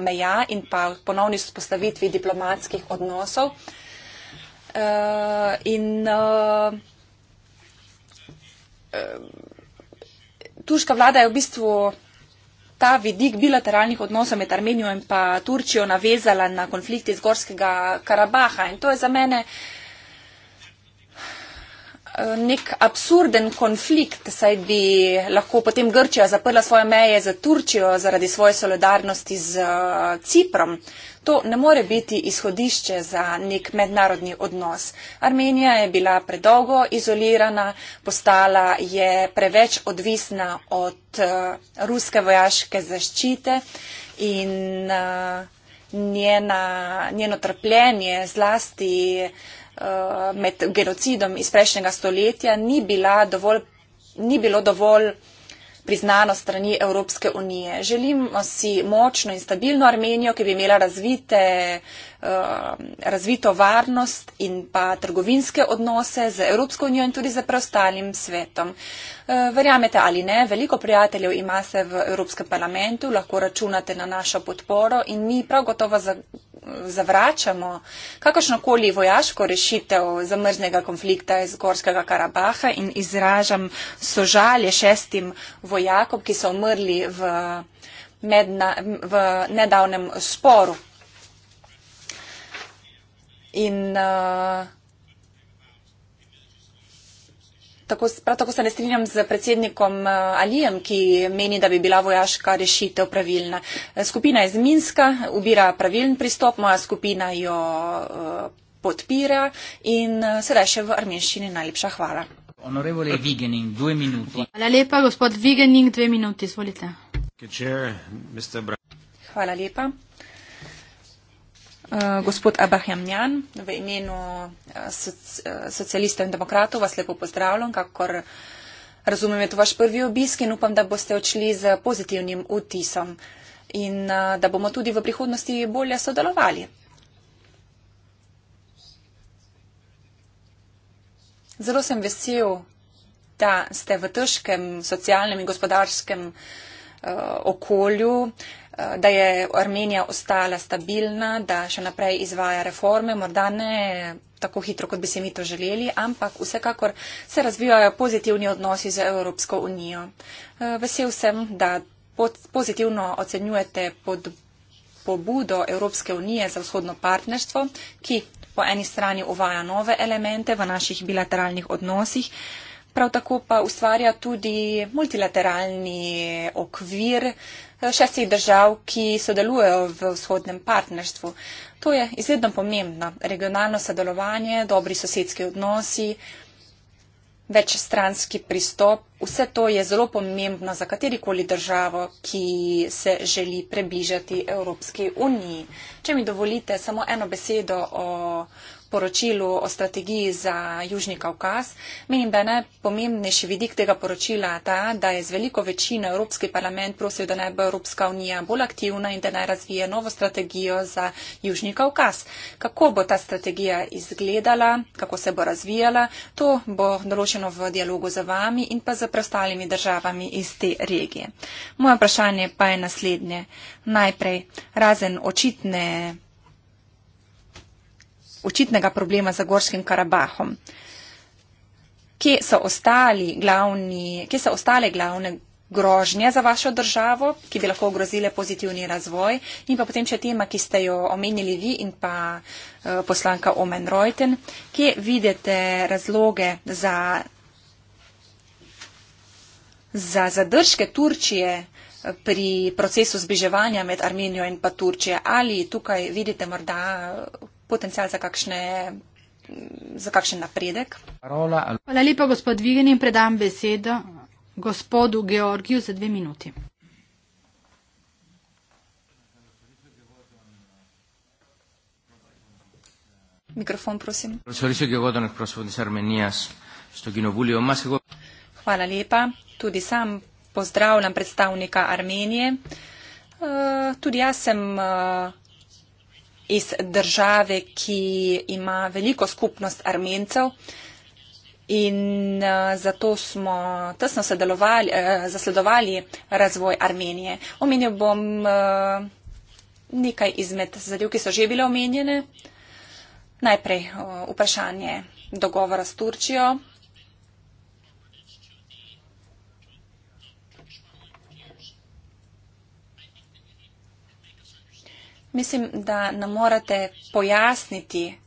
meja in pa ponovni vzpostavitvi diplomatskih odnosov. Uh, in uh, turška vlada je v bistvu ta vidik bilateralnih odnosov med Armenijo in pa Turčijo navezala na konflikt iz Gorskega Karabaha. In to je za mene uh, nek absurden konflikt, saj bi lahko potem Grčija zaprla svoje meje za Turčijo zaradi svoje solidarnosti z eh, Ciprom. To ne more biti izhodišče za nek mednarodni odnos. Armenija je bila predolgo izolirana, postala je preveč odvisna od eh, ruske vojaške zaščite in eh, njena, njeno trpljenje zlasti Eh, med genocidom iz prejšnjega stoletja ni, bila dovolj, ni bilo dovolj priznano strani Evropske unije. Želimo si močno in stabilno Armenijo, ki bi imela razvite, eh, razvito varnost in pa trgovinske odnose z Evropsko unijo in tudi z preostalim svetom. Eh, verjamete ali ne, veliko prijateljev imate v Evropskem parlamentu, lahko računate na našo podporo in mi prav gotovo zavračamo kakršnokoli vojaško rešitev zamrznega konflikta iz Gorskega Karabaha in izražam sožalje šestim vojakom, ki so umrli v, medna, v nedavnem sporu. In uh, Tako, prav tako se ne strinjam z predsednikom eh, Alijem, ki meni, da bi bila vojaška rešitev pravilna. Eh, skupina iz Minska ubira pravilen pristop, moja skupina jo eh, podpira in sedaj še v armenščini najlepša hvala. Honorevole Vigening, dve minuti. Hvala lepa, gospod Vigening, dve minuti, izvolite. Hvala lepa. Eh, gospod Abraham Njan, v imenu eh, eh, socialistov in demokratov vas lepo pozdravljam, kakor razumem je to vaš prvi obisk in upam, da boste odšli z pozitivnim vtisom in da bomo tudi v prihodnosti bolje sodelovali. Zelo sem vesel, da ste v težkem socialnem in gospodarskem uh, okolju, uh, Eh, da je Armenija ostala stabilna, da še naprej izvaja reforme, morda ne tako hitro, kot bi se mi to želeli, ampak vsekakor se razvijajo pozitivni odnosi z Evropsko unijo. Eh, vesel sem, da pozitivno ocenjujete pod pobudo Evropske unije za vzhodno partnerstvo, ki po eni strani uvaja nove elemente v naših bilateralnih odnosih, prav tako pa ustvarja tudi multilateralni okvir, Eh, šestih držav, ki sodelujejo v vzhodnem partnerstvu. To je izredno pomembno. Regionalno sodelovanje, dobri sosedski odnosi, večstranski pristop, vse to je zelo pomembno za katerikoli državo, ki se želi prebižati Evropski uniji. Če mi dovolite samo eno besedo o poročilu o strategiji za Južni Kavkaz. Menim, da je najpomembnejši vidik tega poročila ta, da je z veliko večino Evropski parlament prosil, da naj bo Evropska unija bolj aktivna in da naj razvije novo strategijo za Južni Kavkaz. Kako bo ta strategija izgledala, kako se bo razvijala, to bo določeno v dialogu za vami in pa za preostalimi državami iz te regije. Moje vprašanje pa je naslednje. Najprej, razen očitne očitnega problema za Gorskim Karabahom. Kje so, glavni, kje so ostale glavne grožnje za vašo državo, ki bi lahko ogrozile pozitivni razvoj? In pa potem še tema, ki ste jo omenili vi in pa eh, poslanka Omen Reuten. Kje vidite razloge za, za zadržke Turčije eh, pri procesu zbliževanja med Armenijo in pa Turčije? Ali tukaj vidite morda potencial za kakšne. Za kakšen napredek? Hvala lepa, gospod Vigeni, in predam besedo gospodu Georgiju za dve minuti. Mikrofon, prosim. No Hvala lepa. Tudi sam pozdravljam predstavnika Armenije. Eh, tudi jaz sem eh, iz države, ki ima veliko skupnost armencev in eh, zato smo tesno eh, zasledovali razvoj Armenije. Omenil bom eh, nekaj izmed zadev, ki so že bile omenjene. Najprej vprašanje dogovora s Turčijo, Mislim, da nam morate pojasniti,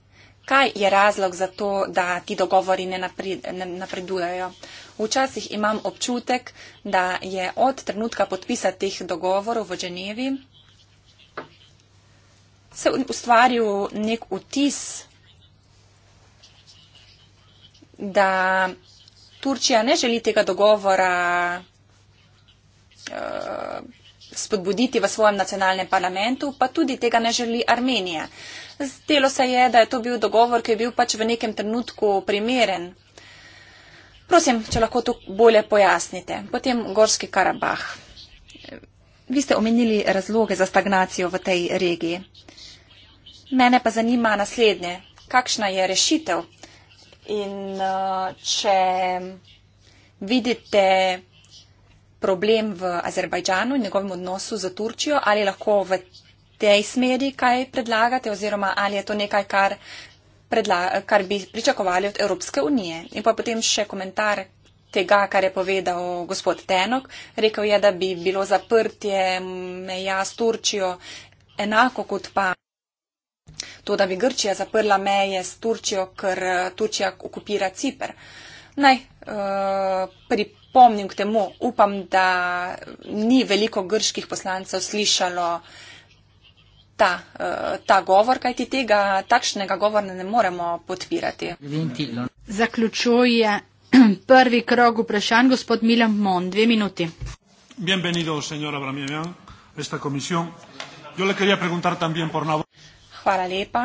kaj je razlog za to, da ti dogovori ne, napre, ne napredujejo. Včasih imam občutek, da je od trenutka podpisa teh dogovorov v Ženevi se ustvaril nek vtis, da Turčija ne želi tega dogovora. Uh, spodbuditi v svojem nacionalnem parlamentu, pa tudi tega ne želi Armenija. Zdelo se je, da je to bil dogovor, ki je bil pač v nekem trenutku primeren. Prosim, če lahko to bolje pojasnite. Potem Gorski Karabah. Vi ste omenili razloge za stagnacijo v tej regiji. Mene pa zanima naslednje. Kakšna je rešitev? In eh, če vidite problem v Azerbajdžanu in njegovem odnosu za Turčijo, ali lahko v tej smeri kaj predlagate, oziroma ali je to nekaj, kar, predla, kar bi pričakovali od Evropske unije. In pa potem še komentar tega, kar je povedal gospod Tenok. Rekel je, da bi bilo zaprtje meja s Turčijo enako kot pa. To, da bi Grčija zaprla meje s Turčijo, ker Turčija okupira Cipr. Naj uh, eh, pripravim spomnim k temu, upam, da ni veliko grških poslancev slišalo ta, eh, ta govor, kajti tega takšnega govora ne moremo podpirati. Zaključuje prvi krog vprašanj gospod Milan Mon, dve minuti. Hvala lepa.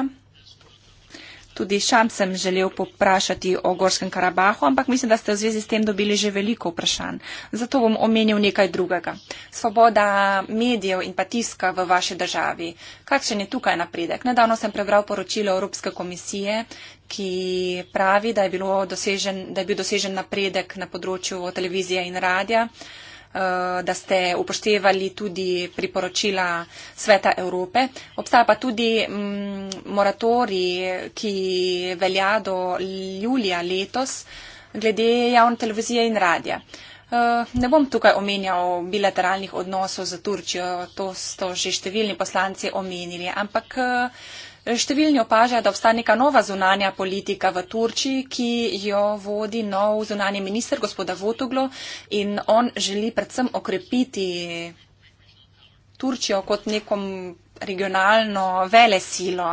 Tudi sam sem želel poprašati o Gorskem Karabahu, ampak mislim, da ste v zvezi s tem dobili že veliko vprašanj. Zato bom omenil nekaj drugega. Svoboda medijev in pa tiska v vaši državi. Kakšen je tukaj napredek? Nedavno sem prebral poročilo Evropske komisije, ki pravi, da je, dosežen, da je bil dosežen napredek na področju televizije in radija. Uh, Eh, da ste upoštevali tudi priporočila Sveta Evrope. Obstaja pa tudi mm, moratori, ki velja do julija letos glede javne televizije in radija. Eh, ne bom tukaj omenjal bilateralnih odnosov z Turčijo, to so že številni poslanci omenili, ampak eh, Številni opažajo, da obstaja neka nova zunanja politika v Turčiji, ki jo vodi nov zunanji minister, gospoda Votoglo, in on želi predvsem okrepiti Turčijo kot nekom regionalno vele silo.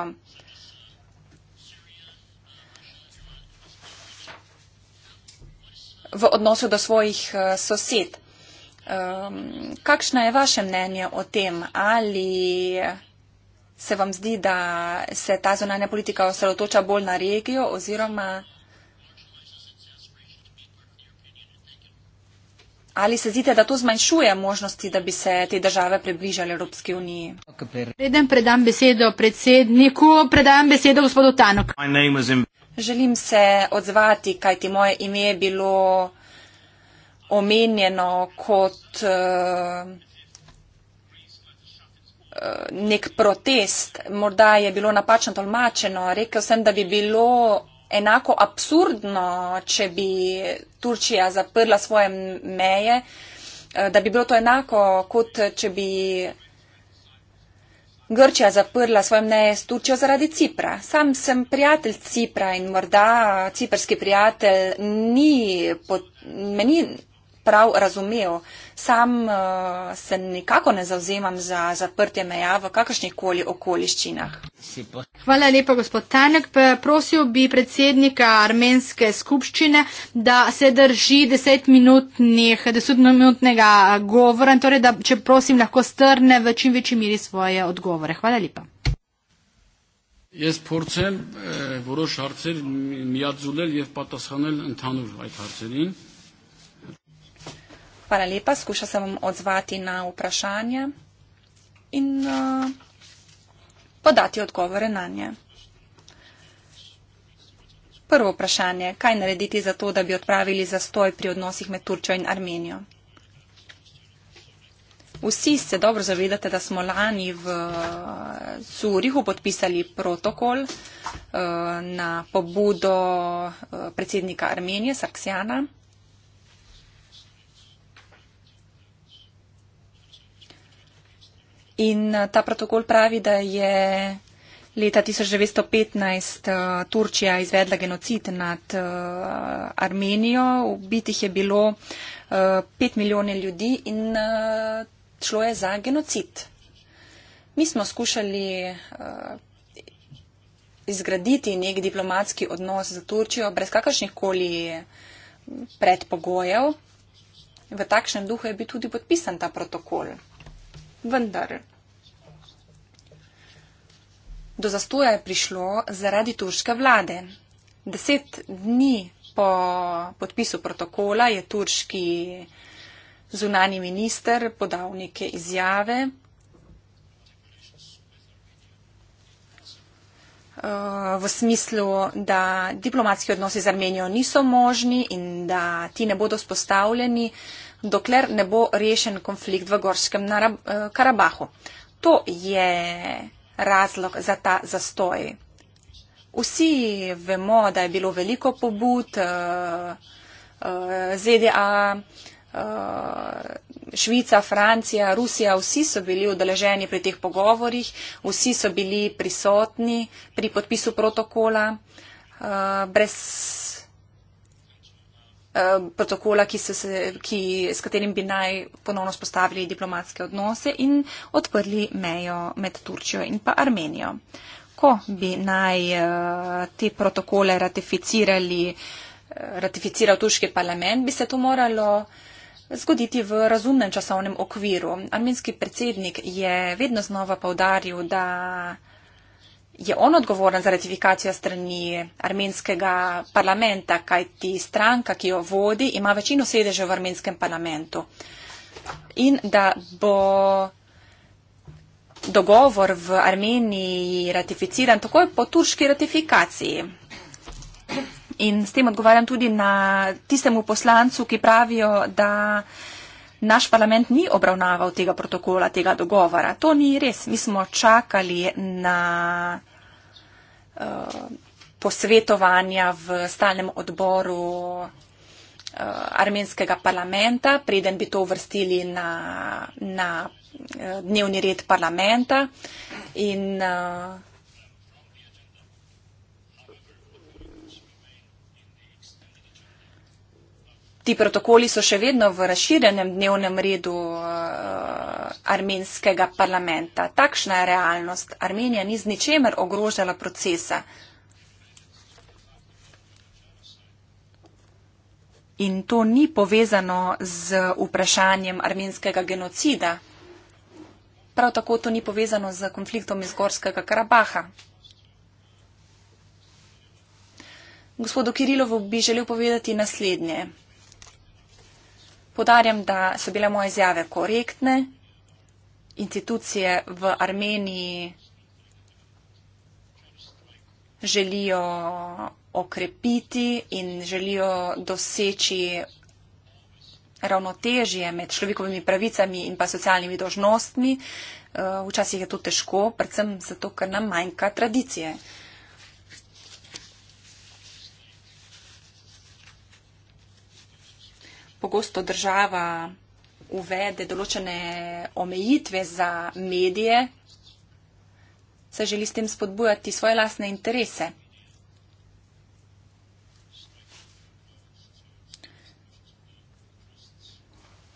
v odnosu do svojih eh, sosed. Ehm, kakšno je vaše mnenje o tem, ali se vam zdi, da se ta zunanja politika osredotoča bolj na regijo oziroma Ali se zdite, da to zmanjšuje možnosti, da bi se te države približali Evropski uniji? Preden predam besedo predsedniku, predam besedo gospodu Tanok. Želim se odzvati, kajti moje ime je bilo omenjeno kot uh, nek protest. Morda je bilo napačno tolmačeno. Rekel sem, da bi bilo enako absurdno, če bi Turčija zaprla svoje meje, eh, da bi bilo to enako, kot če bi Grčija zaprla svoje meje s Turčijo zaradi Cipra. Sam sem prijatelj Cipra in morda ciperski prijatelj ni, pot, meni prav razumev. Sam uh, se nikako ne zauzemam za zaprtje meja v kakršnih koli okoliščinah. Hvala lepa, gospod Tanek. Prosil bi predsednika armenske skupščine, da se drži desetminutnih, desetminutnega govora in torej, da če prosim lahko strne v čim večji miri svoje odgovore. Hvala lepa. Ես փորձեմ որոշ հարցեր միաձուլել եւ պատասխանել ընդհանուր այդ հարցերին։ Hvala lepa, skušal sem vam odzvati na vprašanje in uh, podati odgovore na nje. Prvo vprašanje, kaj narediti za to, da bi odpravili zastoj pri odnosih med Turčjo in Armenijo? Vsi se dobro zavedate, da smo lani v Zurihu podpisali protokol uh, na pobudo uh, predsednika Armenije, Sarksjana, In eh, ta protokol pravi, da je leta 1915 eh, Turčija izvedla genocid nad eh, Armenijo. Ubitih je bilo 5 milijone ljudi in šlo je za genocid. Mi smo skušali izgraditi nek diplomatski odnos z Turčijo brez kakršnih koli predpogojev. V takšnem duhu je bil tudi podpisan ta protokol vendar. Do zastoja je prišlo zaradi turške vlade. Deset dni po podpisu protokola je turški zunani minister podal neke izjave. Eh, v smislu, da diplomatski odnosi z Armenijo niso možni in da ti ne bodo spostavljeni, uh, dokler ne bo rešen konflikt v Gorskem Narab eh, Karabahu. To je razlog za ta zastoj. Vsi vemo, da je bilo veliko pobud uh, eh, uh, eh, ZDA, uh, Švica, Francija, Rusija, vsi so bili udeleženi pri teh pogovorih, vsi so bili prisotni pri podpisu protokola. Uh, brez Eh, protokola, ki se, ki, s katerim bi naj ponovno spostavili diplomatske odnose in odprli mejo med Turčijo in pa Armenijo. Ko bi naj eh, te protokole ratificirali, eh, ratificiral turški parlament, bi se to moralo zgoditi v razumnem časovnem okviru. Armenski predsednik je vedno znova povdaril, da je on odgovoren za ratifikacijo strani armenskega parlamenta, kajti stranka, ki jo vodi, ima večino sedeže v armenskem parlamentu. In da bo dogovor v Armeniji ratificiran takoj po turški ratifikaciji. In s tem odgovarjam tudi na tistemu poslancu, ki pravijo, da naš parlament ni obravnaval tega protokola, tega dogovora. To ni res. Mi smo čakali na uh, posvetovanja v stalnem odboru uh, armenskega parlamenta, preden bi to vrstili na, na uh, dnevni red parlamenta. In, uh, Ti protokoli so še vedno v razširjenem dnevnem redu uh, armenskega parlamenta. Takšna je realnost. Armenija ni z ničemer ogrožala procesa. In to ni povezano z vprašanjem armenskega genocida. Prav tako to ni povezano z konfliktom iz Gorskega Karabaha. Gospodu Kirilovu bi želel povedati naslednje. Podarjam, da so bile moje izjave korektne, institucije v Armeniji želijo okrepiti in želijo doseči ravnotežje med človekovimi pravicami in pa socialnimi dožnostmi. Eh, včasih je to težko, predvsem zato, ker nam manjka tradicije. pogosto država uvede določene omejitve za medije, saj želi s tem spodbujati svoje lasne interese.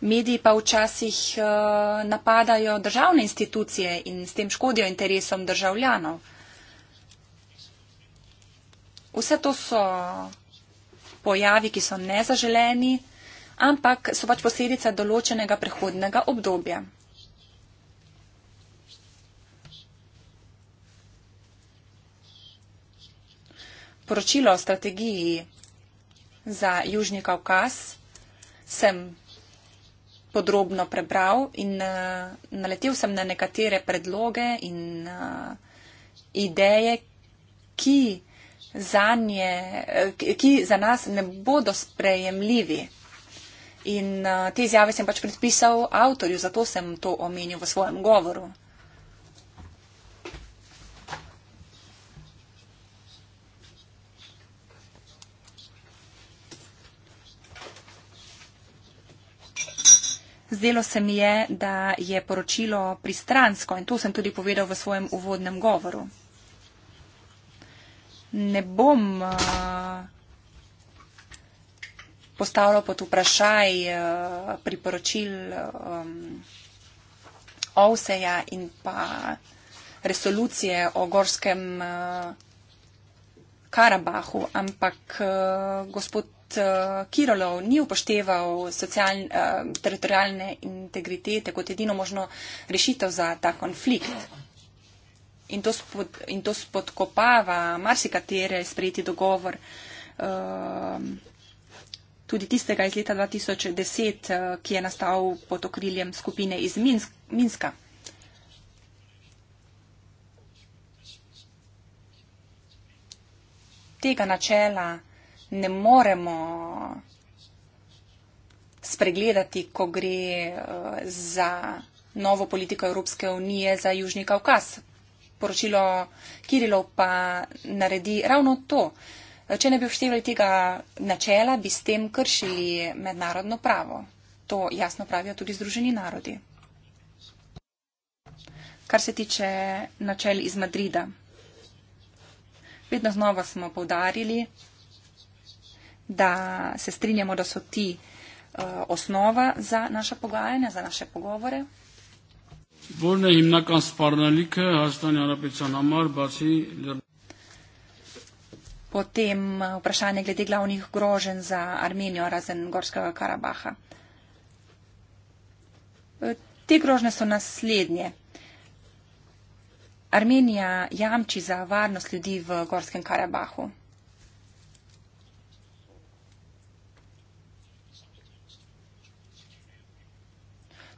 Mediji pa včasih eh, napadajo državne institucije in s tem škodijo interesom državljanov. Vse to so pojavi, ki so nezaželeni ampak so pač posledica določenega prehodnega obdobja. Poročilo o strategiji za Južni Kaukas sem podrobno prebral in eh, naletel sem na nekatere predloge in eh, ideje, ki, nje, eh, ki za nas ne bodo sprejemljivi. In uh, te izjave sem pač predpisal avtorju, zato sem to omenil v svojem govoru. Zdelo se mi je, da je poročilo pristransko in to sem tudi povedal v svojem uvodnem govoru. Ne bom. Uh, postavilo pod vprašaj eh, priporočil um, Ovseja in pa resolucije o gorskem uh, Karabahu, ampak uh, gospod. Kirolov ni upošteval socialn, eh, teritorijalne integritete kot edino možno rešitev za ta konflikt. In to, spod, in to spodkopava marsikateri sprejeti dogovor eh, tudi tistega iz leta 2010, eh, ki je nastal pod okriljem skupine iz Minsk, Minska. Tega načela ne moremo spregledati, ko gre eh, za novo politiko Evropske unije za Južni Kaukas. Poročilo Kirilov pa naredi ravno to. Če ne bi upoštevali tega načela, bi s tem kršili mednarodno pravo. To jasno pravijo tudi Združeni narodi. Kar se tiče načel iz Madrida, vedno znova smo povdarjali, da se strinjamo, da so ti uh, osnova za naša pogajanja, za naše pogovore. Borne himna kan sparnalike, hastanja napica na mar, basi, ljubi potem eh, vprašanje glede glavnih grožen za Armenijo, razen Gorskega Karabaha. Eh, te grožne so naslednje. Armenija jamči za varnost ljudi v Gorskem Karabahu.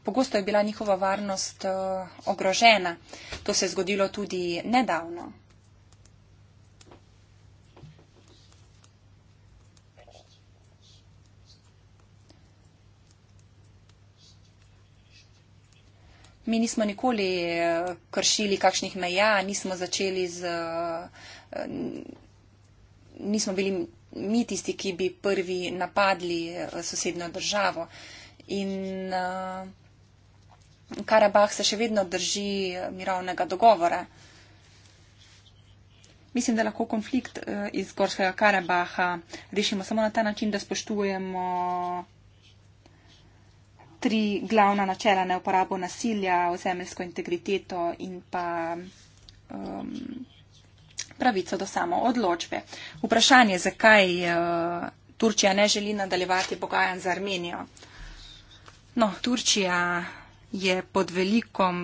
Pogosto je bila njihova varnost eh, ogrožena. To se je zgodilo tudi nedavno. mi nismo nikoli eh, kršili kakšnih meja, nismo začeli z. Eh, nismo bili mi tisti, ki bi prvi napadli eh, sosednjo državo. In Karabah se še vedno drži mirovnega dogovora. Mislim, da lahko konflikt iz Gorskega Karabaha rešimo samo na ta način, da spoštujemo tri glavna načela na uporabo nasilja, ozemeljsko integriteto in pa um, pravico do samo odločbe. Vprašanje, zakaj uh, Turčija ne želi nadaljevati pogajan za Armenijo. No, Turčija je pod, velikom,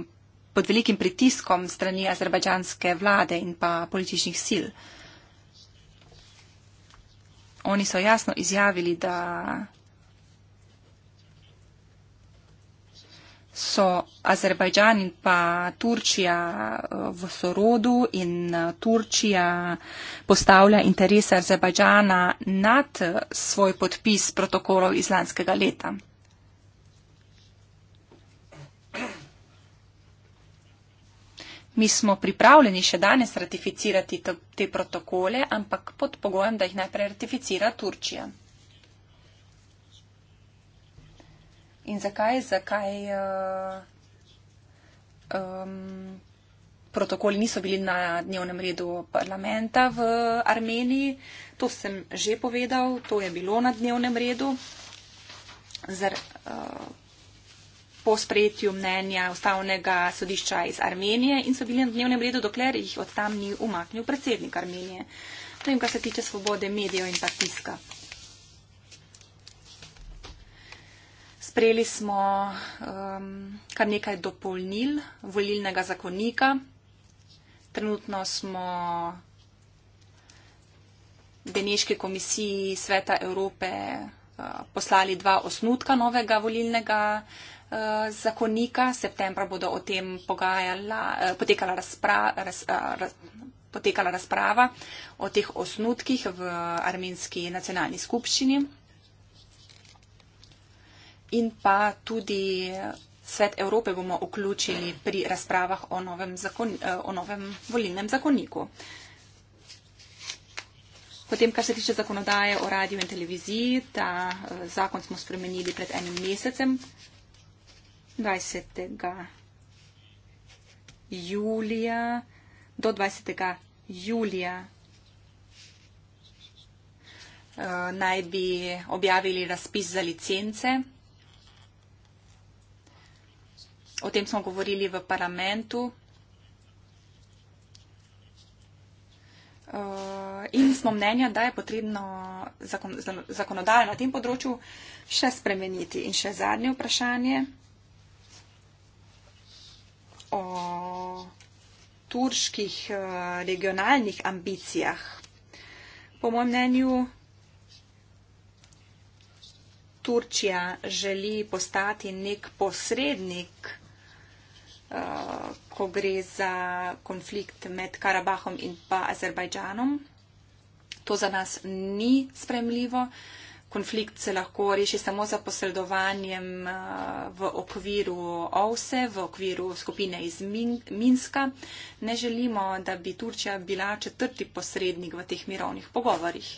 pod velikim pritiskom strani azerbajdžanske vlade in pa političnih sil. Oni so jasno izjavili, da so Azerbajdžan in pa Turčija eh, v sorodu in eh, Turčija postavlja interese Azerbajdžana nad eh, svoj podpis protokolov iz lanskega leta. Mi smo pripravljeni še danes ratificirati te protokole, ampak pod pogojem, da jih najprej ratificira Turčija. In zakaj? Zakaj uh, um, protokoli niso bili na dnevnem redu parlamenta v Armeniji? To sem že povedal, to je bilo na dnevnem redu. Zar, uh, po sprejetju mnenja ustavnega sodišča iz Armenije in so bili na dnevnem redu, dokler jih od tam ni umaknil predsednik Armenije. To je, kar se tiče svobode medijev in pa tiska. sprejeli smo um, kar nekaj dopolnil volilnega zakonika. Trenutno smo Beneški komisiji Sveta Evrope uh, poslali dva osnutka novega volilnega uh, zakonika. Septembra bodo o tem pogajala, uh, potekala, razpra, raz, uh, raz, potekala razprava o teh osnutkih v Armenski nacionalni skupščini in pa tudi eh, svet Evrope bomo vključili pri razpravah o novem, zakon, eh, o novem volilnem zakoniku. Potem, kar se tiče zakonodaje o radiju in televiziji, ta eh, zakon smo spremenili pred enim mesecem, 20. julija do 20. julija. Naj bi objavili razpis za licence. O tem smo govorili v parlamentu. Eh, in smo mnenja, da je potrebno zakonodajo na tem področju še spremeniti. In še zadnje vprašanje o turških eh, regionalnih ambicijah. Po mojem mnenju, Turčija želi postati nek posrednik Eh, ko gre za konflikt med Karabahom in pa Azerbajdžanom. To za nas ni spremljivo. Konflikt se lahko reši samo za posredovanjem eh, v okviru OVSE, v okviru skupine iz Minska. Ne želimo, da bi Turčija bila četrti posrednik v teh mirovnih pogovorjih.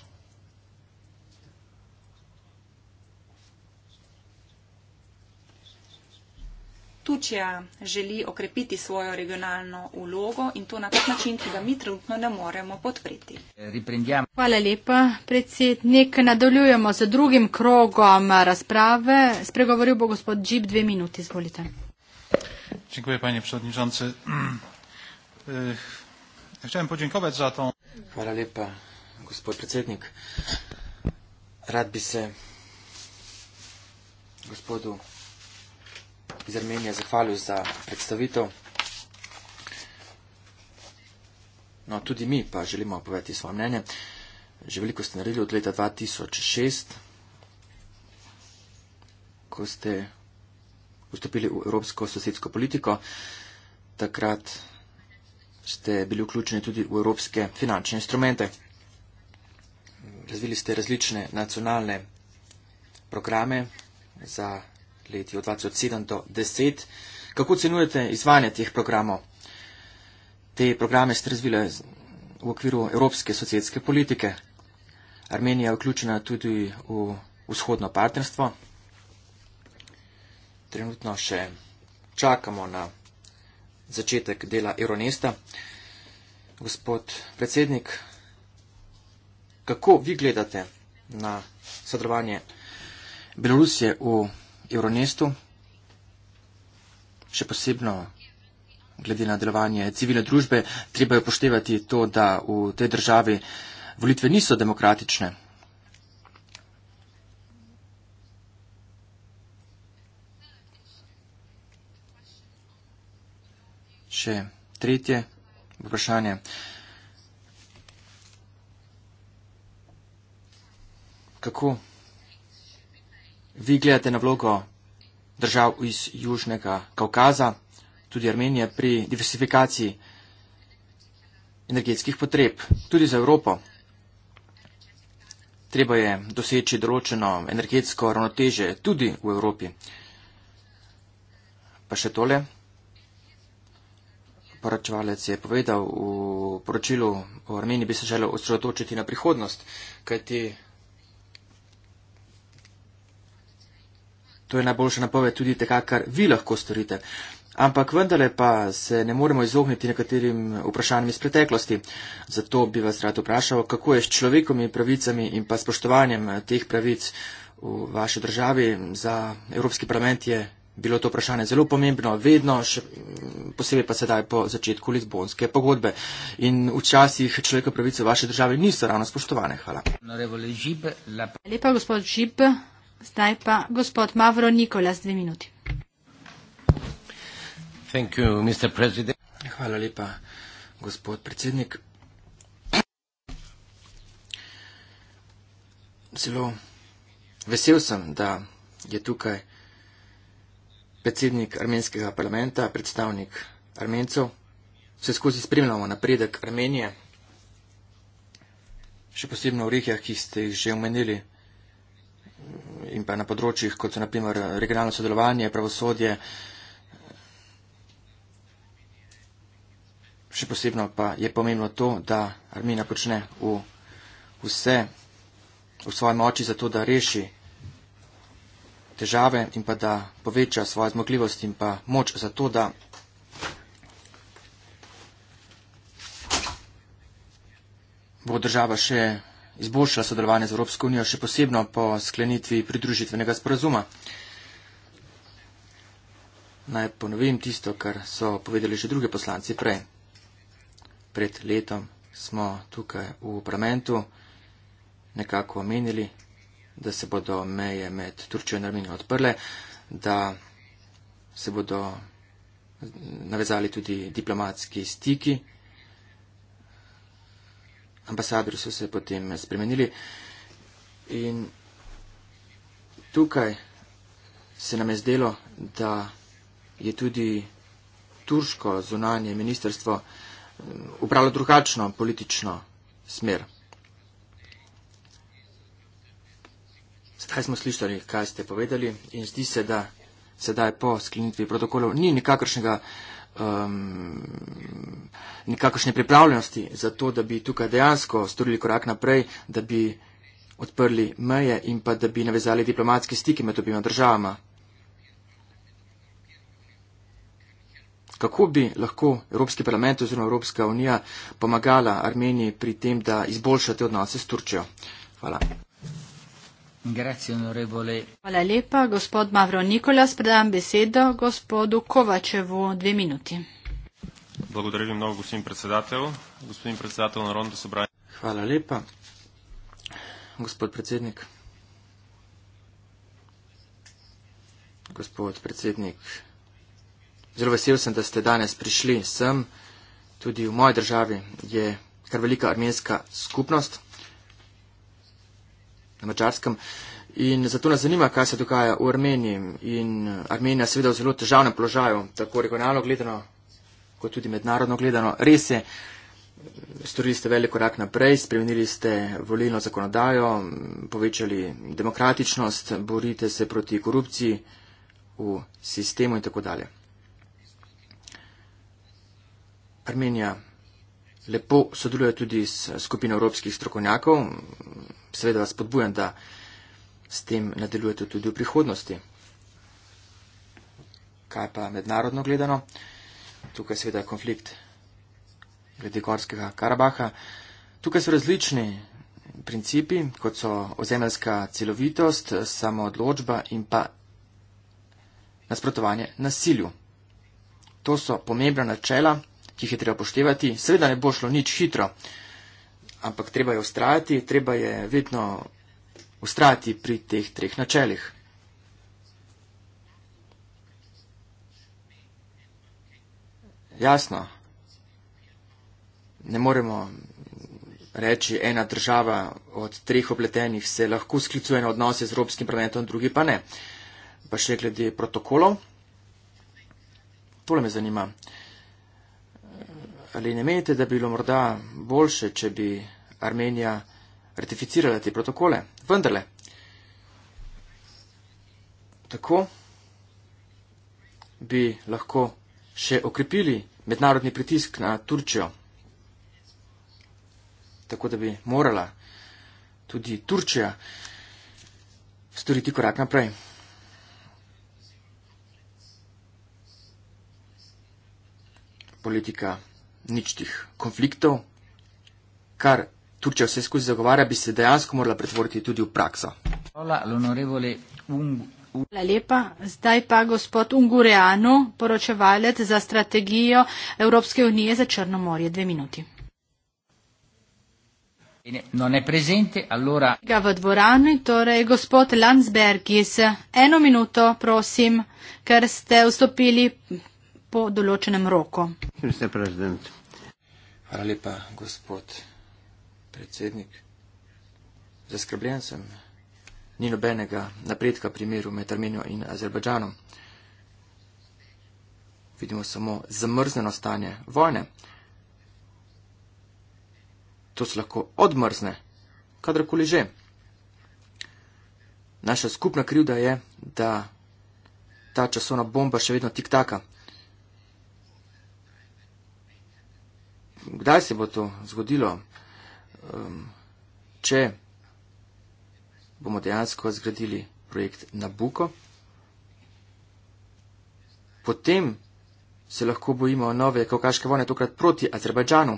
Tučija želi okrepiti svojo regionalno ulogo in to na tak način, ki ga mi trenutno ne moremo podpreti. Hvala lepa, predsednik. Nadaljujemo z drugim krogom razprave. Spregovoril bo gospod Džib dve minuti, izvolite. Dziękuję panie przewodniczący. E, e, chciałem podziękować za tą. Hvala lepa, gospod predsednik. Rad bi se gospodu iz Armenije zahvalil za predstavitev. No, tudi mi pa želimo povedati svoje mnenje. Že veliko ste naredili od leta 2006, ko ste vstopili v evropsko sosedsko politiko. Takrat ste bili vključeni tudi v evropske finančne instrumente. Razvili ste različne nacionalne programe za leti od 2007 do 2010. Kako ocenujete izvajanje teh programov? Te programe ste razvile v okviru evropske socijetske politike. Armenija je vključena tudi v vzhodno partnerstvo. Trenutno še čakamo na začetek dela Euronesta. Gospod predsednik, kako vi gledate na sodelovanje Belorusije v Euronestu, še posebno glede na delovanje civilne družbe, treba je upoštevati to, da v tej državi volitve niso demokratične. Še tretje vprašanje. Kako Vi gledate na vlogo držav iz Južnega Kaukaza, tudi Armenije, pri diversifikaciji energetskih potreb, tudi za Evropo. Treba je doseči določeno energetsko ravnoteže tudi v Evropi. Pa še tole. Poročevalec je povedal v poročilu o Armeniji bi se želel osredotočiti na prihodnost, kajti To je najboljša napoved tudi tega, kar vi lahko storite. Ampak vendarle pa se ne moremo izogniti nekaterim vprašanjem iz preteklosti. Zato bi vas rad vprašal, kako je s človekovimi pravicami in pa spoštovanjem teh pravic v vaši državi. Za Evropski parlament je bilo to vprašanje zelo pomembno, vedno, še, posebej pa sedaj po začetku Lizbonske pogodbe. In včasih človekove pravice v vaši državi niso ravno spoštovane. Hvala. Lepa, gospod Žib. Zdaj pa gospod Mavro Nikolas, dve minuti. You, Hvala lepa, gospod predsednik. Zelo vesel sem, da je tukaj predsednik armenskega parlamenta, predstavnik Armencev. Vse skozi spremljamo napredek Armenije, še posebno v regijah, ki ste jih že omenili in pa na področjih, kot so naprimer regionalno sodelovanje, pravosodje, še posebno pa je pomembno to, da Armina počne v vse v svoje moči za to, da reši težave in pa da poveča svojo zmogljivost in pa moč za to, da bo država še izboljšala sodelovanje z Evropsko unijo, še posebno po sklenitvi pridružitvenega sporazuma. Naj ponovim tisto, kar so povedali že druge poslanci prej. Pred letom smo tukaj v parlamentu nekako omenili, da se bodo meje med Turčjo in Arminijo odprle, da se bodo navezali tudi diplomatski stiki ambasadori so se potem spremenili in tukaj se nam je zdelo, da je tudi turško zunanje ministerstvo mm, upravilo drugačno politično smer. Zdaj smo slišali, kaj ste povedali in zdi se, da sedaj po sklenitvi protokolov ni nikakršnega um, nekakšne pripravljenosti za to, da bi tukaj dejansko storili korak naprej, da bi odprli meje in pa da bi navezali diplomatske stike med obima državama. Kako bi lahko Evropski parlament oziroma Evropska unija pomagala Armeniji pri tem, da izboljša te odnose s Turčjo? Hvala. Hvala lepa. Gospod Mavro Nikolas, predam besedo gospodu Kovačevu. Dve minuti. Blagodarim mnogo, gospodin predsedatelj. Gospodin predsedatelj Narodno sobranje. Hvala lepa. Gospod predsednik. Gospod predsednik. Zelo vesel sem, da ste danes prišli sem. Tudi v moji državi je kar velika armenska skupnost na mačarskem. In zato nas zanima, kaj se dogaja v Armeniji. In eh, Armenija je seveda v zelo težavnem položaju, tako regionalno gledano, kot tudi mednarodno gledano. Res je, storili ste velik korak naprej, spremenili ste volilno zakonodajo, povečali demokratičnost, borite se proti korupciji v sistemu in tako dalje. Armenija lepo sodeluje tudi s skupino evropskih strokovnjakov, seveda vas podbujam, da s tem nadaljujete tudi v prihodnosti. Kaj pa mednarodno gledano? Tukaj seveda je konflikt glede Gorskega Karabaha. Tukaj so različni principi, kot so ozemeljska celovitost, samoodločba in pa nasprotovanje nasilju. To so pomembna načela, ki jih je treba poštevati. Seveda ne bo šlo nič hitro ampak treba je ustrajati, treba je vedno ustrajati pri teh treh načelih. Jasno, ne moremo reči, ena država od treh obletenih se lahko sklicuje na odnose z Evropskim parlamentom, drugi pa ne. Pa še glede protokolov. Tole me zanima. Uh, ali ne menite, da bi bilo morda boljše, če bi Armenija ratificirala te protokole? Vendarle. Tako bi lahko še okrepili mednarodni pritisk na Turčijo. Tako da bi morala tudi Turčija storiti korak naprej. Politika nič tih konfliktov, kar Turčija vse skozi zagovarja, bi se dejansko morala pretvoriti tudi v prakso. Hvala lepa. Zdaj pa gospod Ungureanu, poročevalec za strategijo Evropske unije za Črno morje. Dve minuti. Non è presente, allora. Ga v dvorani, torej gospod Landsbergis, eno minuto prosim, ker ste vstopili po določenem roku. Mr. President. Hvala lepa, gospod predsednik. Zaskrbljen sem. Ni nobenega napredka pri miru med Armenijo in Azerbajdžanom. Vidimo samo zamrzneno stanje vojne. To se lahko odmrzne, kadarkoli že. Naša skupna krivda je, da ta časovna bomba še vedno tik taka. kdaj se bo to zgodilo, če bomo dejansko zgradili projekt Nabuko, potem se lahko bojimo nove kaukaške vojne, tokrat proti Azerbajdžanu.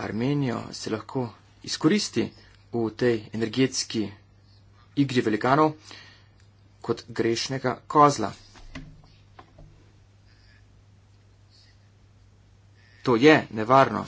Armenijo se lahko izkoristi v tej energetski igri velikanov kot grešnega kozla. To je nevarno.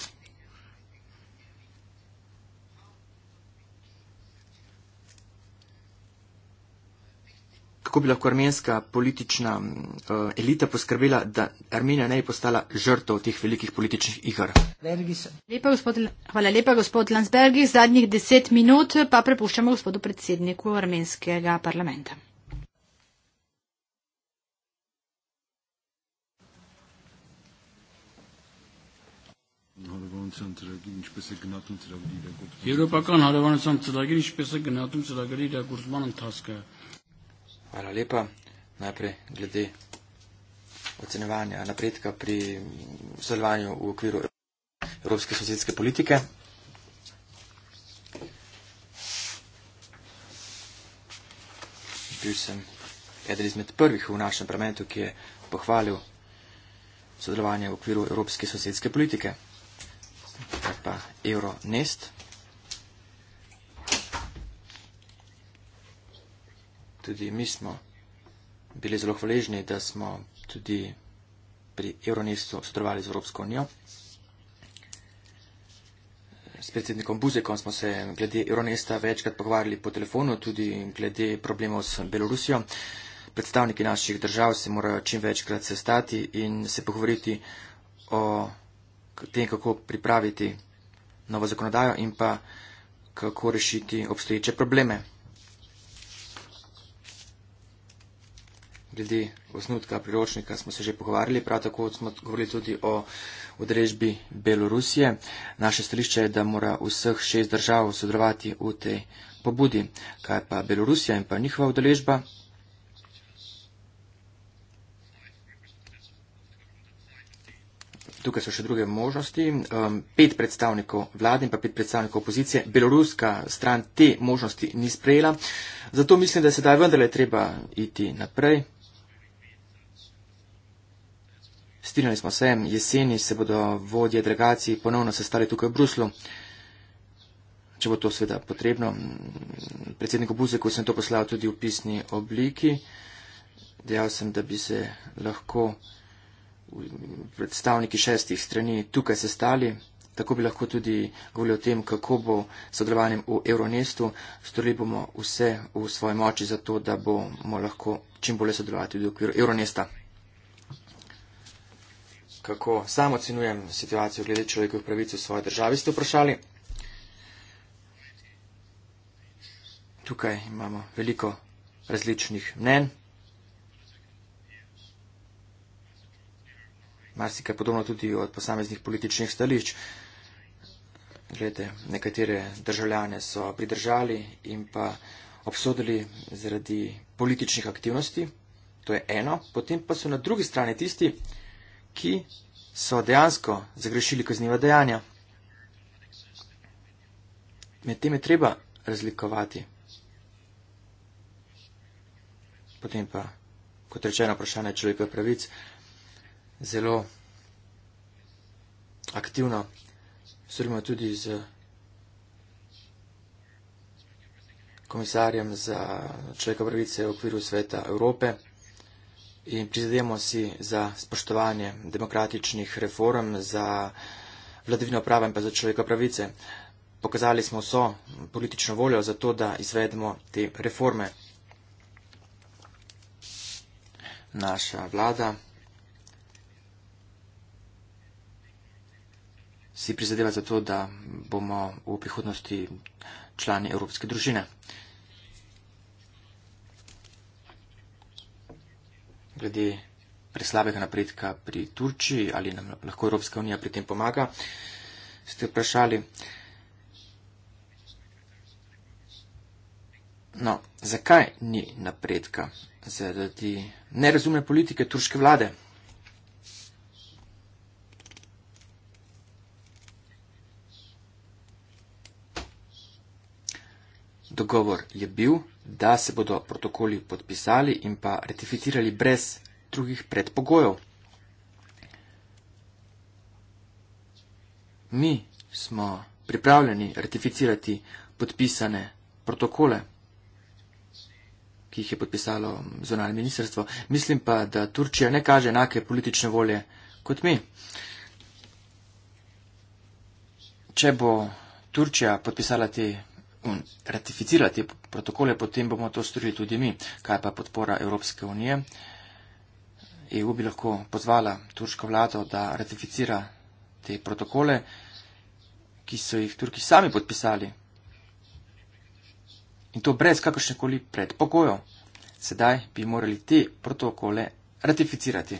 Kako bi lahko armenska politična uh, elita poskrbela, da Armenija ne bi postala žrtev teh velikih političnih igr? Lepa gospod, hvala lepa, gospod Landsbergis. Zadnjih deset minut pa prepuščamo gospodu predsedniku armenskega parlamenta. հարավանության ծրագիր, ինչպես է գնահատում ծրագրի իրագործումը։ Եվրոպական հարավանության ծրագիրը ինչպես է գնահատում ծրագրի իրագործման ընթացքը։ Արալեպա, նաեպրե գլեդե оценивания напредка при соревнованию в оквиру европейской социальной политики. Был сам один из первых в нашем парламенте, который похвалил соревнование в оквиру европейской социальной политики ali pa Euronest. Tudi mi smo bili zelo hvaležni, da smo tudi pri Euronestu sodelovali z Evropsko unijo. S predsednikom Buzekom smo se glede Euronesta večkrat pogovarjali po telefonu, tudi glede problemov s Belorusijo. Predstavniki naših držav se morajo čim večkrat sestati in se pogovoriti o tem, kako pripraviti novo zakonodajo in pa kako rešiti obstoječe probleme. Glede osnutka priročnika smo se že pogovarjali, prav tako smo govorili tudi o odrežbi Belorusije. Naše stališče je, da mora vseh šest držav sodelovati v tej pobudi. Kaj pa Belorusija in pa njihova odrežba? Tukaj so še druge možnosti. Um, pet predstavnikov vlade in pa pet predstavnikov opozicije. Beloruska stran te možnosti ni sprejela. Zato mislim, da se daj vendarle treba iti naprej. Strinjali smo se, jeseni se bodo vodje delegacij ponovno sestali tukaj v Bruslu. Če bo to sveda potrebno. Predsedniku Buzeku sem to poslal tudi v pisni obliki. Dejal sem, da bi se lahko predstavniki šestih strani tukaj sestali. Tako bi lahko tudi govorili o tem, kako bo sodelovanjem v Euronestu. Storili bomo vse v svoji moči za to, da bomo lahko čim bolje sodelovati tudi v okviru Euronesta. Kako samo ocenujem situacijo glede človekovih pravic v svoji državi, ste vprašali. Tukaj imamo veliko različnih mnen. marsikaj podobno tudi od posameznih političnih stališč. Glede, nekatere državljane so pridržali in pa obsodili zaradi političnih aktivnosti, to je eno, potem pa so na drugi strani tisti, ki so dejansko zagrešili kazniva dejanja. Med tem je treba razlikovati. Potem pa, kot rečeno, vprašanje človekove pravice zelo aktivna, sorima tudi z komisarjem za človeka pravice v okviru sveta Evrope in prizademo si za spoštovanje demokratičnih reform, za vladavino prava in pa za človeka pravice. Pokazali smo vso politično voljo za to, da izvedemo te reforme. Naša vlada. si prizadeva za to, da bomo v prihodnosti člani evropske družine. Glede preslabega napredka pri Turčiji, ali nam lahko Evropska unija pri tem pomaga, ste vprašali. No, zakaj ni napredka? Zaradi nerazumne politike turške vlade. Dogovor je bil, da se bodo protokoli podpisali in pa ratificirali brez drugih predpogojev. Mi smo pripravljeni ratificirati podpisane protokole, ki jih je podpisalo zonalno ministrstvo. Mislim pa, da Turčija ne kaže enake politične volje kot mi. Če bo Turčija podpisala te ratificirati te protokole, potem bomo to storili tudi mi. Kaj pa podpora Evropske unije? EU bi lahko pozvala turško vlado, da ratificira te protokole, ki so jih Turki sami podpisali. In to brez kakršnekoli predpogojev. Sedaj bi morali te protokole ratificirati.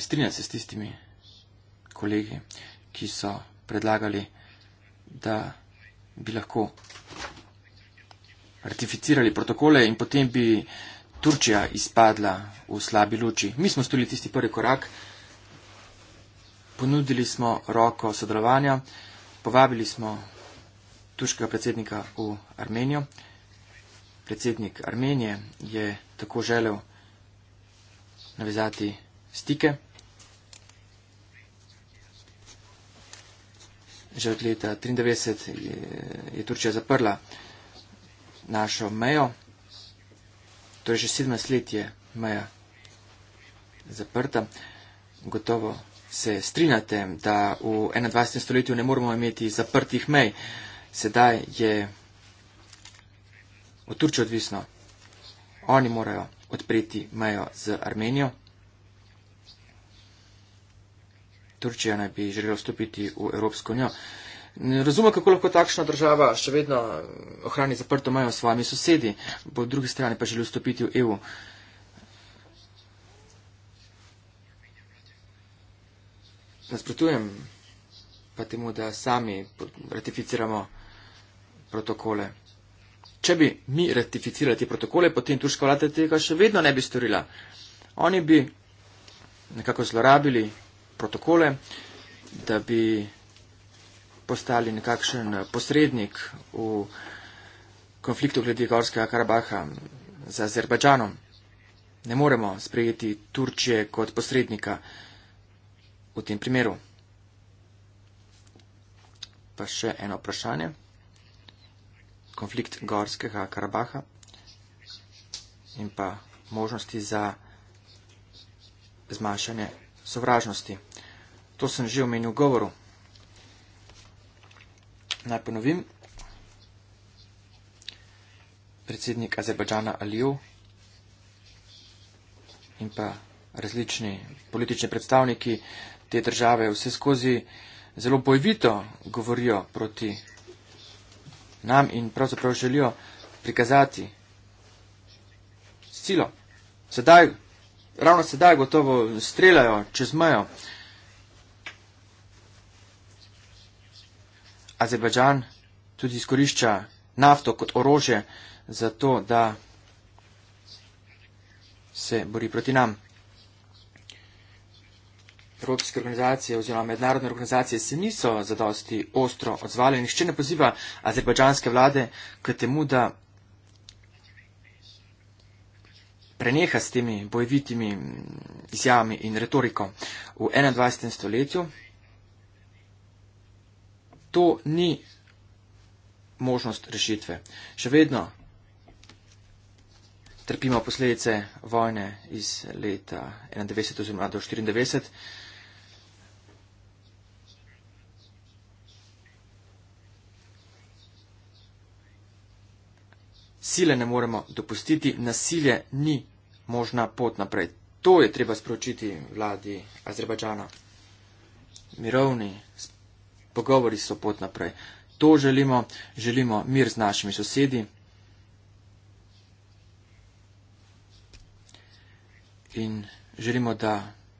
strinjam se s tistimi kolegi, ki so predlagali, da bi lahko ratificirali protokole in potem bi Turčija izpadla v slabi luči. Mi smo storili tisti prvi korak, ponudili smo roko sodelovanja, povabili smo turškega predsednika v Armenijo. Predsednik Armenije je tako želel navezati stike. že od leta 1993 je, je Turčija zaprla našo mejo, torej že 17 let je meja zaprta. Gotovo se strinjate, da v 21. stoletju ne moramo imeti zaprtih mej. Sedaj je od Turčije odvisno. Oni morajo odpreti mejo z Armenijo. Turčija naj bi želela vstopiti v Evropsko unijo. Razume, kako lahko takšna država še vedno ohrani zaprto mejo s svojimi sosedi, po drugi strani pa želi vstopiti v EU. Nasprotujem pa temu, da sami ratificiramo protokole. Če bi mi ratificirali te protokole, potem turška vlada tega še vedno ne bi storila. Oni bi nekako zlorabili protokole, da bi postali nekakšen posrednik v konfliktu glede Gorskega Karabaha z Azerbajdžanom. Ne moremo sprejeti Turčije kot posrednika v tem primeru. Pa še eno vprašanje. Konflikt Gorskega Karabaha in pa možnosti za zmanjšanje sovražnosti. To sem že omenil v govoru. Naj ponovim. Predsednik Azerbajdžana Alijev in pa različni politični predstavniki te države vse skozi zelo bojevito govorijo proti nam in pravzaprav želijo prikazati silo. Sedaj, ravno sedaj gotovo streljajo čez mejo. Azerbajdžan tudi izkorišča nafto kot orože za to, da se bori proti nam. Evropske organizacije oziroma mednarodne organizacije se niso zadosti ostro odzvali. Nihče ne poziva azerbajdžanske vlade k temu, da preneha s temi bojevitimi izjavami in retoriko. V 21. stoletju to ni možnost rešitve. Še vedno trpimo posledice vojne iz leta 91 oziroma do 94. Sile ne moremo dopustiti, nasilje ni možna pot naprej. To je treba sporočiti vladi Azerbajdžana. Mirovni, pogovori so pot naprej. To želimo, želimo mir z našimi sosedi. In želimo, da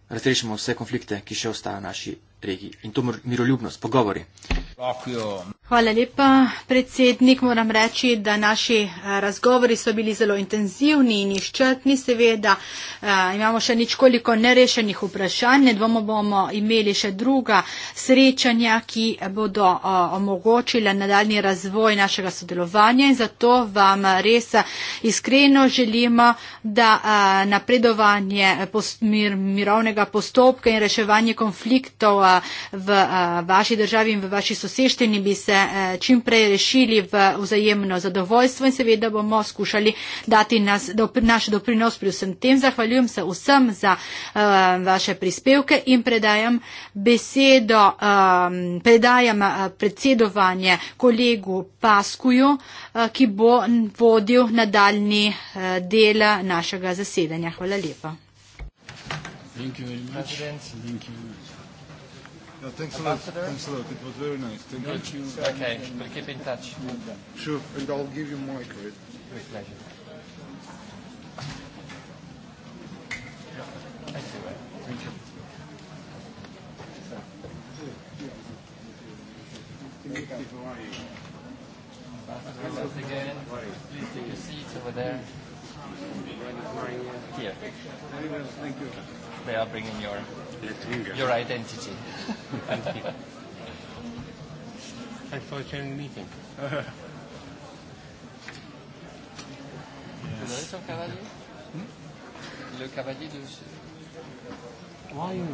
razrešimo vse konflikte, ki še ostajajo v naši regiji. In to miroljubnost, pogovori. Hvala lepa, predsednik. Moram reči, da naši eh, razgovori so bili zelo intenzivni in izčrpni, seveda. Eh, imamo še ničkoliko nerešenih vprašanj, ne dvomo bomo imeli še druga srečanja, ki bodo eh, omogočila nadaljni razvoj našega sodelovanja in zato vam res iskreno želimo, da napredovanje mirovnega postopka in reševanje konfliktov v vaši državi in v vaši sosedstvu soseščini bi se eh, čim prej rešili v vzajemno zadovoljstvo in seveda bomo skušali dati nas, dopri, naš doprinos pri vsem tem. Zahvaljujem se vsem za uh, vaše prispevke in predajam besedo, um, predajam predsedovanje kolegu Paskuju, uh, ki bo vodil nadaljni uh, del našega zasedanja. Hvala lepa. Thank you very much. Yeah, no, thanks a lot. Thanks a lot. It was very nice. Thank Good. you. Okay, and, and we'll keep in touch. Yeah. Sure, and I'll give you my credit. Great pleasure. Thank you. They are bringing your your identity. Thank you. Thanks for attending the meeting. yes. Hmm? Why are you?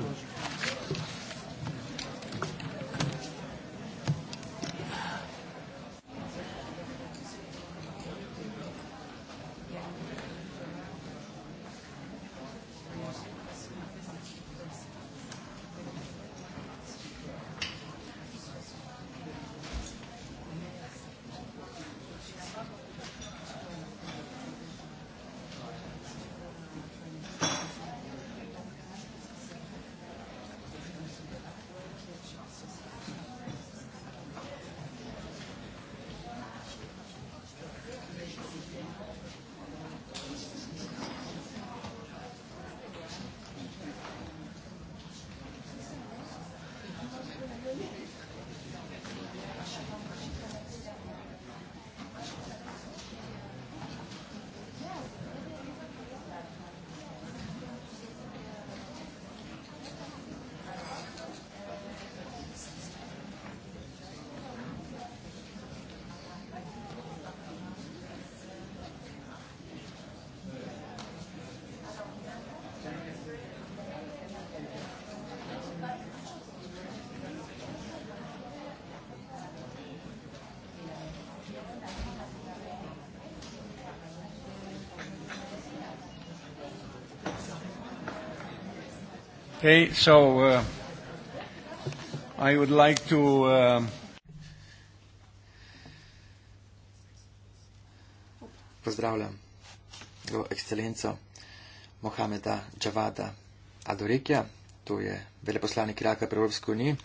Okay, so uh, I would like to um, pozdravljam jo ekscelenco Mohameda Džavada Adorikja, to je veleposlanik Iraka pri Evropski uniji.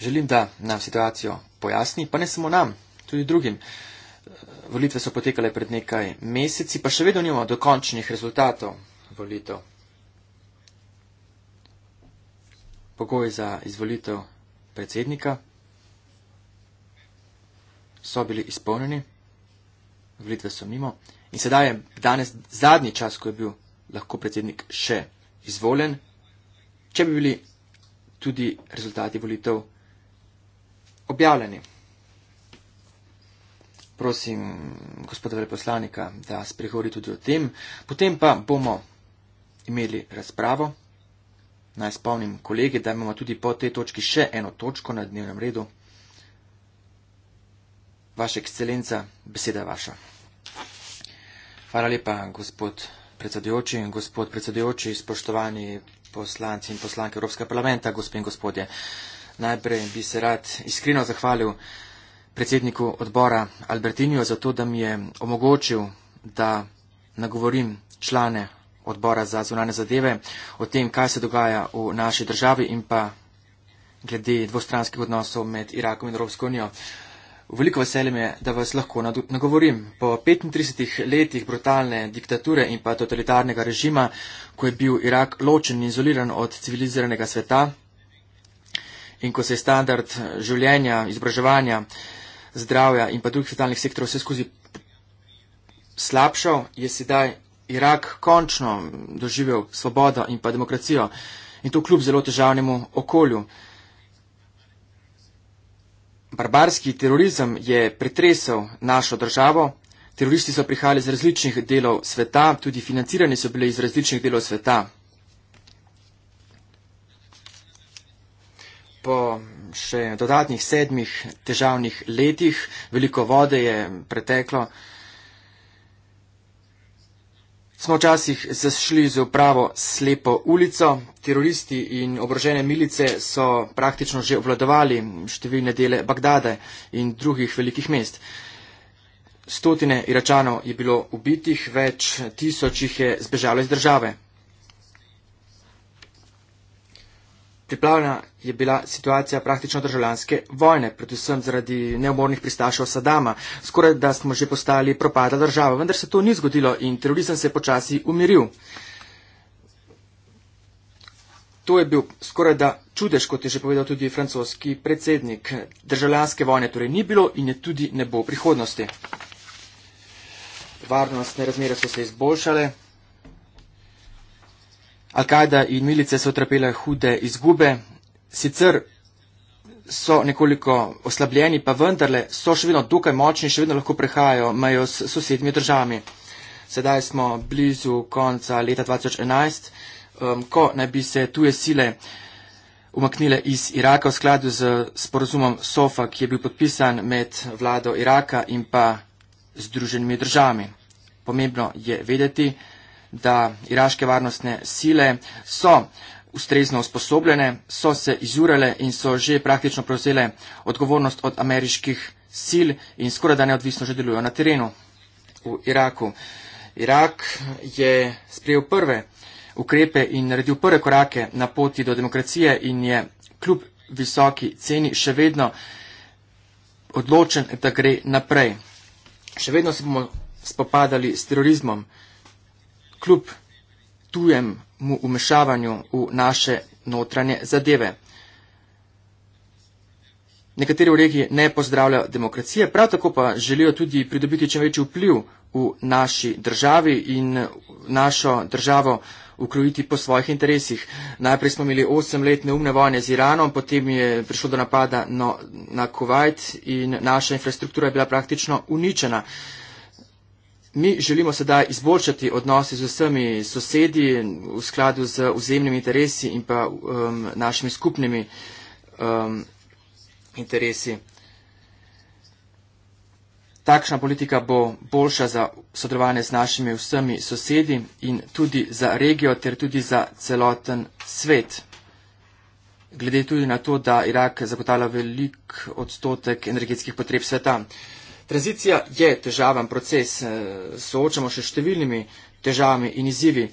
Želim, da nam situacijo pojasni, pa ne samo nam, tudi drugim. Volitve so potekale pred nekaj meseci, pa še vedno nimamo dokončnih rezultatov volitev. Pogoji za izvolitev predsednika so bili izpolnjeni, volitve so mimo in sedaj je danes zadnji čas, ko je bil lahko predsednik še izvoljen, če bi bili tudi rezultati volitev objavljeni. Prosim, gospoda veleposlanika, da spregovori tudi o tem. Potem pa bomo imeli razpravo. Naj spomnim kolege, da imamo tudi po tej točki še eno točko na dnevnem redu. Vaša ekscelenca, beseda vaša. Hvala lepa, gospod predsedujoči. Gospod predsedujoči, spoštovani poslanci in poslanke Evropskega parlamenta, gospod in gospodje. Najprej bi se rad iskreno zahvalil predsedniku odbora Albertinijo za to, da mi je omogočil, da nagovorim člane odbora za zunane zadeve o tem, kaj se dogaja v naši državi in pa glede dvostranskih odnosov med Irakom in Evropsko unijo. Veliko veselje je, da vas lahko nagovorim. Po 35 letih brutalne diktature in pa totalitarnega režima, ko je bil Irak ločen in izoliran od civiliziranega sveta, in ko se je standard eh, življenja, izobraževanja, zdravja in pa drugih vitalnih sektorov vse skozi slabšal, je sedaj Irak končno doživel svobodo in pa demokracijo in to kljub zelo težavnemu okolju. Barbarski terorizem je pretresel našo državo, teroristi so prihajali iz različnih delov sveta, tudi financirani so bili iz različnih delov sveta. po še dodatnih sedmih težavnih letih, veliko vode je preteklo, smo včasih zašli z upravo slepo ulico. Teroristi in obrožene milice so praktično že obvladovali številne dele Bagdade in drugih velikih mest. Stotine Iračanov je bilo ubitih, več tisoč jih je zbežalo iz države. Priplavljena je bila situacija praktično državljanske vojne, predvsem zaradi neumornih pristašev Sadama. Skoraj da smo že postali propada država, vendar se to ni zgodilo in terorizem se je počasi umiril. To je bil skoraj da čudež, kot je že povedal tudi francoski predsednik. Državljanske vojne torej ni bilo in je tudi ne bo prihodnosti. Varnostne razmere so se izboljšale. Al-Kaida in milice so trpele hude izgube, sicer so nekoliko oslabljeni, pa vendarle so še vedno dokaj močni, še vedno lahko prehajajo mejo s sosednjimi državami. Sedaj smo blizu konca leta 2011, um, ko naj bi se tuje sile umaknile iz Iraka v skladu z sporozumom SOFA, ki je bil podpisan med vlado Iraka in pa združenimi državami. Pomembno je vedeti, da iraške varnostne sile so ustrezno usposobljene, so se izurele in so že praktično prevzele odgovornost od ameriških sil in skoraj da neodvisno že delujejo na terenu v Iraku. Irak je sprejel prve ukrepe in naredil prve korake na poti do demokracije in je kljub visoki ceni še vedno odločen, da gre naprej. Še vedno se bomo spopadali s terorizmom kljub tujemu umešavanju v naše notranje zadeve. Nekateri v regiji ne pozdravljajo demokracije, prav tako pa želijo tudi pridobiti čim večji vpliv v naši državi in našo državo ukrojiti po svojih interesih. Najprej smo imeli 8 let neumne vojne z Iranom, potem je prišlo do napada no, na Kuwait in naša infrastruktura je bila praktično uničena. Mi želimo sedaj izboljšati odnose z vsemi sosedi v skladu z vzemnimi interesi in pa um, našimi skupnimi um, interesi. Takšna politika bo boljša za sodelovanje z našimi vsemi sosedi in tudi za regijo ter tudi za celoten svet. Glede tudi na to, da Irak zagotavlja velik odstotek energetskih potreb sveta. Tranzicija je težaven proces, eh, soočamo še številnimi težavami in izzivi.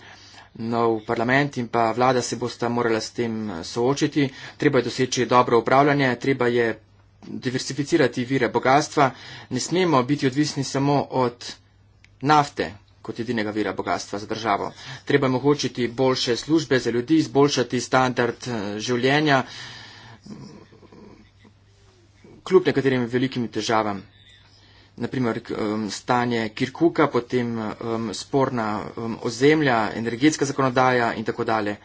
No, v parlament in pa vlada se bosta morala s tem eh, soočiti. Treba je doseči dobro upravljanje, treba je diversificirati vire bogatstva. Ne smemo biti odvisni samo od nafte kot edinega vira bogatstva za državo. Treba je mogočiti boljše službe za ljudi, izboljšati standard eh, življenja, kljub nekaterim velikim težavam naprimer um, stanje Kirkuka, potem um, sporna um, ozemlja, energetska zakonodaja in tako dalje.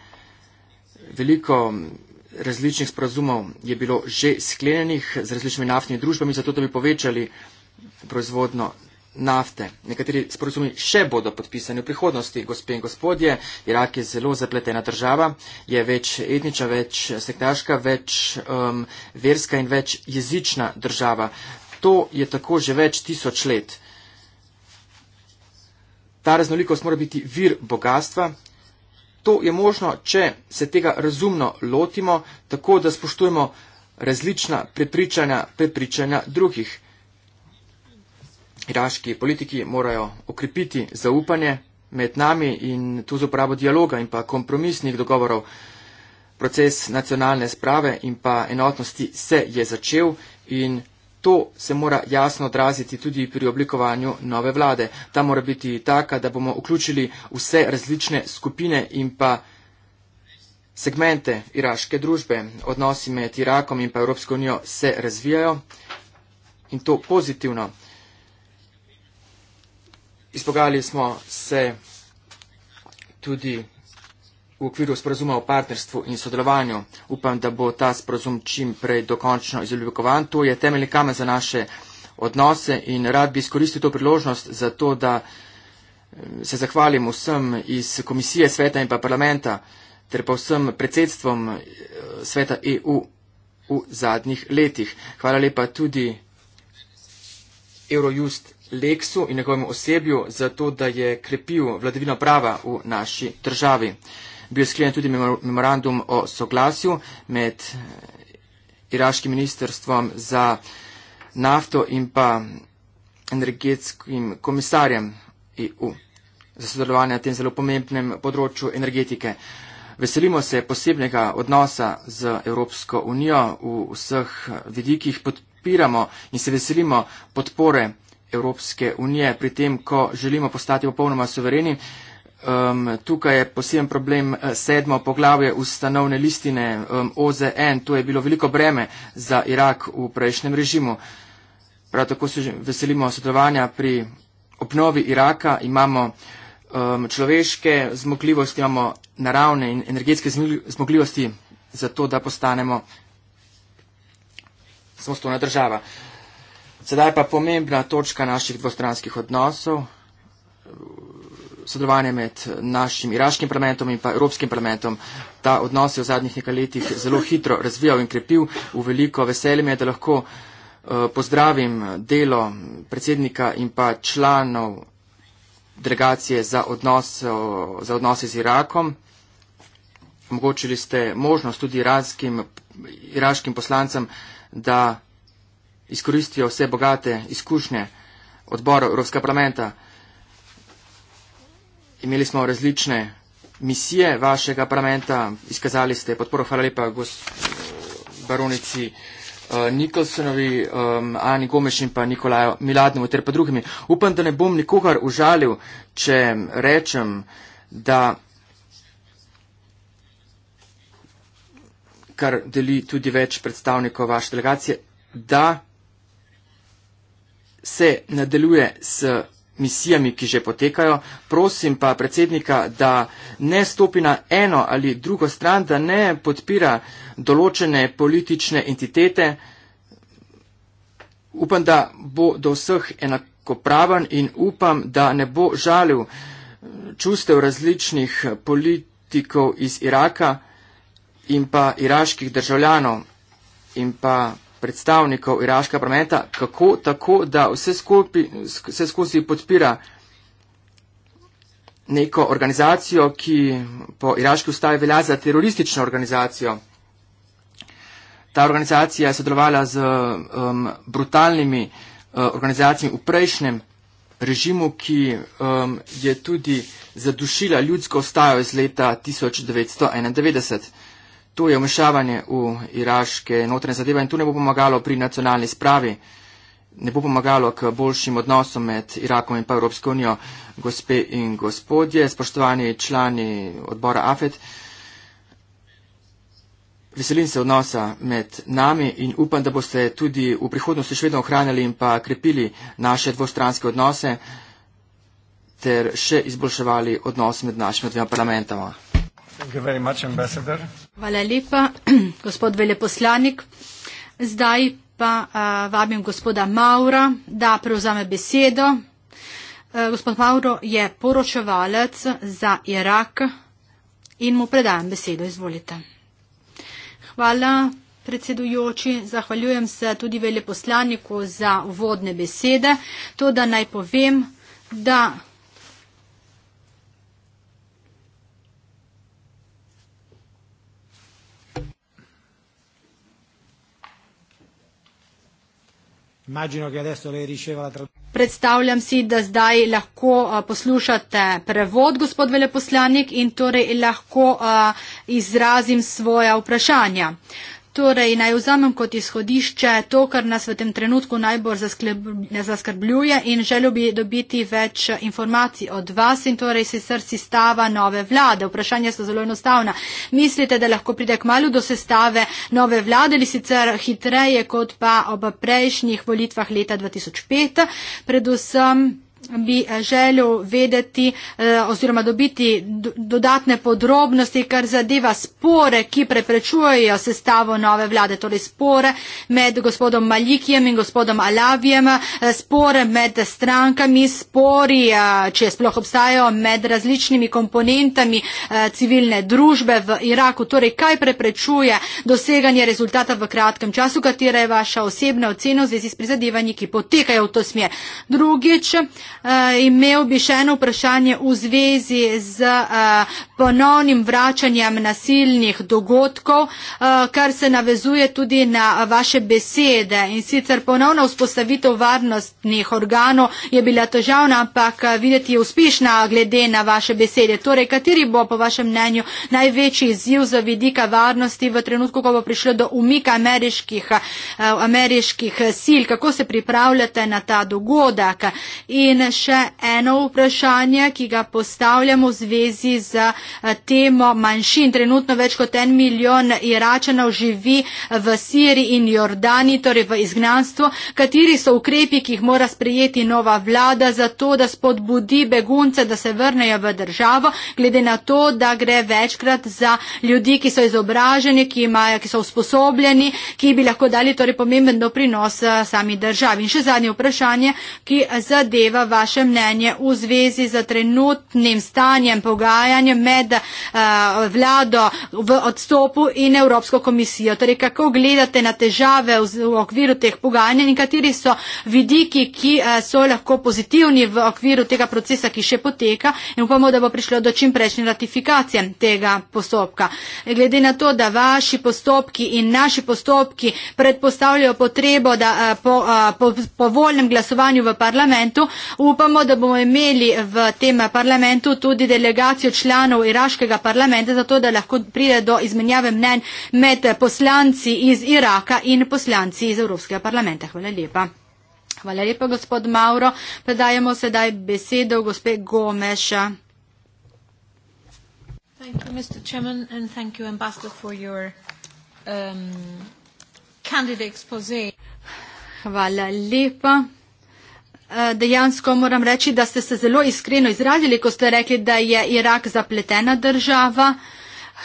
Veliko um, različnih sporazumov je bilo že sklenjenih z različnimi naftnimi družbami, zato da bi povečali proizvodno nafte. Nekateri sporozumi še bodo podpisani v prihodnosti. Gospe in gospodje, Irak je zelo zapletena država, je več etnična, več sektaška, več um, verska in več jezična država to je tako že več tisoč let. Ta raznolikost mora biti vir bogatstva. To je možno, če se tega razumno lotimo, tako da spoštujemo različna prepričanja, prepričanja drugih. Iraški politiki morajo okrepiti zaupanje med nami in tu z uporabo dialoga in pa kompromisnih dogovorov. Proces nacionalne sprave in pa enotnosti se je začel in To se mora jasno odraziti tudi pri oblikovanju nove vlade. Ta mora biti taka, da bomo vključili vse različne skupine in pa segmente iraške družbe. Odnosi med Irakom in pa Evropsko unijo se razvijajo in to pozitivno. Izpogali smo se tudi v okviru sporazuma o partnerstvu in sodelovanju. Upam, da bo ta sporazum čim prej dokončno izoblikovan. To je temeljni kamen za naše odnose in rad bi izkoristil to priložnost za to, da eh, se zahvalim vsem iz komisije sveta in pa parlamenta ter pa vsem predsedstvom eh, sveta EU v zadnjih letih. Hvala lepa tudi Eurojust Leksu in njegovemu osebju za to, da je krepil vladavino prava v naši državi bil sklenjen tudi memorandum o soglasju med eh, iraškim ministrstvom za nafto in pa energetskim komisarjem EU za sodelovanje na tem zelo pomembnem področju energetike. Veselimo se posebnega odnosa z Evropsko unijo v vseh vidikih, podpiramo in se veselimo podpore Evropske unije pri tem, ko želimo postati popolnoma suvereni. Um, tukaj je poseben problem eh, sedmo poglavje ustanovne listine um, OZN. To je bilo veliko breme za Irak v prejšnjem režimu. Prav tako se veselimo sodelovanja pri obnovi Iraka. Imamo um, človeške zmogljivosti, imamo naravne in energetske zmogljivosti za to, da postanemo samostojna država. Sedaj pa pomembna točka naših dvostranskih odnosov sodelovanje med našim iraškim parlamentom in pa evropskim parlamentom. Ta odnos je v zadnjih nekaj letih zelo hitro razvijal in krepil. V veliko veselje mi je, da lahko eh, pozdravim delo predsednika in pa članov delegacije za, odnos, za odnose z Irakom. Omogočili ste možnost tudi iraskim, iraškim poslancem, da izkoristijo vse bogate izkušnje odborov Evropskega parlamenta. Imeli smo različne misije vašega parlamenta, izkazali ste podporo. Hvala lepa baronici uh, eh, Nikolsonovi, um, Ani Gomeš in pa Nikolaju Miladnemu ter pa drugimi. Upam, da ne bom nikogar užalil, če rečem, da kar deli tudi več predstavnikov vaše delegacije, da se nadaljuje s misijami, ki že potekajo. Prosim pa predsednika, da ne stopi na eno ali drugo stran, da ne podpira določene politične entitete. Upam, da bo do vseh enakopraven in upam, da ne bo žalil čustev različnih politikov iz Iraka in pa iraških državljanov in pa predstavnikov iraškega parlamenta, kako tako, da vse, skupi, vse skozi podpira neko organizacijo, ki po iraški ustavi velja za teroristično organizacijo. Ta organizacija je sodelovala z um, brutalnimi uh, organizacijami v prejšnjem režimu, ki um, je tudi zadušila ljudsko ustavo iz leta 1991. Tu je vmešavanje v iraške notranje zadeve in tu ne bo pomagalo pri nacionalni spravi, ne bo pomagalo k boljšim odnosom med Irakom in pa Evropsko unijo, gospe in gospodje, spoštovani člani odbora AFET. Veselim se odnosa med nami in upam, da boste tudi v prihodnosti še vedno ohranjali in pa krepili naše dvostranske odnose ter še izboljševali odnos med našimi dvema parlamentama. Hvala lepa, gospod veleposlanik. Zdaj pa uh, vabim gospoda Maura, da prevzame besedo. Uh, gospod Mauro je poročevalec za Irak in mu predajam besedo. Izvolite. Hvala, predsedujoči. Zahvaljujem se tudi veleposlaniku za vodne besede. To, da naj povem, da. Immagino che adesso lei riceva la traduzione. Predstavljam si, da zdaj lahko uh, poslušate prevod, gospod veleposlanik, in torej lahko uh, izrazim svoje vprašanja. Torej, naj vzamem kot izhodišče to, kar nas v tem trenutku najbolj zaskrbljuje in želel bi dobiti več informacij od vas in torej sicer sestava nove vlade. Vprašanja so zelo enostavna. Mislite, da lahko pride k malu do sestave nove vlade ali sicer hitreje kot pa ob prejšnjih volitvah leta 2005? Predvsem bi eh, želel vedeti eh, oziroma dobiti dodatne podrobnosti, kar zadeva spore, ki preprečujejo sestavo nove vlade, torej spore med gospodom Malikijem in gospodom Alavijem, eh, spore med strankami, spori, če sploh obstajajo, med različnimi komponentami civilne družbe v Iraku. Torej, kaj preprečuje doseganje rezultata v kratkem času, katera je vaša osebna ocena v zvezi s prizadevanji, ki potekajo v to smer. Drugič, uh, imel bi še eno vprašanje v zvezi z uh, ponovnim vračanjem nasilnih dogodkov, uh, kar se navezuje tudi na vaše besede. In sicer ponovna vzpostavitev varnostnih organov je bila težavna, ampak videti je uspešna glede na vaše besede. Torej, kateri bo po vašem mnenju največji izziv za vidika varnosti v trenutku, ko bo prišlo do umika ameriških, uh, ameriških sil? Kako se pripravljate na ta dogodek? In še eno vprašanje, ki ga postavljamo v zvezi z eh, temo manjšin. Trenutno več kot en milijon Iračanov živi v Siriji in Jordani, torej v izgnanstvu. Kateri so ukrepi, ki jih mora sprejeti nova vlada za to, da spodbudi begunce, da se vrnejo v državo, glede na to, da gre večkrat za ljudi, ki so izobraženi, ki, imajo, ki so usposobljeni, ki bi lahko dali torej pomemben doprinos eh, sami državi. In še zadnje vprašanje, ki zadeva vas vaše mnenje v zvezi z trenutnim stanjem pogajanj med eh, vlado v odstopu in Evropsko komisijo. Torej, kako gledate na težave v okviru teh pogajanj in kateri so vidiki, ki eh, so lahko pozitivni v okviru tega procesa, ki še poteka in upamo, da bo prišlo do čim prejšnje ratifikacije tega postopka. Glede na to, da vaši postopki in naši postopki predpostavljajo potrebo, da eh, po, po, po voljnem glasovanju v parlamentu, v upamo, da bomo imeli v tem parlamentu tudi delegacijo članov iraškega parlamenta, zato da lahko pride do izmenjave mnen med poslanci iz Iraka in poslanci iz Evropskega parlamenta. Hvala lepa. Hvala lepa, gospod Mauro. Predajemo sedaj besedo gospe Gomeša. Thank you, Mr. Chairman, and thank you, Ambassador, for your um, candid expose. Hvala lepa. Eh, dejansko moram reči, da ste se zelo iskreno izrazili, ko ste rekli, da je Irak zapletena država.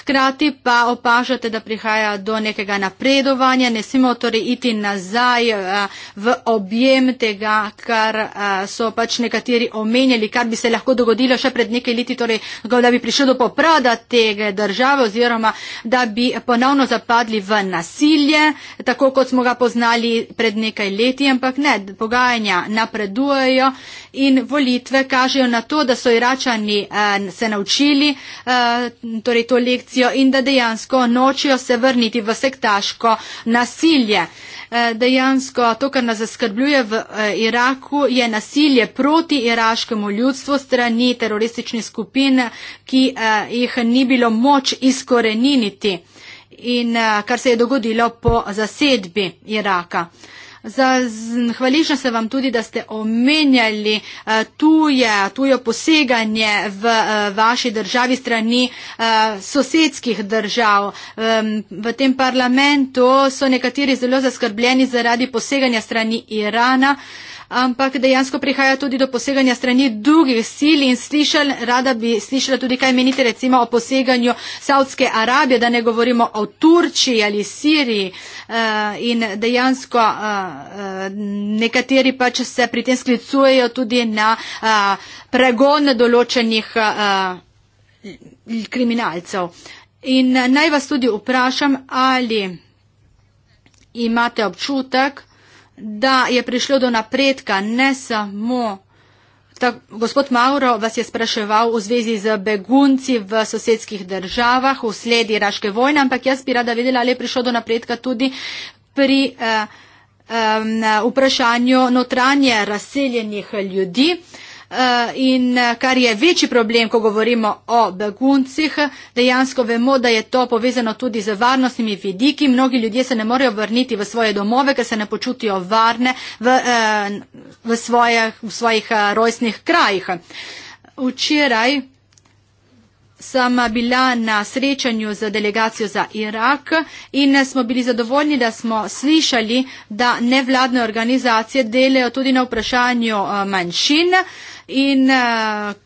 Hkrati pa opažate, da prihaja do nekega napredovanja, ne smemo torej iti nazaj eh, v objem tega, kar eh, so pač nekateri omenjali, kar bi se lahko dogodilo še pred nekaj leti, torej da bi prišlo do poprada tega države oziroma da bi ponovno zapadli v nasilje, tako kot smo ga poznali pred nekaj leti, ampak ne, pogajanja napredujejo in volitve kažejo na to, da so iračani eh, se naučili, torej to lekcijo selekcijo in da dejansko nočijo se vrniti v sektaško nasilje. E, dejansko to, kar nas zaskrbljuje v e, Iraku, je nasilje proti iraškemu ljudstvu strani teroristične skupine, ki e, jih ni bilo moč izkoreniniti in kar se je dogodilo po zasedbi Iraka. Za, z, hvališa se vam tudi, da ste omenjali uh, tuje, tujo poseganje v uh, vaši državi strani uh, sosedskih držav. Um, v tem parlamentu so nekateri zelo zaskrbljeni zaradi poseganja strani Irana. Uh, ampak dejansko prihaja tudi do poseganja strani drugih sil in slišal, rada bi slišala tudi, kaj menite recimo o poseganju Saudske Arabije, da ne govorimo o Turčiji ali Siriji eh, in dejansko eh, eh, nekateri pač se pri tem sklicujejo tudi na pregon določenih kriminalcev. In naj vas tudi vprašam, ali imate občutek, da je prišlo do napredka, ne samo. Ta, gospod Mauro vas je spraševal v zvezi z begunci v sosedskih državah, v sledi Raške vojne, ampak jaz bi rada videla, ali je prišlo do napredka tudi pri eh, eh, vprašanju notranje razseljenih ljudi. Eh, Eh, in eh, kar je večji problem, ko govorimo o beguncih, dejansko vemo, da je to povezano tudi z varnostnimi vidiki. Mnogi ljudje se ne morejo vrniti v svoje domove, ker se ne počutijo varne v, eh, v, svojih, v svojih rojstnih krajih. Včeraj sem bila na srečanju z delegacijo za Irak in smo bili zadovoljni, da smo slišali, da nevladne organizacije delajo tudi na vprašanju eh, manjšin. In uh,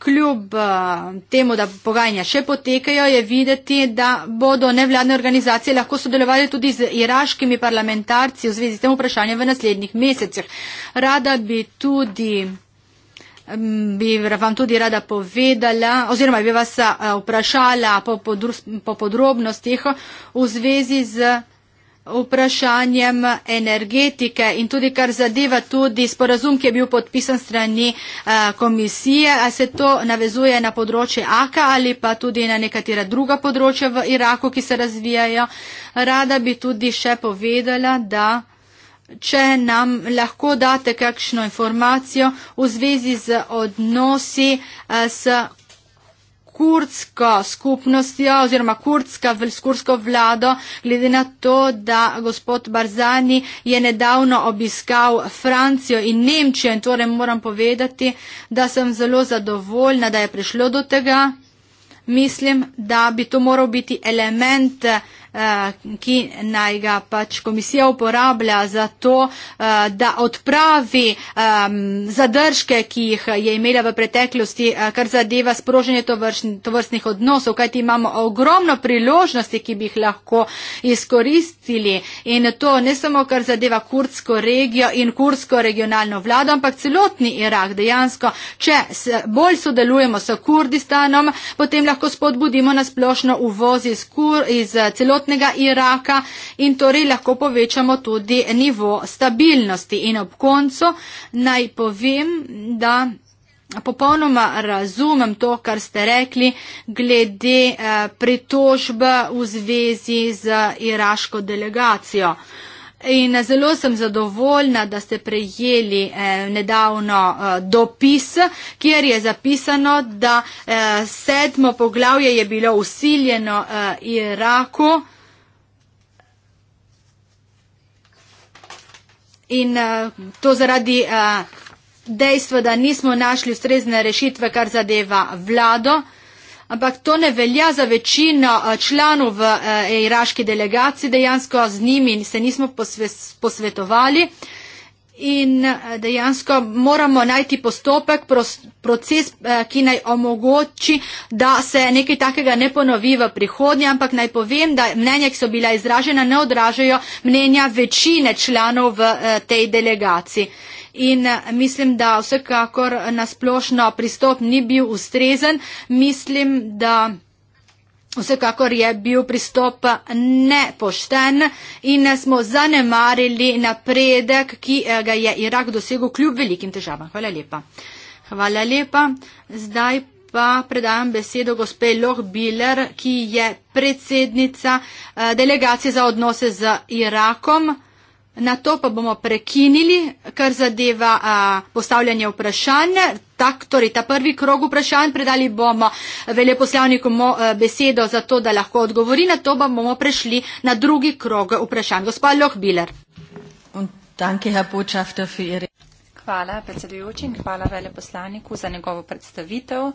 kljub uh, temu, da pogajanja še potekajo, je videti, da bodo nevladne organizacije lahko sodelovali tudi z iraškimi parlamentarci v zvezi s tem vprašanjem v naslednjih mesecih. Rada bi tudi bi vam tudi rada povedala oziroma bi vas vprašala po, podru, po podrobnostih v zvezi z vprašanjem energetike in tudi kar zadeva tudi sporazum, ki je bil podpisan strani komisije. A se to navezuje na področje AKA ali pa tudi na nekatera druga področja v Iraku, ki se razvijajo? Rada bi tudi še povedala, da. Če nam lahko date kakšno informacijo v zvezi z odnosi eh, s kurdsko skupnostjo oziroma kurdska, s kurdsko vlado, glede na to, da gospod Barzani je nedavno obiskal Francijo in Nemčijo in torej moram povedati, da sem zelo zadovoljna, da je prišlo do tega. Mislim, da bi to moral biti element eh, Eh, ki naj ga pač komisija uporablja za to, eh, da odpravi zadržke, ki jih je imela v preteklosti, eh, kar zadeva sproženje tovrstnih odnosov, kajti imamo ogromno priložnosti, ki bi jih lahko izkoristili in to ne samo, kar zadeva kurdsko regijo in kurdsko regionalno vlado, ampak celotni Irak dejansko, če bolj sodelujemo s Kurdistanom, potem lahko spodbudimo na splošno uvoz iz, kur, iz celotnega sprotnega Iraka in torej lahko povečamo tudi nivo stabilnosti. In ob koncu naj povem, da. Popolnoma razumem to, kar ste rekli glede eh, pritožbe v zvezi z iraško delegacijo. Eh, In eh, zelo sem zadovoljna, da ste prejeli eh, nedavno eh, dopis, kjer je zapisano, da eh, sedmo poglavje je bilo usiljeno eh, Iraku. In eh, to zaradi eh, dejstva, da nismo našli ustrezne rešitve, kar zadeva vlado. Eh, Ampak to ne velja za večino eh, članov eh, iraške delegacije, dejansko z njimi se nismo posvetovali. In eh, dejansko moramo najti postopek, proces, ki naj omogoči, da se nekaj takega ne ponovi v prihodnje, ampak naj povem, da mnenja, ki so bila izražena, ne odražajo mnenja večine članov v tej delegaciji in eh, mislim, da vsekakor nasplošno pristop ni bil ustrezen. Mislim, da vsekakor je bil pristop eh, nepošten in eh, smo zanemarili napredek, ki ga je Irak dosegel kljub velikim težavam. Hvala lepa. Hvala lepa. Zdaj pa predajam besedo gospe Loh Biller, ki je predsednica delegacije za odnose z Irakom. Na to pa bomo prekinili, kar zadeva a, postavljanje vprašanj. Tak, torej, ta prvi krog vprašanj predali bomo veleposlavniku mo, a, e, besedo za to, da lahko odgovori. Na to pa bomo prešli na drugi krog vprašanj. Gospod Lohbiler. Hvala predsedujoči in hvala veleposlaniku za njegovo predstavitev.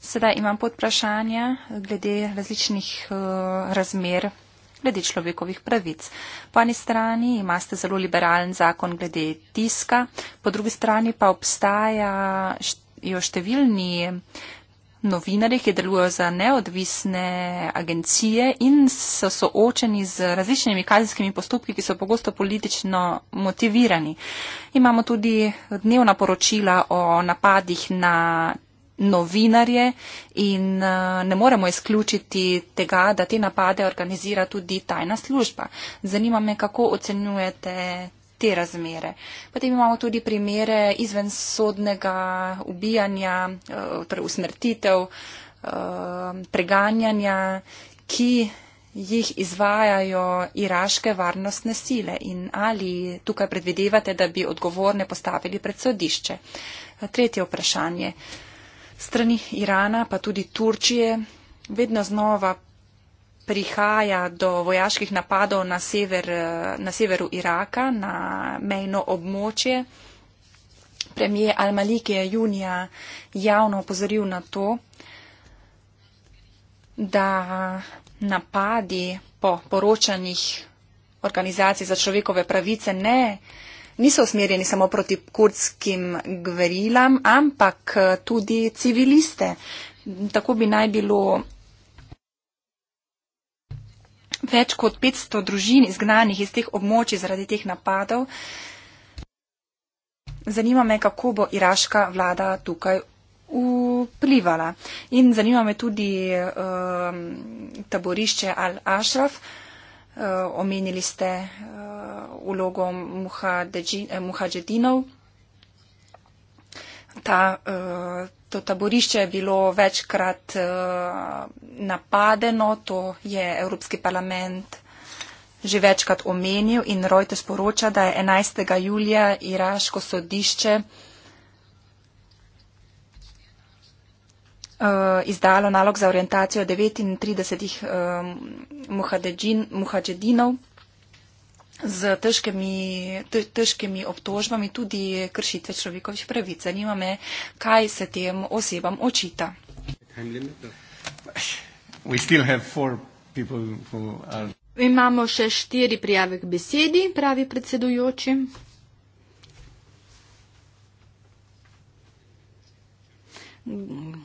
Sedaj imam podprašanja glede različnih uh, razmer glede človekovih pravic. Po eni strani imate zelo liberalen zakon glede tiska, po drugi strani pa obstajajo številni novinarji, ki delujejo za neodvisne agencije in so soočeni z različnimi kazenskimi postopki, ki so pogosto politično motivirani. Imamo tudi dnevna poročila o napadih na novinarje in eh, ne moremo izključiti tega, da te napade organizira tudi tajna služba. Zanima me, kako ocenjujete te razmere. Potem imamo tudi primere izven sodnega ubijanja, eh, torej usmrtitev, eh, preganjanja, ki jih izvajajo iraške varnostne sile in ali tukaj predvidevate, da bi odgovorne postavili pred sodišče. Tretje vprašanje. Uh, strani Irana, pa tudi Turčije, vedno znova prihaja do vojaških napadov na, sever, na severu Iraka, na mejno območje. Premijer Al-Maliki je junija javno opozoril na to, da napadi po poročanjih organizacij za človekove pravice ne niso usmerjeni samo proti kurdskim gverilam, ampak eh, tudi civiliste. Tako bi naj bilo več kot 500 družin izgnanih iz teh območij zaradi teh napadov. Zanima me, kako bo iraška vlada tukaj vplivala. In zanima me tudi um, taborišče Al-Ashraf uh, omenili ste uh, eh, ulogo muhađedinov. Eh, Ta, to taborišče je bilo večkrat napadeno, to je Evropski parlament že večkrat omenil in Reuters poroča, da je 11. julija Iraško sodišče Eh, izdalo nalog za orientacijo 39 eh, uh, muhadžedinov z težkimi, težkimi obtožbami, tudi kršitve človekovih pravic. Zanima me, kaj se tem osebam očita. Imamo še štiri prijave k besedi, pravi predsedujoči.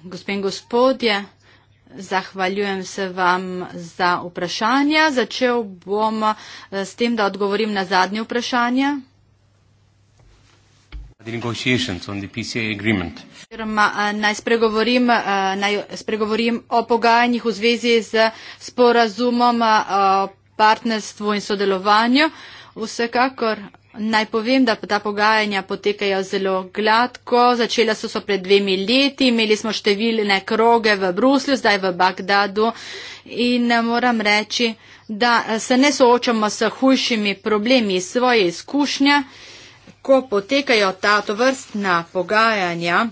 gospe in gospodje, zahvaljujem se vam za vprašanja. Začel bom eh, s tem, da odgovorim na zadnje vprašanje. Eh, naj spregovorim, eh, naj spregovorim o pogajanjih v zvezi z sporazumom o partnerstvu in sodelovanju. Vsekakor Naj povem, da ta pogajanja potekajo zelo gladko. Začela so, so pred dvemi leti, imeli smo številne kroge v Bruslju, zdaj v Bagdadu. In eh, moram reči, da eh, se ne soočamo s hujšimi problemi svoje izkušnje, ko potekajo ta tovrstna pogajanja.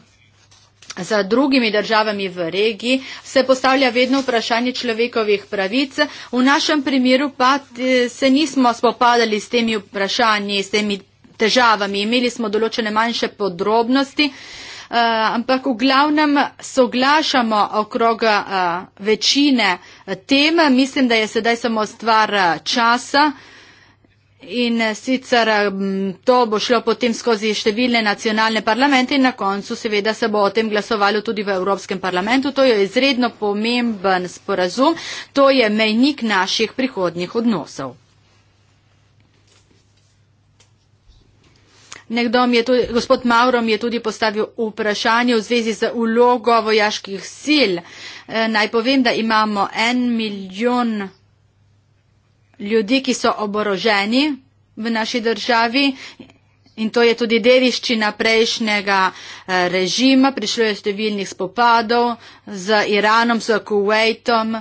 Z drugimi državami v regiji se postavlja vedno vprašanje človekovih pravic, v našem primeru pa eh, se nismo spopadali s temi vprašanji, s temi težavami, imeli smo določene manjše podrobnosti, eh, ampak v glavnem soglašamo okrog eh, večine tem. Mislim, da je sedaj samo stvar časa. In eh, sicer eh, to bo šlo potem skozi številne nacionalne parlamente in na koncu seveda se bo o tem glasovalo tudi v Evropskem parlamentu. To je izredno pomemben sporazum, to je mejnik naših prihodnjih odnosov. Nekdo mi je tudi, gospod Mauro mi je tudi postavil vprašanje v zvezi z ulogo vojaških sil. E, naj povem, da imamo en milijon ljudi, ki so oboroženi v naši državi. In to je tudi dediščina prejšnjega eh, režima. Prišlo je številnih spopadov z Iranom, z Kuwaitom.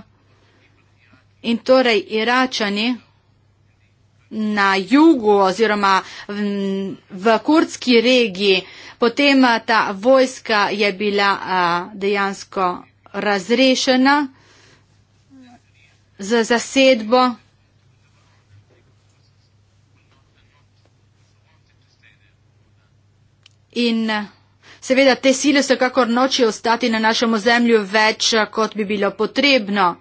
In torej Iračani na jugu oziroma v, v kurdski regiji, potem eh, ta vojska je bila a, eh, dejansko razrešena z zasedbo. Za in eh, seveda te sile so kakor noči ostati na našem ozemlju več, eh, kot bi bilo potrebno.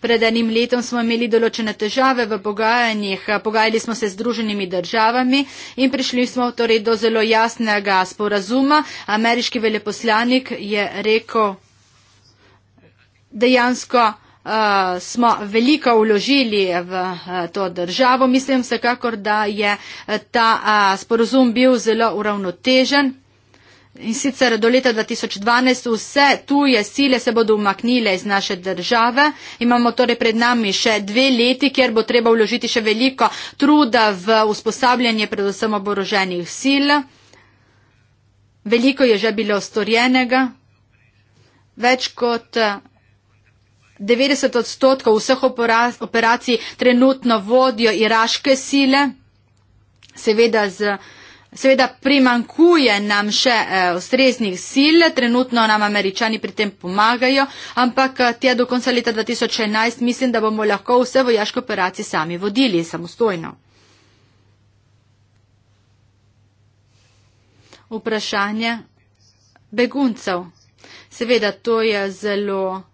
Pred enim letom smo imeli določene težave v pogajanjih, eh, pogajali smo se z druženimi državami in prišli smo torej do zelo jasnega sporazuma. Ameriški veleposlanik je rekel dejansko, uh, smo veliko vložili v uh, to državo. Mislim vsekakor, da je eh, ta uh, sporozum bil zelo uravnotežen. In sicer do leta 2012 vse tuje sile se bodo umaknile iz naše države. Imamo torej pred nami še dve leti, kjer bo treba vložiti še veliko truda v usposabljanje predvsem oboroženih sil. Veliko je že bilo storjenega. Več kot 90 odstotkov vseh operacij trenutno vodijo iraške sile. Seveda, z, seveda primankuje nam še e, ustreznih eh, sil, trenutno nam američani pri tem pomagajo, ampak e, tja do konca leta 2011 mislim, da bomo lahko vse vojaške operacije sami vodili samostojno. Vprašanje beguncev. Seveda, to je zelo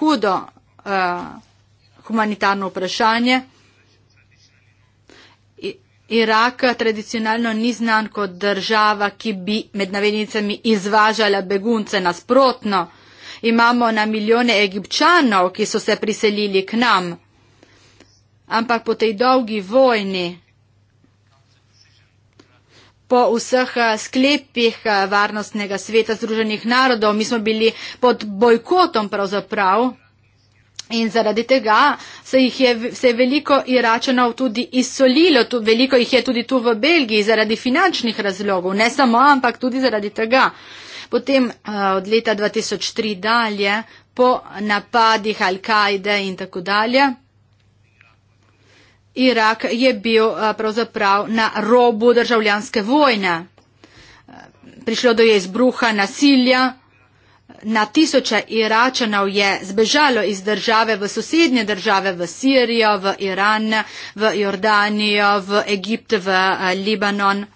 hudo uh, humanitarno vprašanje. Irak eh, tradicionalno ni znan kot država, ki bi med navednicami izvažala begunce nasprotno. Imamo na milijone egipčanov, ki so se priselili k nam. Ampak po tej dolgi vojni po vseh eh, sklepih eh, Varnostnega sveta Združenih narodov. Mi smo bili pod bojkotom pravzaprav. In zaradi tega se, je, se je veliko Iračanov tudi izsolilo, tu, veliko jih je tudi tu v Belgiji zaradi finančnih razlogov, ne samo, ampak tudi zaradi tega. Potem eh, od leta 2003 dalje, po napadih Al-Kaide in tako dalje. Irak je bil eh, pravzaprav na robu državljanske vojne. Eh, prišlo do je izbruha nasilja, na tisoče Iračanov je zbežalo iz države v sosednje države, v Sirijo, v Iran, v Jordanijo, v Egipt, v eh, Libanon.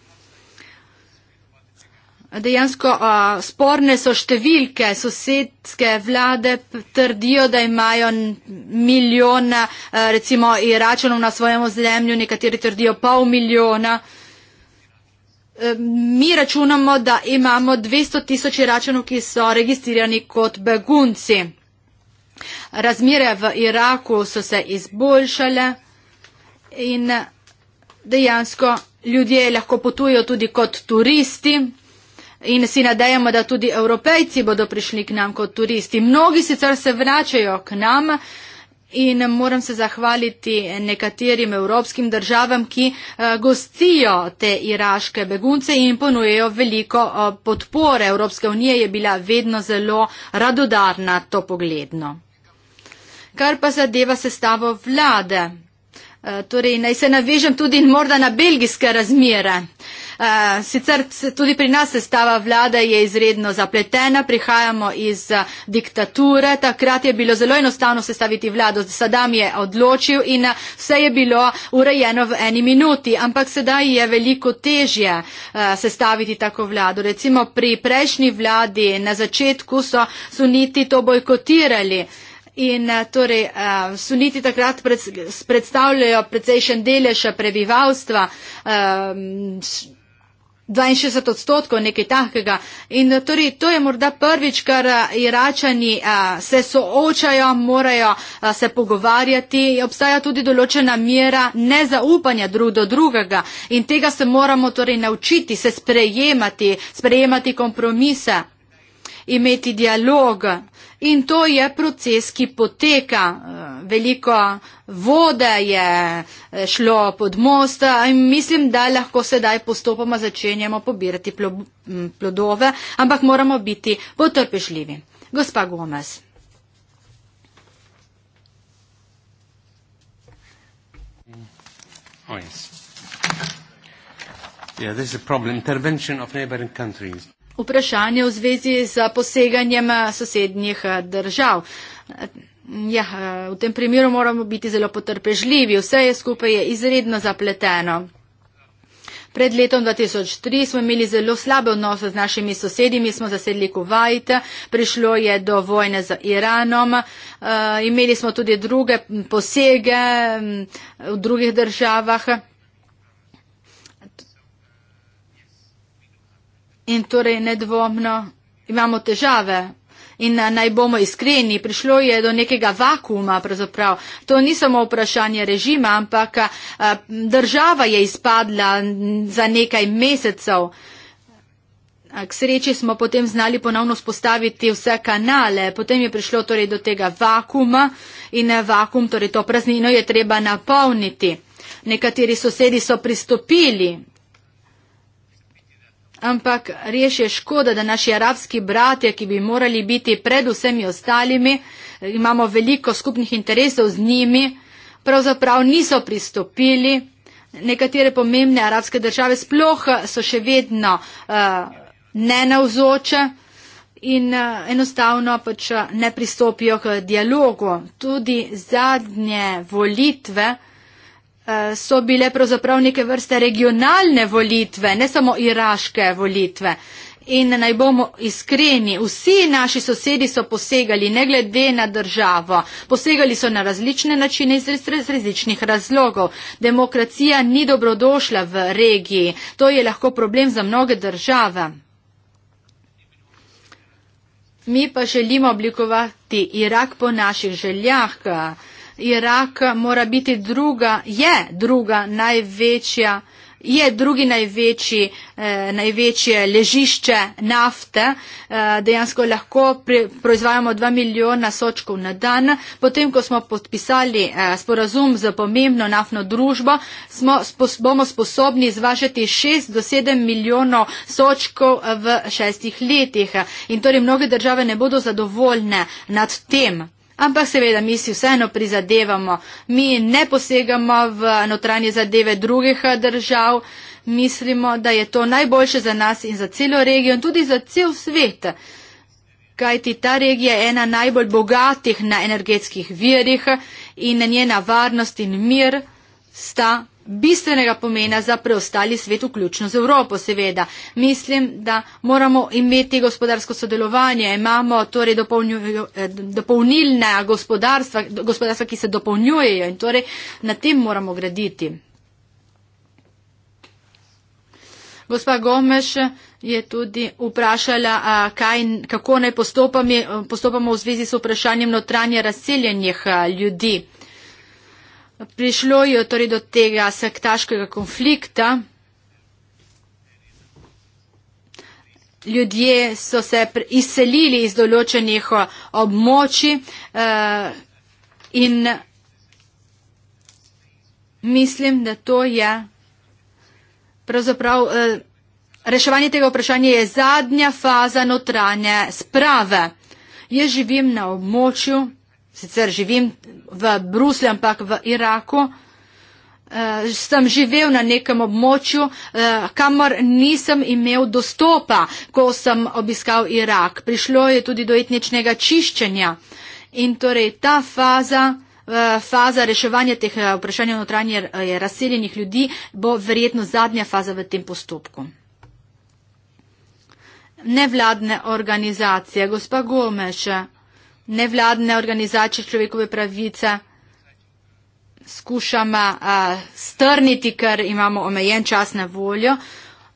Dejansko uh, sporne so številke. Sosedske vlade trdijo, da imajo milijona, uh, recimo Iračanov na svojem ozemlju, nekateri trdijo pol milijona. E, mi računamo, da imamo 200 tisoč iračanov, ki so registrirani kot begunci. Razmere v Iraku so se izboljšale in dejansko ljudje lahko potujo tudi kot turisti in si nadejamo, da tudi evropejci bodo prišli k nam kot turisti. Mnogi sicer se vračajo k nam. In moram se zahvaliti nekaterim evropskim državam, ki eh, gostijo te iraške begunce in ponujejo veliko eh, podpore. Evropska unija je bila vedno zelo radodarna to pogledno. Kar pa zadeva sestavo vlade. Eh, torej, naj se navežem tudi morda na belgijske razmere. Eh, sicer tudi pri nas sestava vlade je izredno zapletena, prihajamo iz eh, diktature, takrat je bilo zelo enostavno sestaviti vlado, Saddam je odločil in eh, vse je bilo urejeno v eni minuti, ampak sedaj je veliko težje sestaviti tako vlado. Recimo pri prejšnji vladi na začetku so suniti to bojkotirali. In torej suniti takrat predstavljajo precejšen delež prebivalstva. 62 odstotkov, nekaj takega. In eh, torej, to je morda prvič, kar eh, iračani a, eh, se soočajo, morajo a, se pogovarjati. Obstaja tudi določena mera nezaupanja drug do drugega in tega se moramo torej naučiti, se sprejemati, sprejemati kompromise, imeti dialog. In to je proces, ki poteka. Eh, veliko vode je eh, šlo pod most eh, in mislim, da lahko sedaj postopoma začenjamo pobirati plodove, ampak moramo biti potrpežljivi. Gospa Gomez. Oh, yes. yeah, vprašanje v zvezi z poseganjem eh, sosednjih eh, držav. Ja, eh, v tem primeru moramo biti zelo potrpežljivi. Vse je skupaj je izredno zapleteno. Pred letom 2003 smo imeli zelo slabe odnose z našimi sosedimi, smo zasedli Kuwait, prišlo je do vojne z Iranom, uh, imeli smo tudi druge posege mm, v drugih državah. in torej nedvomno imamo težave. In eh, naj bomo iskreni, prišlo je do nekega vakuma pravzaprav. To ni samo vprašanje režima, ampak eh, država je izpadla za nekaj mesecev. K sreči smo potem znali ponovno spostaviti vse kanale, potem je prišlo torej do tega vakuma in eh, vakum, torej to praznino je treba napolniti. Nekateri sosedi so pristopili ampak res je škoda, da naši arabski bratje, ki bi morali biti pred vsemi ostalimi, imamo veliko skupnih interesov z njimi, pravzaprav niso pristopili. Nekatere pomembne arabske države sploh eh, so še vedno uh, nenavzoče in uh, enostavno pač ne pristopijo k dialogu. Tudi zadnje volitve uh, Eh, so bile pravzaprav neke vrste regionalne volitve, ne samo iraške volitve. In naj bomo iskreni, vsi naši sosedi so posegali, ne glede na državo, posegali so na različne načine iz različnih razlogov. Demokracija ni dobrodošla v regiji, to je lahko problem za mnoge države. Mi pa želimo oblikovati Irak po naših željah. Ka. Irak mora biti druga, je druga največja, je drugi največji, eh, največje ležišče nafte, eh, dejansko lahko pri, proizvajamo 2 milijona sočkov na dan. Potem, ko smo podpisali eh, sporazum za pomembno naftno družbo, smo, spos, bomo sposobni izvažati 6 do 7 milijonov sočkov eh, v šestih letih. In torej mnoge države ne bodo zadovoljne nad tem. Ampak seveda mi si vseeno prizadevamo, mi ne posegamo v notranje zadeve drugih eh, držav, mislimo, da je to najboljše za nas in za celo regijo in tudi za cel svet. Kajti ta regija je ena najbolj bogatih na energetskih virih in njena varnost in mir sta bistvenega pomena za preostali svet, vključno z Evropo, seveda. Mislim, da moramo imeti gospodarsko sodelovanje, imamo torej eh, dopolnilna gospodarstva, gospodarstva, ki se dopolnjujejo in torej na tem moramo graditi. Gospa Gomeš je tudi vprašala, kaj, kako naj postopamo v zvezi s vprašanjem notranje razseljenih eh, ljudi prišlo je torej do tega sektaškega konflikta. Ljudje so se izselili iz določenih eh, območij eh, in mislim, da to je pravzaprav. Eh, Reševanje tega vprašanja je zadnja faza notranje sprave. Jaz živim na območju, sicer živim v Bruslju, ampak v Iraku. Uh, sem živel na nekem območju, uh, kamor nisem imel dostopa, ko sem obiskal Irak. Prišlo je tudi do etničnega čiščenja. In torej ta faza, uh, faza reševanja teh vprašanj notranje uh, razseljenih ljudi, bo verjetno zadnja faza v tem postopku. Nevladne organizacije, gospa Gomeš, nevladne organizacije človekove pravice skušam a, strniti, ker imamo omejen čas na voljo,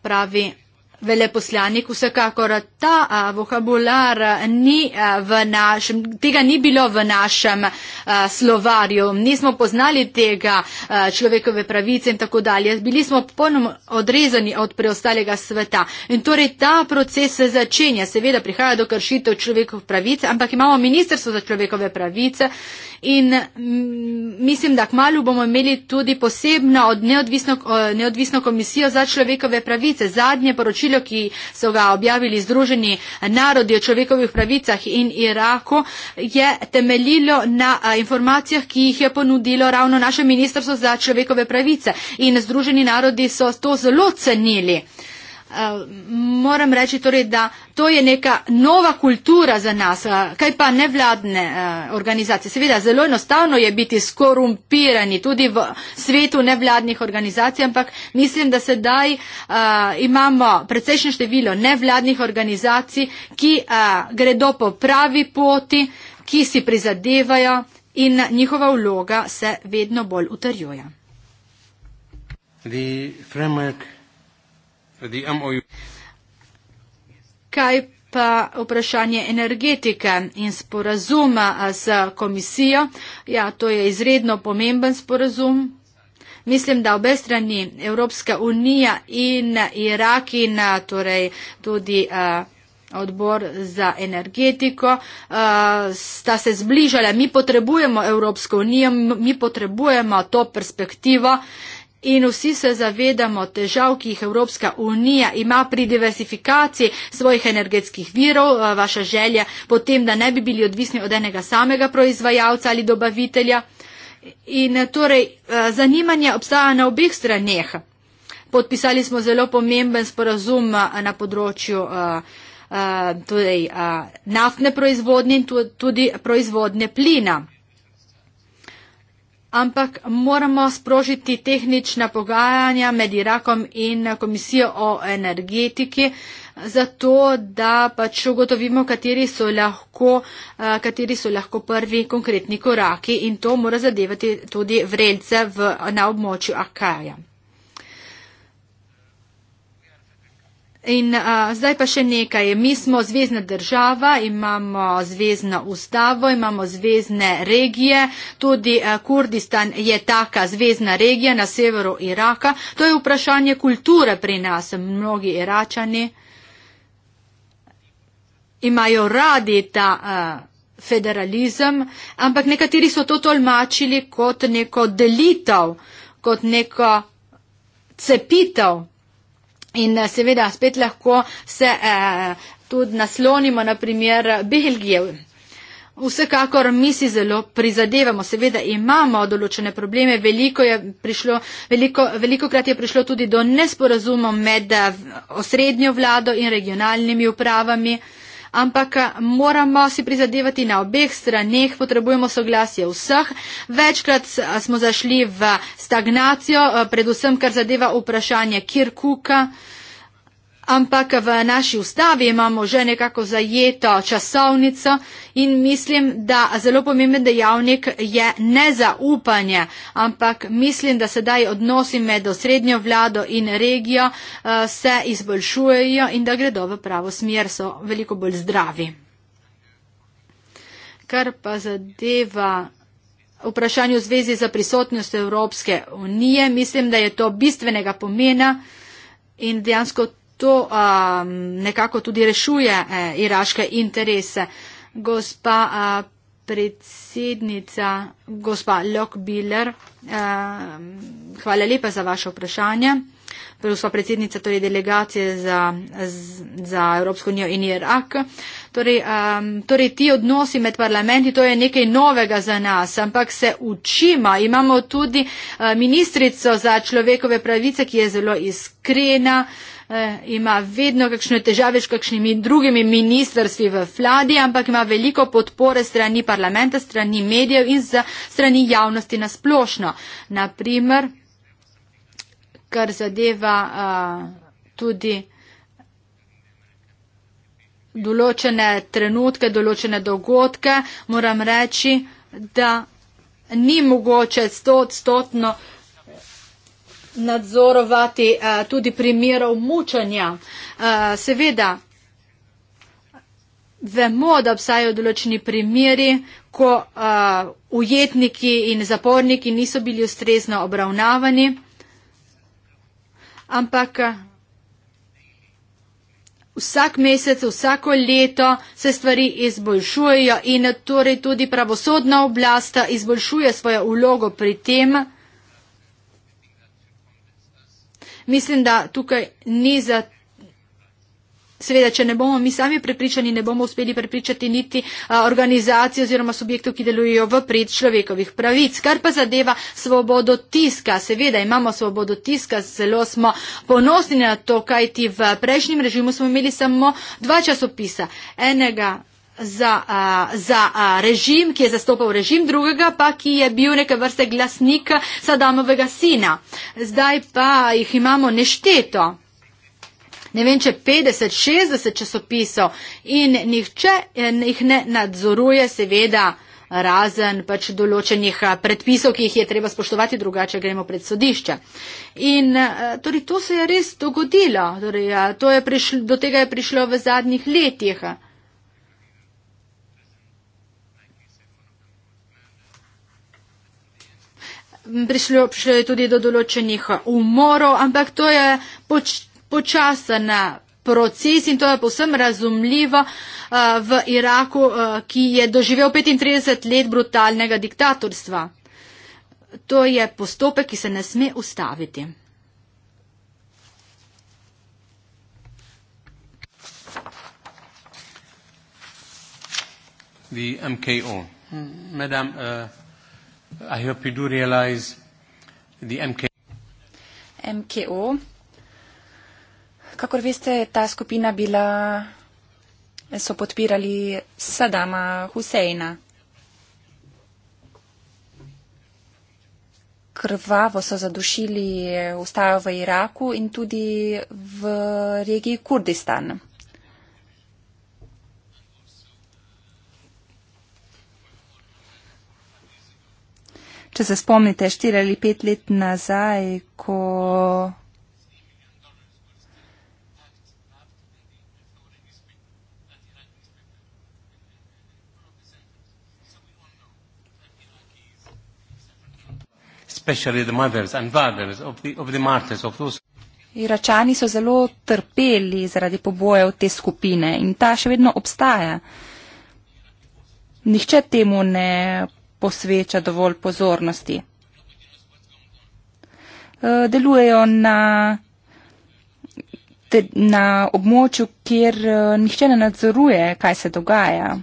pravi veleposlanik, vsekakor ta a, vokabular ni a, v našem, tega ni bilo v našem a, slovarju, nismo poznali tega a, človekove pravice in tako dalje, bili smo ponom odrezani od preostalega sveta. In torej ta proces se začenja, seveda prihaja do kršitev človekov pravice, ampak imamo Ministrstvo za človekove pravice in mm, mislim, da kmalo bomo imeli tudi posebno od neodvisno, neodvisno komisijo za človekove pravice. Zadnje poročilo poročilo, ki so ga objavili Združeni narodi o človekovih pravicah in Iraku, je temeljilo na informacijah, ki jih je ponudilo ravno naše Ministrstvo za človekove pravice. In Združeni narodi so to zelo cenili moram reči torej, da to je neka nova kultura za nas, kaj pa nevladne organizacije. Seveda, zelo enostavno je biti skorumpirani tudi v svetu nevladnih organizacij, ampak mislim, da sedaj imamo precejšnje število nevladnih organizacij, ki gredo po pravi poti, ki si prizadevajo in njihova vloga se vedno bolj utrjuje. The framework Kaj pa vprašanje energetike in sporazuma z komisijo? Ja, to je izredno pomemben sporazum. Mislim, da obe strani, Evropska unija in Irak in torej tudi uh, odbor za energetiko, uh, sta se zbližala. Mi potrebujemo Evropsko unijo, mi potrebujemo to perspektivo. Uh, In vsi se zavedamo težav, ki jih Evropska unija ima pri diversifikaciji svojih energetskih virov, eh, vaša želja potem, da ne bi bili odvisni od enega samega proizvajalca ali dobavitelja. In eh, torej eh, zanimanje obstaja na obih straneh. Podpisali smo zelo pomemben sporazum na področju torej, naftne proizvodnje in tudi proizvodnje plina ampak moramo sprožiti tehnična pogajanja med Irakom in komisijo o energetiki, zato da pač ugotovimo, kateri so lahko, eh, kateri so lahko prvi konkretni koraki in to mora zadevati tudi vredce v, na območju Akaja. In a, zdaj pa še nekaj. Mi smo zvezdna država, imamo zvezdno ustavo, imamo zvezdne regije, tudi a, Kurdistan je taka zvezdna regija na severu Iraka. To je vprašanje kulture pri nas. Mnogi iračani imajo radi ta a, federalizem, ampak nekateri so to tolmačili kot neko delitev, kot neko cepitev In eh, seveda spet lahko se eh, tudi naslonimo na primer Belgije. Vsekakor mi si zelo prizadevamo, seveda imamo določene probleme, veliko je prišlo, veliko, veliko krat je prišlo tudi do nesporazumov med eh, osrednjo vlado in regionalnimi upravami ampak eh, moramo si prizadevati na obeh straneh, potrebujemo soglasje vseh. Večkrat eh, smo zašli v stagnacijo, eh, predvsem kar zadeva vprašanje Kirkuka ampak v naši ustavi imamo že nekako zajeto časovnico in mislim, da zelo pomemben dejavnik je nezaupanje, ampak mislim, da sedaj odnosi med osrednjo vlado in regijo eh, se izboljšujejo in da gredo v pravo smer, so veliko bolj zdravi. Kar pa zadeva vprašanje v zvezi za prisotnost Evropske unije, mislim, da je to bistvenega pomena in dejansko to um, nekako tudi rešuje eh, iraške interese. Gospa eh, predsednica, gospa Lokbiler, eh, hvala lepa za vaše vprašanje. Gospa predsednica torej delegacije za, za Evropsko unijo in Irak. Torej, um, torej ti odnosi med parlamenti, to je nekaj novega za nas, ampak se učimo. Imamo tudi uh, ministrico za človekove pravice, ki je zelo iskrena. Uh, eh, ima vedno kakšne težave s kakšnimi drugimi ministrstvi v vladi, ampak ima veliko podpore strani parlamenta, strani medijev in strani javnosti na splošno. Naprimer, kar zadeva eh, tudi določene trenutke, določene dogodke, moram reči, da ni mogoče stotno. Sto, nadzorovati uh, tudi primerov mučanja. Uh, eh, seveda, vemo, da obstajajo določeni primeri, ko uh, ujetniki in zaporniki niso bili ustrezno obravnavani, ampak vsak mesec, vsako leto se stvari izboljšujejo in torej tudi pravosodna oblast izboljšuje svojo ulogo pri tem, mislim, da tukaj ni za. Seveda, če ne bomo mi sami prepričani, ne bomo uspeli prepričati niti organizacij oziroma subjektov, ki delujejo v pred človekovih pravic. Kar pa zadeva svobodo tiska, seveda imamo svobodo tiska, zelo smo ponosni na to, kajti v prejšnjem režimu smo imeli samo dva časopisa. Enega za, uh, za uh, režim, ki je zastopal režim drugega, pa ki je bil neke vrste glasnik Sadamovega sina. Zdaj pa jih imamo nešteto. Ne vem, če 50, 60 časopisov in nihče jih ne nadzoruje, seveda, razen pač določenih predpisov, ki jih je treba spoštovati, drugače gremo pred sodišče. In torej, to se je res dogodilo, torej, to je prišlo, do tega je prišlo v zadnjih letih. prišlo, prišlo je tudi do določenih umorov, ampak to je poč, počasen eh, proces in to je povsem razumljivo uh, v Iraku, uh, ki je doživel 35 let brutalnega diktatorstva. To je postopek, ki se ne sme ustaviti. The MKO. Hmm. Madam, uh, I hope you do realize the MK. MKO. Kakor veste, ta skupina bila, so podpirali Sadama Huseina. Krvavo so zadušili ustavo v Iraku in tudi v regiji Kurdistan. če se spomnite, štiri ali pet let nazaj, ko Iračani so zelo trpeli zaradi pobojev te skupine in ta še vedno obstaja. Nihče temu ne posveča dovolj pozornosti. E, delujejo na, na območju, kjer e, nihče ne nadzoruje, kaj se dogaja.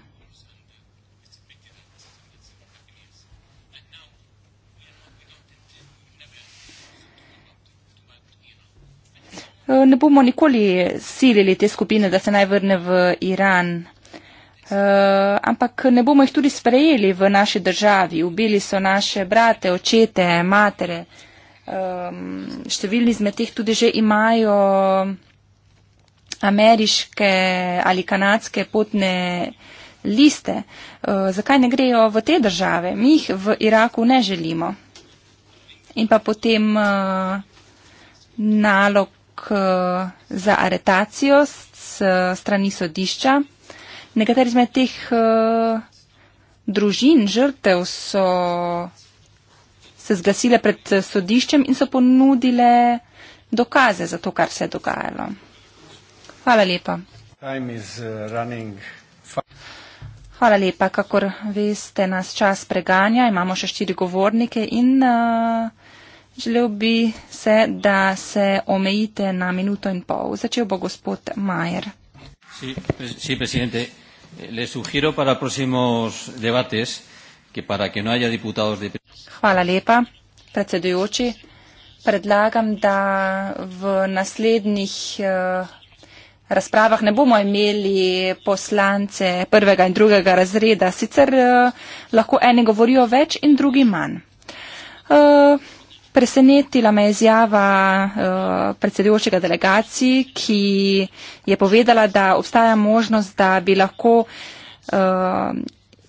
E, ne bomo nikoli silili te skupine, da se naj vrne v Iran. Uh, ampak ne bomo jih tudi sprejeli v naši državi. Ubili so naše brate, očete, matere. Um, številni izmed teh tudi že imajo ameriške ali kanadske potne liste. Uh, zakaj ne grejo v te države? Mi jih v Iraku ne želimo. In pa potem uh, nalog uh, za aretacijo s, s strani sodišča. Nekateri izmed teh uh, družin žrtev so se zglasile pred eh, sodiščem in so ponudile dokaze za to, kar se je dogajalo. Hvala lepa. Uh, Hvala lepa, kakor veste, nas čas preganja, imamo še štiri govornike in uh, želel bi se, da se omejite na minuto in pol. Začel bo gospod Majer. Sí, sí, Le sugiro para próximos debates que para que no haya diputados de. Hvala lepa, predsedujoči. Predlagam, da v naslednjih eh, razpravah ne bomo imeli poslance prvega in drugega razreda, sicer eh, lahko eni govorijo več in drugi manj. Eh, Presenetila me je izjava uh, predsedujočega delegaciji, ki je povedala, da obstaja možnost, da bi lahko uh,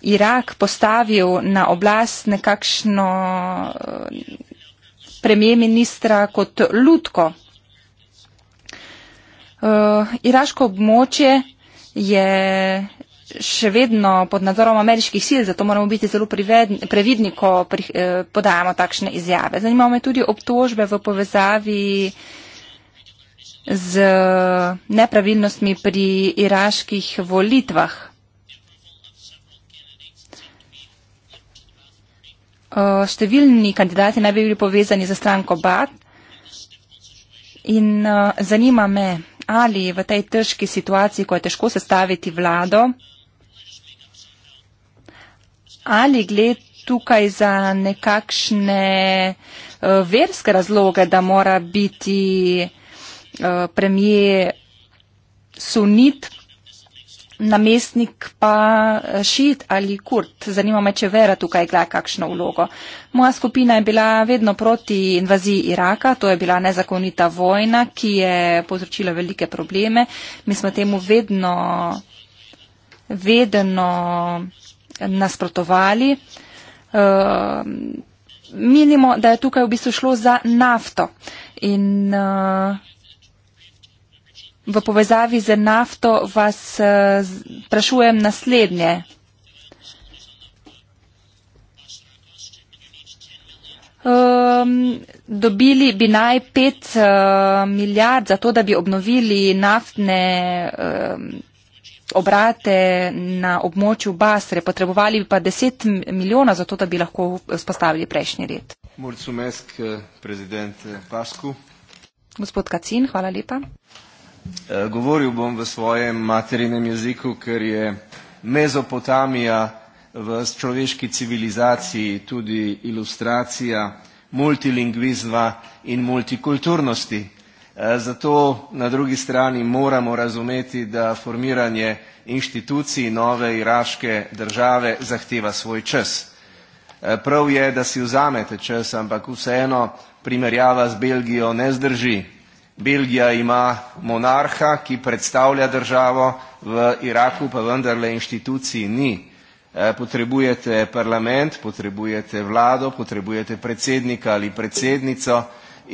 Irak postavil na oblast nekakšno uh, premije ministra kot ludko. Uh, iraško območje je še vedno pod nadzorom ameriških sil, zato moramo biti zelo privedni, previdni, ko pri, eh, podajamo takšne izjave. Zanima me tudi obtožbe v povezavi z nepravilnostmi pri iraških volitvah. Uh, številni kandidati naj bi bili povezani za stranko BAT in uh, zanima me, ali v tej težki situaciji, ko je težko sestaviti vlado, ali gre tukaj za nekakšne uh, verske razloge, da mora biti uh, eh, premije sunit, namestnik pa eh, šit ali kurt. Zanima me, če vera tukaj igra kakšno vlogo. Moja skupina je bila vedno proti invaziji Iraka, to je bila nezakonita vojna, ki je povzročila velike probleme. Mi smo temu vedno, vedno nasprotovali. Eh, menimo, da je tukaj v bistvu šlo za nafto in eh, v povezavi z nafto vas eh, prašujem naslednje. Ehm, dobili bi naj 5 milijard za to, da bi obnovili naftne ehm, obrate na območju Basre, potrebovali bi pa 10 milijona za to, da bi lahko spostavili prejšnji red. Morcumesk, eh, prezident eh, Pasku. Gospod Kacin, hvala lepa. Eh, govoril bom v svojem materinem jeziku, ker je Mezopotamija v človeški civilizaciji tudi ilustracija multilingvizma in multikulturnosti. Eh, zato na drugi strani moramo razumeti, da formiranje inštitucij nove iraške države zahteva svoj čas. Eh, prav je, da si vzamete čas, ampak vseeno primerjava z Belgijo ne zdrži. Belgija ima monarha, ki predstavlja državo, v Iraku pa vendarle inštitucij ni. Eh, potrebujete parlament, potrebujete vlado, potrebujete predsednika ali predsednico,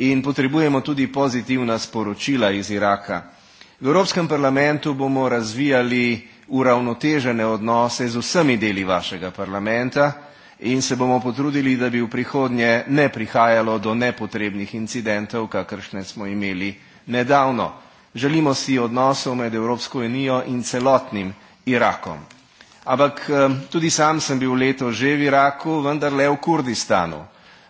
in potrebujemo tudi pozitivna sporočila iz Iraka. V Evropskem parlamentu bomo razvijali uravnotežene odnose z vsemi deli vašega parlamenta in se bomo potrudili, da bi v prihodnje ne prihajalo do nepotrebnih incidentov, kakršne smo imeli nedavno. Želimo si odnosov med Evropsko unijo in celotnim Irakom. Ampak eh, tudi sam sem bil leto že v Iraku, vendar le v Kurdistanu.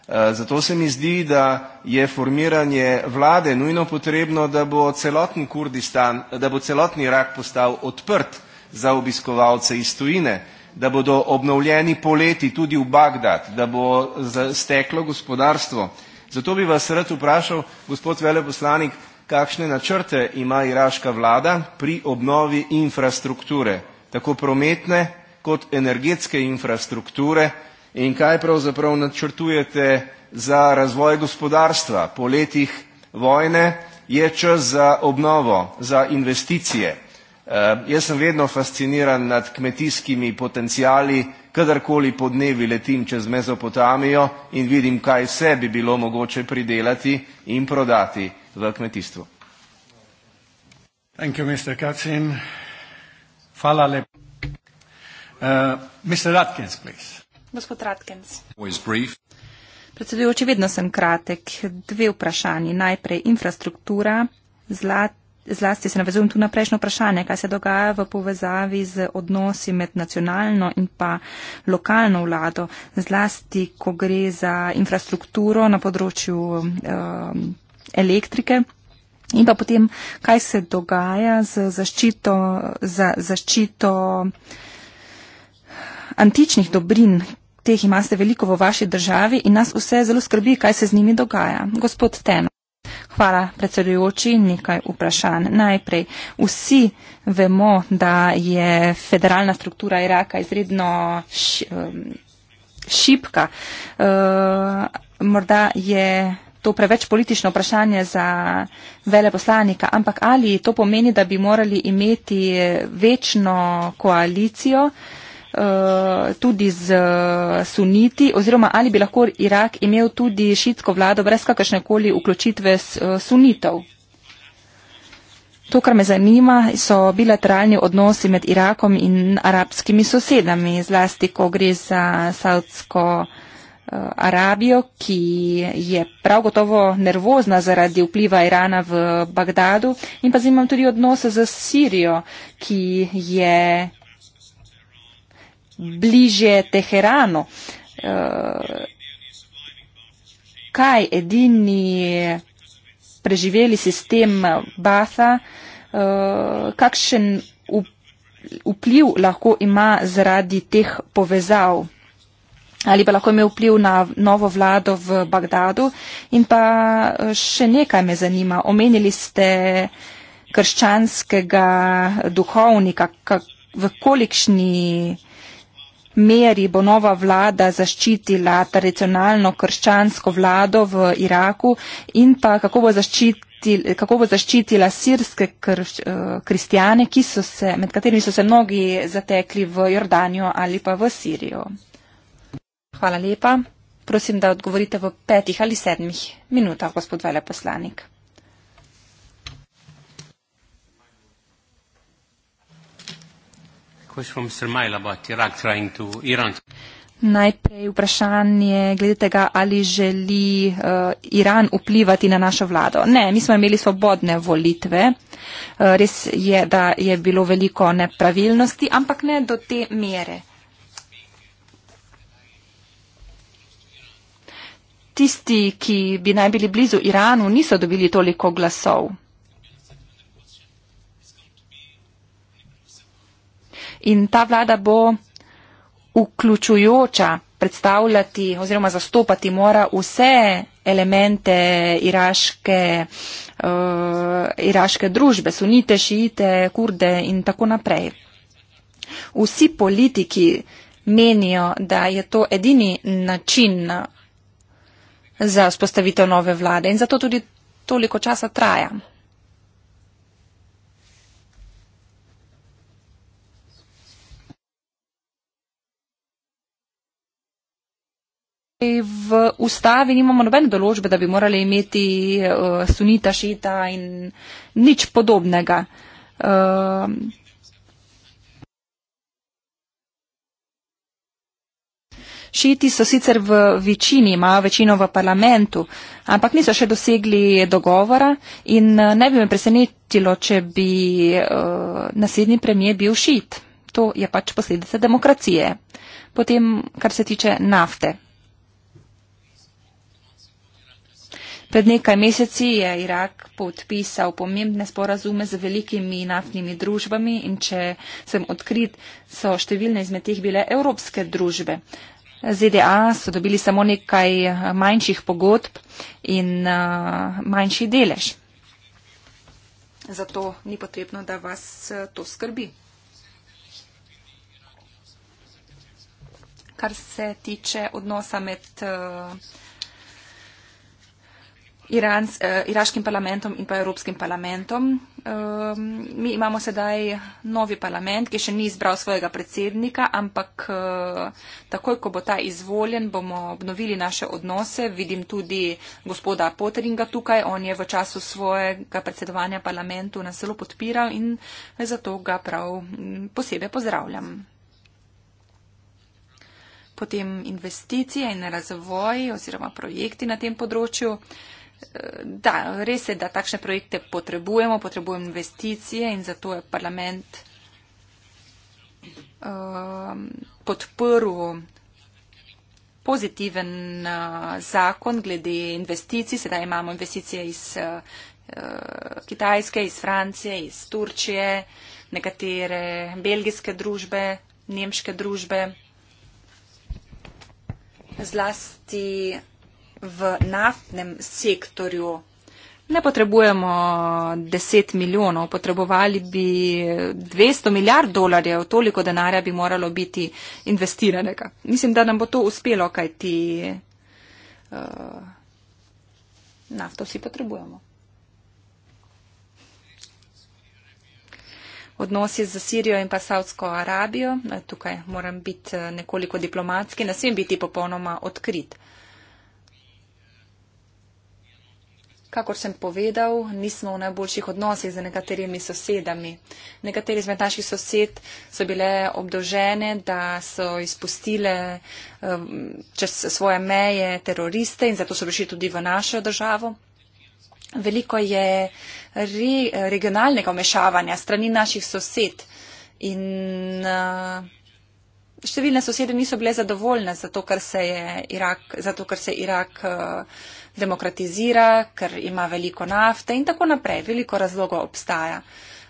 Eh, zato se mi zdi, da je formiranje vlade nujno potrebno, da bo celoten Kurdistan, da bo celoten Irak postal odprt za obiskovalce iz tujine, da bodo obnovljeni poleti tudi v Bagdad, da bo steklo gospodarstvo. Zato bi vas rad vprašal, gospod veleposlanik, kakšne načrte ima iraška vlada pri obnovi infrastrukture, tako prometne kot energetske infrastrukture, in kaj pravzaprav načrtujete za razvoj gospodarstva. Po letih vojne je čas za obnovo, za investicije. Eh, jaz sem vedno fasciniran nad kmetijskimi potencijali, kadarkoli po dnevi letim čez Mezopotamijo in vidim, kaj vse bi bilo mogoče pridelati in prodati v kmetijstvu. Thank you, Mr. Katzin. Hvala lepa. Uh, eh, Mr. Atkins, please. Gospod Ratkens. Predsedujoči, vedno sem kratek. Dve vprašanje. Najprej infrastruktura. Zla, zlasti se navezujem tu na prejšnjo vprašanje, kaj se dogaja v povezavi z odnosi med nacionalno in pa lokalno vlado. Zlasti, ko gre za infrastrukturo na področju um, elektrike. In pa potem, kaj se dogaja z zaščito, za zaščito antičnih dobrin, teh imate veliko v vaši državi in nas vse zelo skrbi, kaj se z njimi dogaja. Gospod Ten. Hvala, predsedujoči. Nekaj vprašanj. Najprej, vsi vemo, da je federalna struktura Iraka izredno š, šipka. E, eh, morda je to preveč politično vprašanje za veleposlanika, ampak ali to pomeni, da bi morali imeti večno koalicijo? E, Eh, tudi z eh, suniti oziroma ali bi lahko Irak imel tudi šitsko vlado brez kakršnekoli vključitve eh, sunitov. To, kar me zanima, so bilateralni odnosi med Irakom in arabskimi sosedami, zlasti, ko gre za Saudsko Arabijo, ki je prav gotovo nervozna zaradi vpliva Irana v Bagdadu in pa zimam tudi odnose z Sirijo, ki je bližje Teheranu. Eh, kaj edini preživeli sistem Batha, eh, kakšen vpliv lahko ima zaradi teh povezav? Ali pa lahko ima vpliv na novo vlado v Bagdadu? In pa eh, še nekaj me zanima. Omenili ste krščanskega duhovnika, v kolikšni meri bo nova vlada zaščitila tradicionalno krščansko vlado v Iraku in pa kako bo zaščitila kako bo zaščitila sirske kr eh, kristijane, se, med katerimi so se mnogi zatekli v Jordanijo ali pa v Sirijo. Hvala lepa. Prosim, da odgovorite v petih ali sedmih minutah, gospod veleposlanik. Najprej vprašanje glede tega, ali želi uh, Iran vplivati na našo vlado. Ne, mi smo imeli svobodne volitve. Uh, res je, da je bilo veliko nepravilnosti, ampak ne do te mere. Tisti, ki bi naj bili blizu Iranu, niso dobili toliko glasov. in ta vlada bo vključujoča predstavljati oziroma zastopati mora vse elemente iraške, uh, iraške družbe, sunite, šiite, kurde in tako naprej. Vsi politiki menijo, da je to edini način za spostavitev nove vlade in zato tudi toliko časa traja. v ustavi nimamo nobene določbe, da bi morali imeti uh, sunita, šita in nič podobnega. Uh, šiti so sicer v večini, imajo večino v parlamentu, ampak niso še dosegli dogovora in eh, ne bi me presenetilo, če bi uh, naslednji premije bil šit. To je pač posledica demokracije. Potem, kar se tiče nafte. Pred nekaj meseci je Irak podpisal pomembne sporazume z velikimi naftnimi družbami in če sem odkrit, so številne izmed teh bile evropske družbe. ZDA so dobili samo nekaj eh, manjših pogodb in uh, manjši delež. Zato ni potrebno, da vas eh, to skrbi. Kar se tiče odnosa med. Uh, Iran, eh, iraškim parlamentom in pa Evropskim parlamentom. Eh, mi imamo sedaj novi parlament, ki še ni izbral svojega predsednika, ampak eh, takoj, ko bo ta izvoljen, bomo obnovili naše odnose. Vidim tudi gospoda Potringa tukaj. On je v času svojega predsedovanja parlamentu nas zelo podpiral in zato ga prav mm, posebej pozdravljam. Potem investicije in razvoj oziroma projekti na tem področju. Eh, da, res je, da takšne projekte potrebujemo, potrebujemo investicije in zato je parlament um, podprl pozitiven uh, zakon glede investicij. Sedaj imamo investicije iz uh, uh Kitajske, iz Francije, iz Turčije, nekatere belgijske družbe, nemške družbe. Zlasti v naftnem sektorju. Ne potrebujemo 10 milijonov, potrebovali bi 200 milijard dolarjev, toliko denarja bi moralo biti investiranega. Mislim, da nam bo to uspelo, kaj ti uh, eh, nafto vsi potrebujemo. Odnosi z Sirijo in pa Saudsko Arabijo, eh, tukaj moram biti eh, nekoliko diplomatski, ne smem biti popolnoma odkrit. Uh, Kakor sem povedal, nismo v najboljših odnosih z nekaterimi sosedami. Nekateri izmed naših sosed so bile obdožene, da so izpustile eh, čez svoje meje teroriste in zato so prišli tudi v našo državo. Veliko je re, regionalnega vmešavanja strani naših sosed in eh, številne sosede niso bile zadovoljne zato, ker se je Irak. Zato, ker se je Irak eh, demokratizira, ker ima veliko nafte in tako naprej. Veliko razlogov obstaja.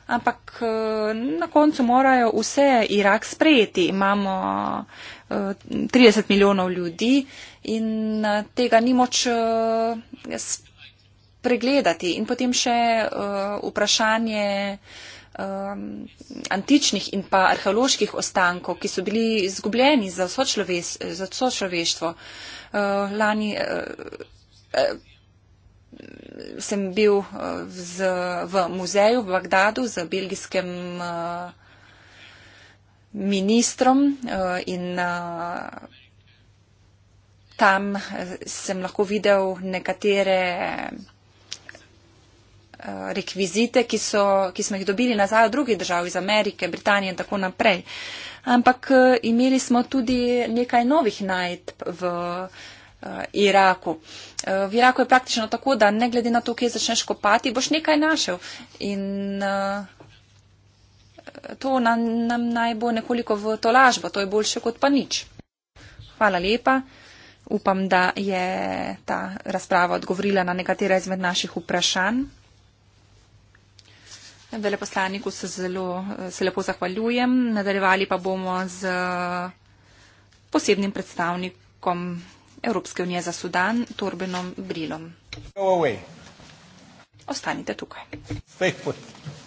Ampak eh, na koncu morajo vse Irak sprejeti. Imamo 30 eh, milijonov ljudi in eh, tega ni moč pregledati. In potem še vprašanje antičnih in pa arheoloških ostankov, ki so bili izgubljeni za sočloveštvo. Lani Eh, sem bil eh, z, v muzeju v Bagdadu z belgijskim eh, ministrom in tam sem lahko videl nekatere rekvizite, ki, so, ki smo jih dobili nazaj od drugih držav, iz Amerike, Britanije in tako naprej. Ampak imeli smo tudi nekaj novih najdb v uh, Iraku. Uh, v Iraku je praktično tako, da ne glede na to, kje začneš kopati, boš nekaj našel. In uh, to nam, nam naj bo nekoliko v tolažbo, to je boljše kot pa nič. Hvala lepa. Upam, da je ta razprava odgovorila na nekatera izmed naših vprašanj. Veleposlaniku se, zelo, se lepo zahvaljujem. Nadaljevali pa bomo z posebnim predstavnikom Evropske unije za Sudan Torbenom Brilom. Ostanite tukaj. Fake foot.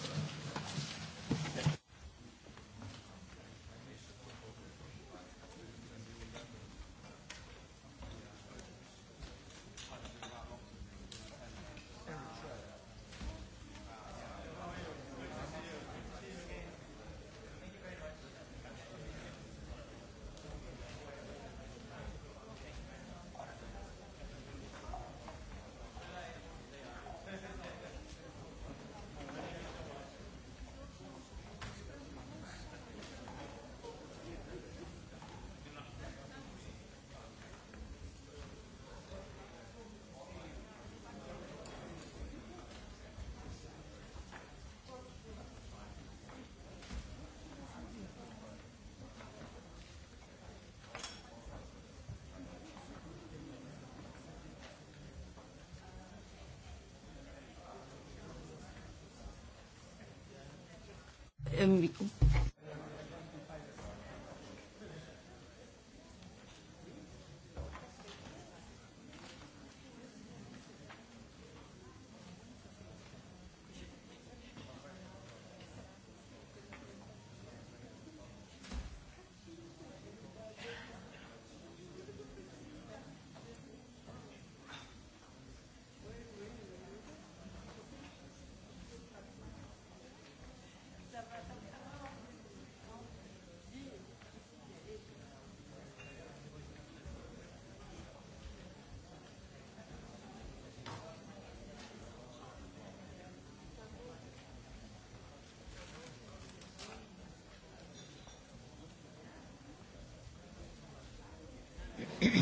irgendwie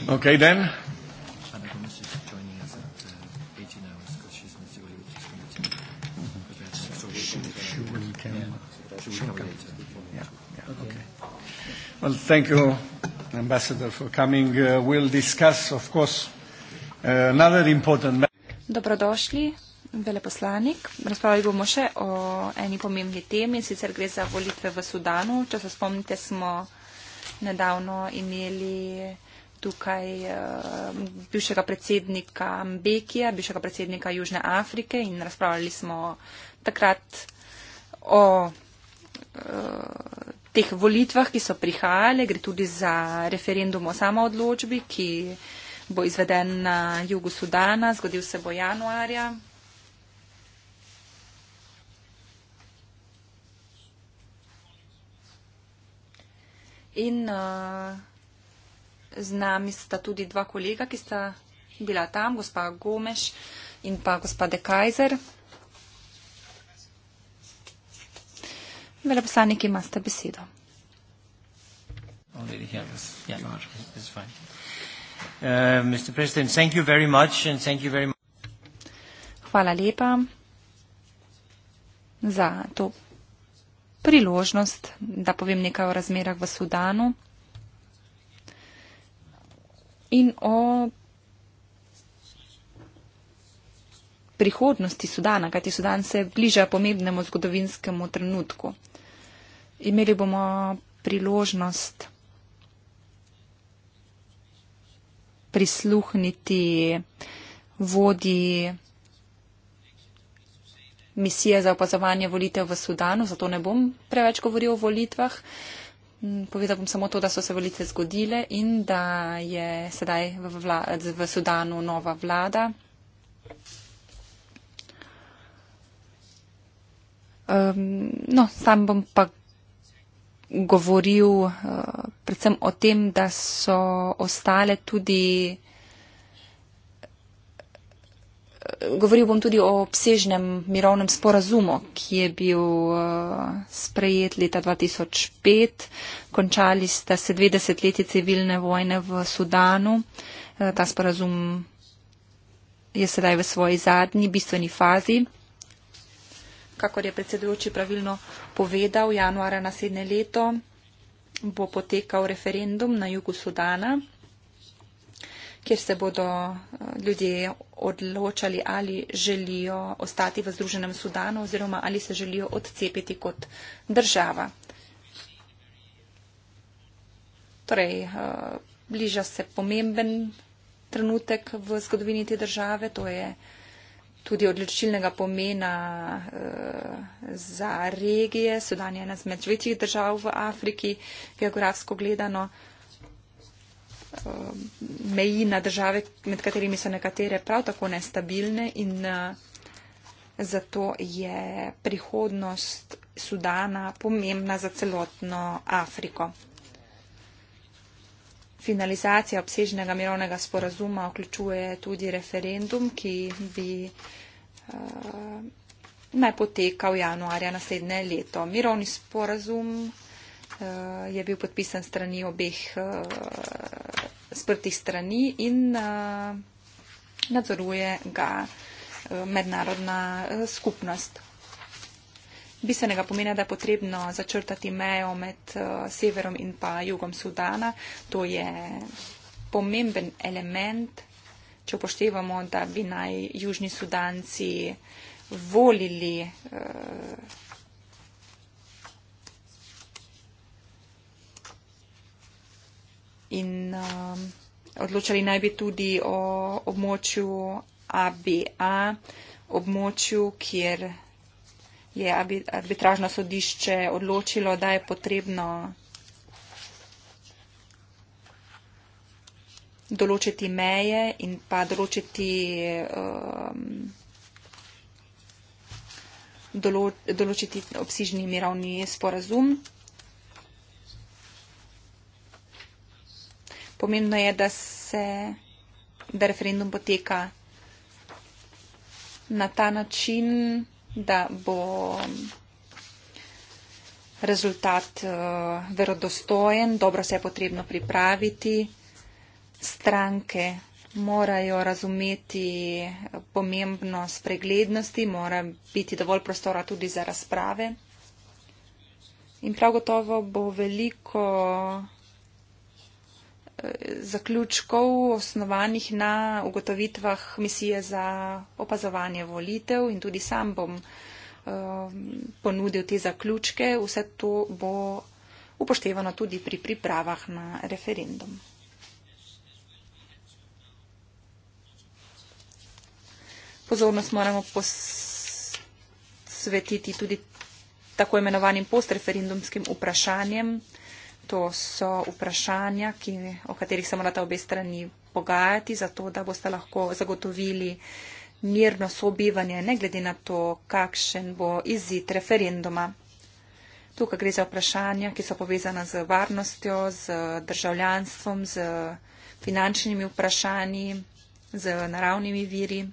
Okay, then. Uh, well, thank you, Ambassador, for coming. Uh, we'll discuss, of course, uh, another important Dobrodošli. veleposlanik. Razpravljali bomo še o eni pomembni temi, sicer gre za volitve v Sudanu. Če se spomnite, smo nedavno imeli tukaj uh, bivšega predsednika Mbekija, bivšega predsednika Južne Afrike in razpravljali smo takrat o uh, teh volitvah, ki so prihajale. Gre tudi za referendum o samoodločbi, ki bo izveden na jugu Sudana, zgodil se bo januarja. In uh, Z nami sta tudi dva kolega, ki sta bila tam, gospa Gomeš in pa gospa De Kajzer. Veleposlanik, imate besedo. No, uh, Hvala lepa za to priložnost, da povem nekaj o razmerah v Sudanu in o prihodnosti Sudana, kajti Sudan se bliža pomembnemu zgodovinskemu trenutku. Imeli bomo priložnost prisluhniti vodi misije za opazovanje volitev v Sudanu, zato ne bom preveč govoril o volitvah. Uh, Povedal bom samo to, da so se volitve zgodile in da je sedaj v, vla, v Sudanu nova vlada. Um, no, sam bom pa govoril uh, predvsem o tem, da so ostale tudi govoril bom tudi o obsežnem mirovnem sporazumu, ki je bil eh, sprejet leta 2005. Končali sta se dve desetletji civilne vojne v Sudanu. Eh, ta sporazum je sedaj v svoji zadnji bistveni fazi. Kakor je predsedujoči pravilno povedal, januara naslednje leto bo potekal referendum na jugu Sudana kjer se bodo eh, ljudje odločali, ali želijo ostati v Združenem Sudanu oziroma ali se želijo odcepiti kot država. Torej, eh, bliža se pomemben trenutek v zgodovini te države, to je tudi odločilnega pomena eh, za regije. Sudan je ena z med večjih držav v Afriki, geografsko gledano. Eh, meji na države, med katerimi so nekatere prav tako nestabilne in eh, zato je prihodnost Sudana pomembna za celotno Afriko. Finalizacija obsežnega mirovnega sporazuma vključuje tudi referendum, ki bi eh, naj potekal januarja naslednje leto. Mirovni sporazum Eh, je bil podpisan strani obeh eh, sprtih strani in eh, nadzoruje ga mednarodna skupnost. Bistvenega pomena, da je potrebno začrtati mejo med severom in pa jugom Sudana. To je pomemben element, če upoštevamo, da bi naj južni Sudanci volili. Uh, in um, odločali naj bi tudi o območju ABA, območju, kjer je arbitražno sodišče odločilo, da je potrebno določiti meje in pa določiti um, določiti obsižni mirovni sporazum. Pomembno je, da se da referendum poteka na ta način, da bo rezultat uh, verodostojen, dobro se je potrebno pripraviti, stranke morajo razumeti eh, pomembnost preglednosti, mora biti dovolj prostora tudi za razprave. In prav gotovo bo veliko zaključkov osnovanih na ugotovitvah misije za opazovanje volitev in tudi sam bom um, ponudil te zaključke. Vse to bo upoštevano tudi pri pripravah na referendum. Pozornost moramo posvetiti tudi tako imenovanim postreferendumskim vprašanjem. To so vprašanja, ki, o katerih se morata obe strani pogajati, zato da boste lahko zagotovili mirno sobivanje, ne glede na to, kakšen bo izid referenduma. Tukaj gre za vprašanja, ki so povezana z varnostjo, z državljanstvom, z finančnimi vprašanji, z naravnimi viri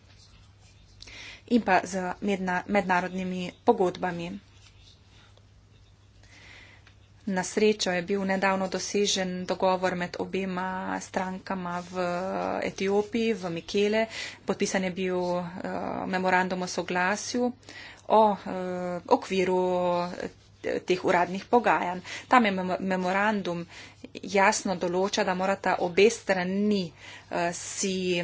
in pa z medna, mednarodnimi pogodbami. Na srečo je bil nedavno dosežen dogovor med obema strankama v Etiopiji, v Mikele. Podpisan je bil eh, memorandum o soglasju o eh, okviru eh, teh uradnih pogajanj. Tam je memorandum jasno določa, da morata obe strani si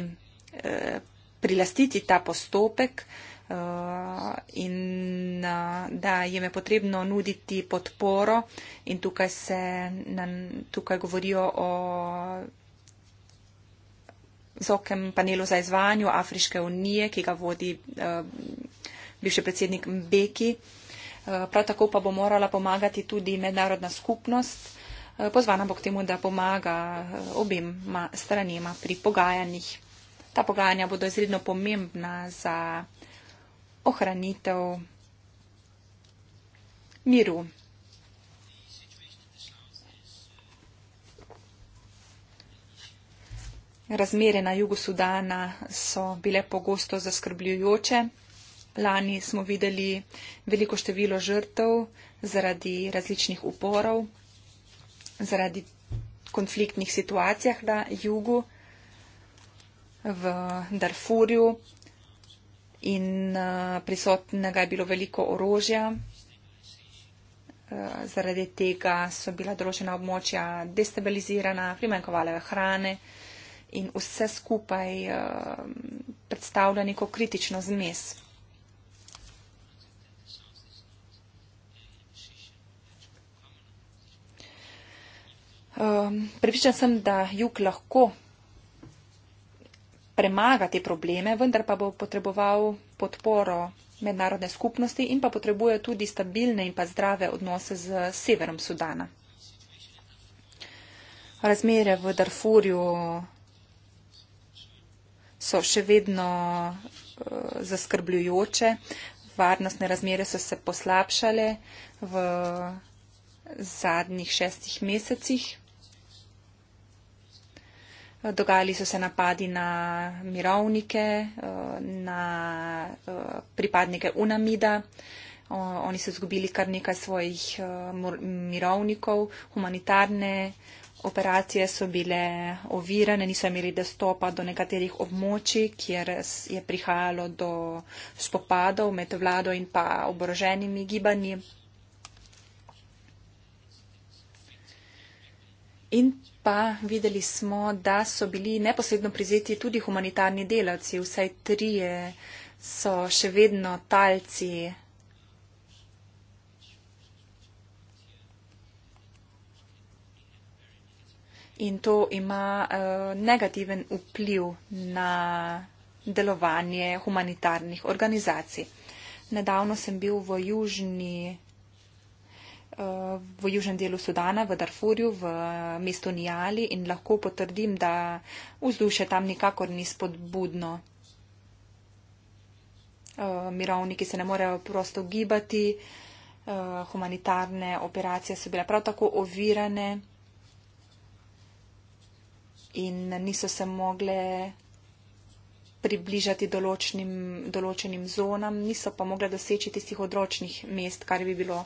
prilastiti ta postopek, uh, in uh, da jim je potrebno nuditi podporo in tukaj se nam tukaj govorijo o visokem panelu za izvajanju Afriške unije, ki ga vodi uh, bivši predsednik Beki. Uh, prav tako pa bo morala pomagati tudi mednarodna skupnost. Pozvana bo k temu, da pomaga obima stranima pri pogajanjih. Ta pogajanja bodo izredno pomembna za uh, ohranitev miru. Razmere na jugu Sudana so bile pogosto zaskrbljujoče. Lani smo videli veliko število žrtev zaradi različnih uporov, zaradi konfliktnih situacij na jugu, v Darfurju in eh, prisotnega je bilo veliko orožja. Eh, zaradi tega so bila drožena območja destabilizirana, primankovale hrane in vse skupaj eh, predstavlja neko kritično zmes. Pripričan sem, da jug lahko premaga te probleme, vendar pa bo potreboval podporo mednarodne skupnosti in pa potrebuje tudi stabilne in pa zdrave odnose z severom Sudana. Razmere v Darfurju so še vedno uh, zaskrbljujoče. Varnostne razmere so se poslabšale v zadnjih šestih mesecih. Dogajali so se napadi na mirovnike, eh, na eh, pripadnike Unamida. Oni so izgubili kar nekaj svojih eh, mirovnikov, humanitarne operacije so bile ovirane, niso imeli dostopa do nekaterih območij, kjer je prihajalo do spopadov med vlado in pa oboroženimi gibanji. In pa videli smo, da so bili neposredno prizeti tudi humanitarni delavci, vsaj trije so še vedno talci. In to ima uh, negativen vpliv na delovanje humanitarnih organizacij. Nedavno sem bil v Južni Eh, v južnem delu Sudana, v Darfurju, v eh, mestu Nijali in lahko potrdim, da vzdušje tam nikakor ni spodbudno. Eh, mirovniki se ne morejo prosto gibati, humanitarne operacije so bile prav tako ovirane in niso se mogle približati določenim, določenim zonam, niso pa mogle doseči tistih odročnih mest, kar bi bilo uh,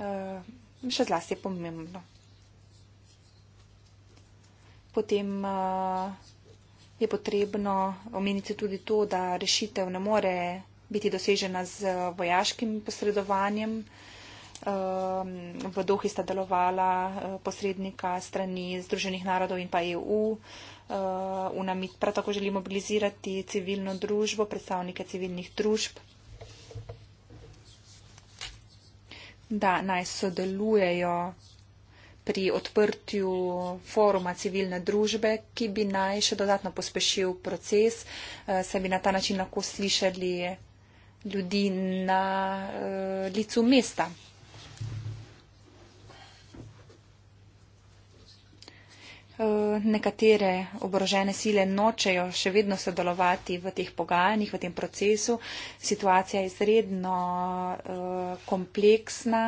Eh, še zlasti je pomembno. Potem uh, je potrebno omeniti tudi to, da rešitev ne more biti dosežena z eh, vojaškim posredovanjem. Uh, v Dohi sta delovala uh, posrednika strani Združenih narodov in pa EU. Uh, prav tako želimo mobilizirati civilno družbo, predstavnike civilnih družb. da naj sodelujejo pri odprtju foruma civilne družbe, ki bi naj še dodatno pospešil proces, eh, se bi na ta način lahko slišali ljudi na uh, licu mesta. Eh, nekatere oborožene sile nočejo še vedno sodelovati v teh pogajanjih, v tem procesu. Situacija je izredno eh, kompleksna,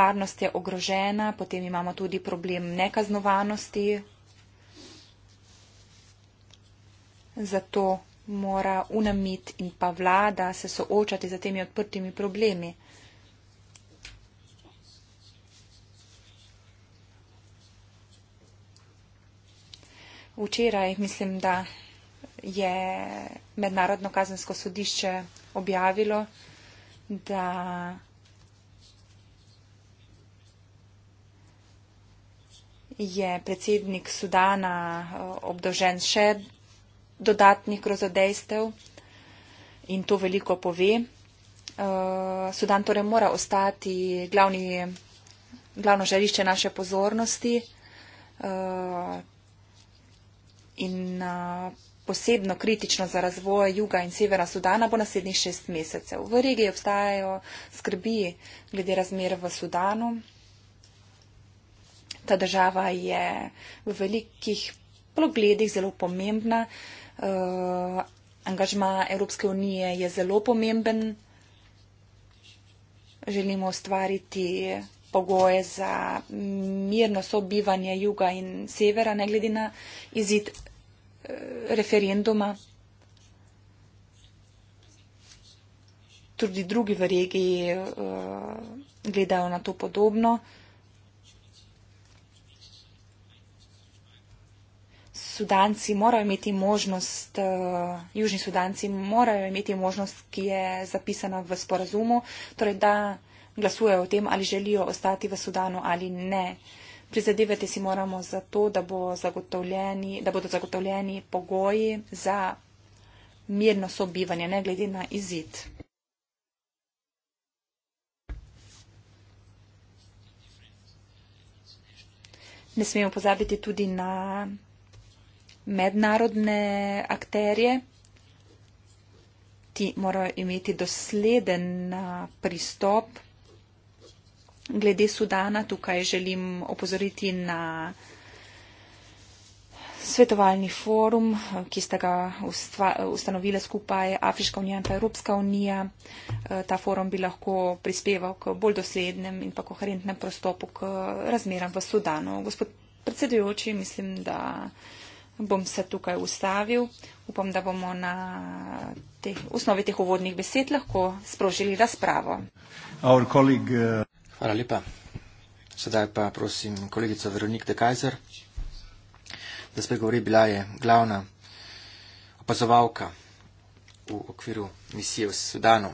varnost je ogrožena, potem imamo tudi problem nekaznovanosti. Zato mora unamit in pa vlada se soočati z temi odprtimi problemi. včeraj, mislim, da je Mednarodno kazensko sodišče objavilo, da je predsednik Sudana eh, obdožen še dodatnih grozodejstev in to veliko pove. Eh, sudan torej mora ostati glavni, glavno žarišče naše pozornosti. Eh, in a, posebno kritično za razvoj juga in severa Sudana bo naslednjih šest mesecev. V regiji obstajajo skrbi glede razmer v Sudanu. Ta država je v velikih pogledih zelo pomembna. E, angažma Evropske unije je zelo pomemben. Želimo ustvariti pogoje za mirno sobivanje juga in severa, ne glede na izid eh, referenduma. Tudi drugi v regiji eh, gledajo na to podobno. Sudanci morajo imeti možnost, uh, južni sudanci morajo imeti možnost, ki je zapisana v sporazumu, torej da uh, glasujejo o tem, ali želijo ostati v Sudanu ali ne. Prizadevati si moramo za to, da, bo da bodo zagotovljeni pogoji za mirno sobivanje, ne glede na izid. Ne smemo pozabiti tudi na mednarodne akterje. Ti morajo imeti dosleden pristop Glede Sudana tukaj želim opozoriti na svetovalni forum, ki sta ga ustanovila skupaj Afriška unija in pa Evropska unija. Eh, ta forum bi lahko prispeval k bolj doslednem in pa koherentnem prostopu k razmeram v Sudanu. Gospod predsedujoči, mislim, da bom se tukaj ustavil. Upam, da bomo na teh, osnovi teh uvodnih besed lahko sprožili razpravo. Hvala lepa. Sedaj pa prosim kolegico Veronik de Kajzer, da spregovori, bila je glavna opazovalka v okviru misije v Sudanu.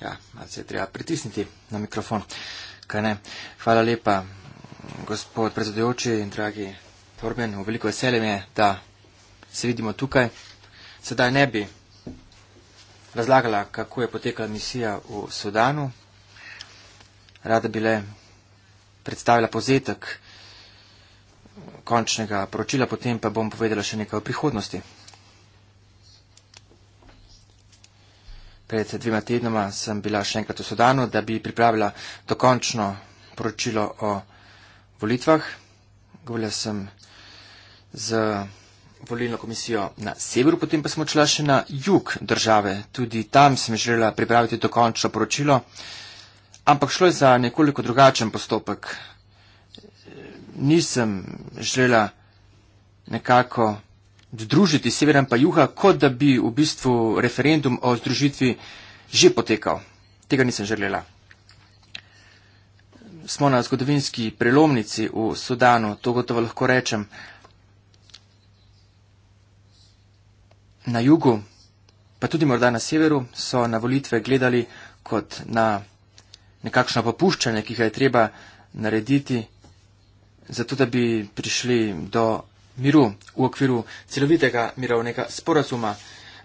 Ja, malce je treba pritisniti na mikrofon, kaj ne. Hvala lepa, gospod predsedujoči in dragi Torben, v veliko veselje mi je, da se vidimo tukaj. Sedaj ne bi razlagala, kako je potekala misija v Sudanu. Rada bi le predstavila pozetek končnega poročila, potem pa bom povedala še nekaj o prihodnosti. Pred dvema tednoma sem bila še enkrat v Sudanu, da bi pripravila dokončno poročilo o volitvah. Govorila sem z volilno komisijo na severu, potem pa smo odšla še na jug države. Tudi tam sem želela pripraviti dokončno poročilo, ampak šlo je za nekoliko drugačen postopek. Nisem želela nekako združiti severa in pa juha, kot da bi v bistvu referendum o združitvi že potekal. Tega nisem želela. Smo na zgodovinski prelomnici v Sudanu, to gotovo lahko rečem, na jugu, pa tudi morda na severu, so na volitve gledali kot na nekakšno popuščanje, ki ga je treba narediti, zato da bi prišli do miru v okviru celovitega mirovnega sporazuma.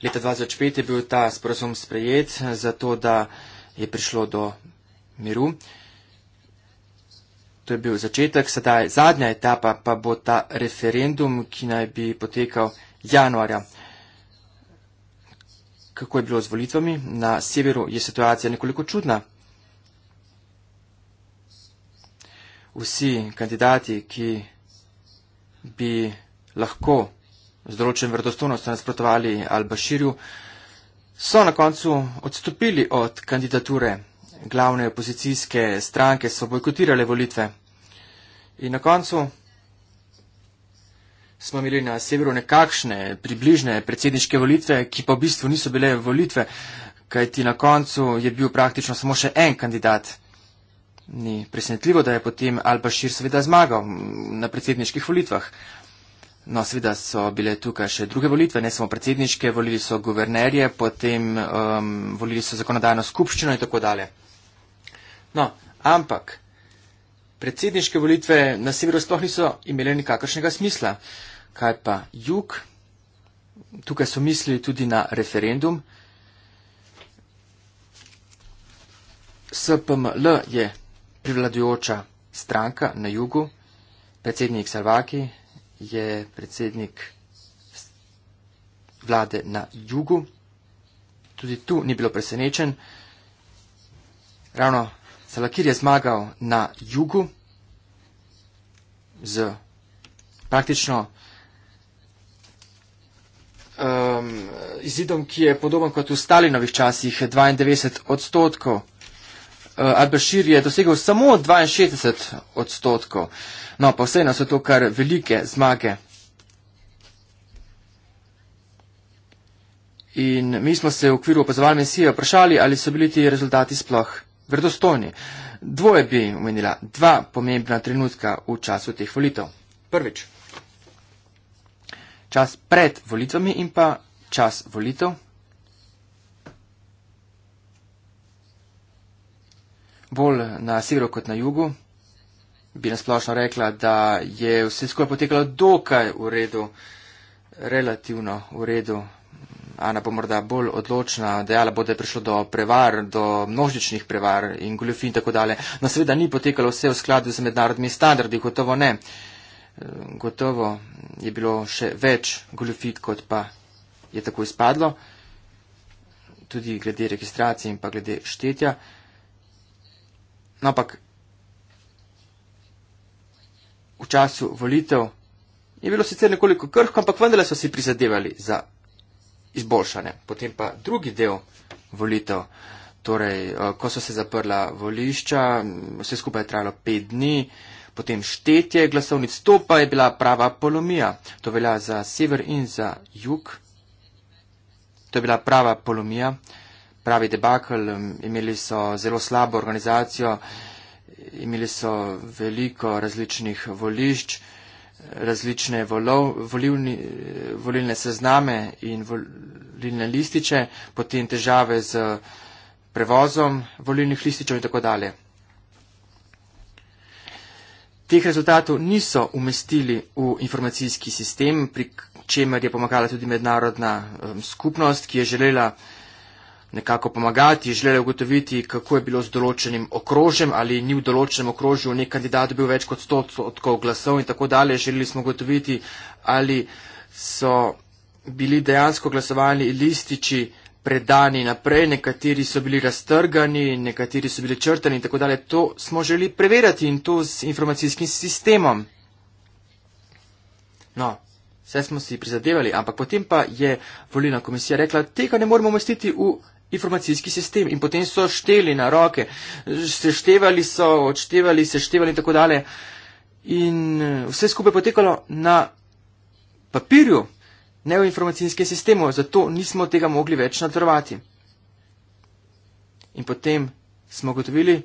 Leta 2005 je bil ta sporazum sprejet, zato da je prišlo do miru. To je bil začetek, sedaj zadnja etapa pa bo ta referendum, ki naj bi potekal januarja kako je bilo z volitvami. Na severu je situacija nekoliko čudna. Vsi kandidati, ki bi lahko z določen vrdostojnostjo nasprotovali Al-Bashirju, so na koncu odstopili od kandidature glavne opozicijske stranke, so bojkotirale volitve. In na koncu smo imeli na severu nekakšne približne predsedniške volitve, ki pa v bistvu niso bile volitve, kajti na koncu je bil praktično samo še en kandidat. Ni presenetljivo, da je potem Al-Bashir seveda zmagal na predsedniških volitvah. No, seveda so bile tukaj še druge volitve, ne samo predsedniške, volili so guvernerje, potem um, volili so zakonodajno skupščino in tako dalje. No, ampak predsedniške volitve na severu sploh niso imele nikakršnega smisla. Kaj pa jug? Tukaj so mislili tudi na referendum. SPML je privladujoča stranka na jugu. Predsednik Salvaki je predsednik vlade na jugu. Tudi tu ni bilo presenečen. Ravno Salakir je zmagal na jugu z praktično um, izidom, ki je podoben kot v Stalinovih časih, 92 odstotkov. Uh, Al-Bashir je dosegel samo 62 odstotkov. No, pa vseeno so to kar velike zmage. In mi smo se v okviru opazovalne misije vprašali, ali so bili ti rezultati sploh verdostojni. Dvoje bi omenila, dva pomembna trenutka v času teh volitev. Prvič, čas pred volitvami in pa čas volitev. Bolj na severu kot na jugu bi nasplošno rekla, da je vse skupaj potekalo dokaj v redu, relativno v redu. Ana bo morda bolj odločna, dejala bo, da je prišlo do prevar, do množičnih prevar in goljofi in tako dalje. No, seveda ni potekalo vse v skladu z mednarodnimi standardi, gotovo ne. Gotovo je bilo še več goljofit, kot pa je tako izpadlo, tudi glede registracije in pa glede štetja. No, ampak v času volitev je bilo sicer nekoliko krhko, ampak vendarle so si prizadevali za izboljšane. Potem pa drugi del volitev. Torej, eh, ko so se zaprla volišča, vse skupaj je trajalo pet dni, potem štetje glasovnic, to pa je bila prava polomija. To velja za sever in za jug. To je bila prava polomija, pravi debakl, imeli so zelo slabo organizacijo, imeli so veliko različnih volišč različne volov, volivni, volilne sezname in volilne lističe, potem težave z prevozom volilnih lističev in tako dalje. Teh rezultatov niso umestili v informacijski sistem, pri čemer je pomagala tudi mednarodna um, skupnost, ki je želela nekako pomagati, želeli ugotoviti, kako je bilo z določenim okrožjem ali ni v določenem okrožju nek kandidat bil več kot 100 odstotkov glasov in tako dalje. Želeli smo ugotoviti, ali so bili dejansko glasovalni lističi predani naprej, nekateri so bili raztrgani, nekateri so bili črtani in tako dalje. To smo želeli preverjati in to z informacijskim sistemom. No, vse smo si prizadevali, ampak potem pa je volilna komisija rekla, tega ne moremo umestiti v informacijski sistem in potem so šteli na roke, seštevali so, odštevali, seštevali in tako dalje. In eh, vse skupaj potekalo na papirju, ne v informacijskem sistemu, zato nismo tega mogli več nadzorovati. In potem smo gotovili,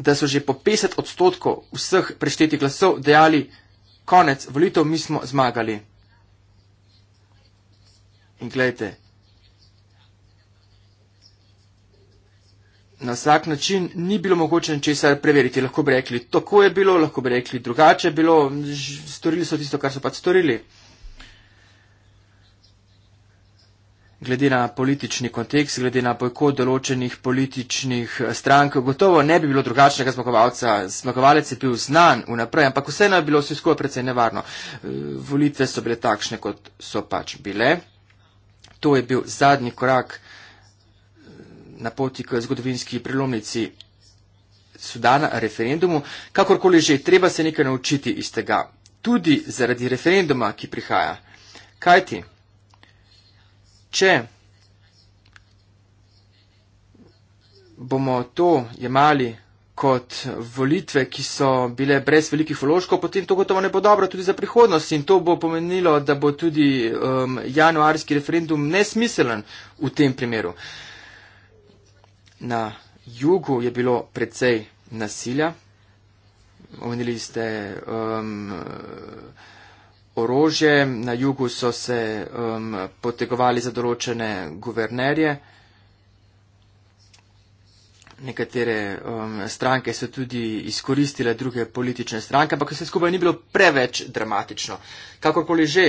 da so že po 50 odstotkov vseh preštetih glasov dejali konec volitev, mi smo zmagali. In gledajte, na vsak način ni bilo mogoče česar preveriti. Lahko bi rekli, tako je bilo, lahko bi rekli, drugače je bilo, storili so tisto, kar so pač storili. Glede na politični kontekst, glede na bojkot določenih političnih eh, strank, gotovo ne bi bilo drugačnega zmagovalca. Zmagovalec je bil znan vnaprej, ampak vseeno je bilo vse skupaj precej nevarno. Eh, volitve so bile takšne, kot so pač bile. To je bil zadnji korak na poti k zgodovinski prelomnici Sudana, referendumu. Kakorkoli že, treba se nekaj naučiti iz tega. Tudi zaradi referenduma, ki prihaja. Kaj ti? Če bomo to jemali kot volitve, ki so bile brez velikih vložkov, potem to gotovo ne bo dobro tudi za prihodnost in to bo pomenilo, da bo tudi um, januarski referendum nesmiselen v tem primeru. Uh, Na jugu je bilo precej nasilja, omenili ste um, orožje, na jugu so se um, potegovali za določene guvernerje, nekatere um, stranke so tudi izkoristile druge politične stranke, ampak vse skupaj ni bilo preveč dramatično. Kakorkoli že,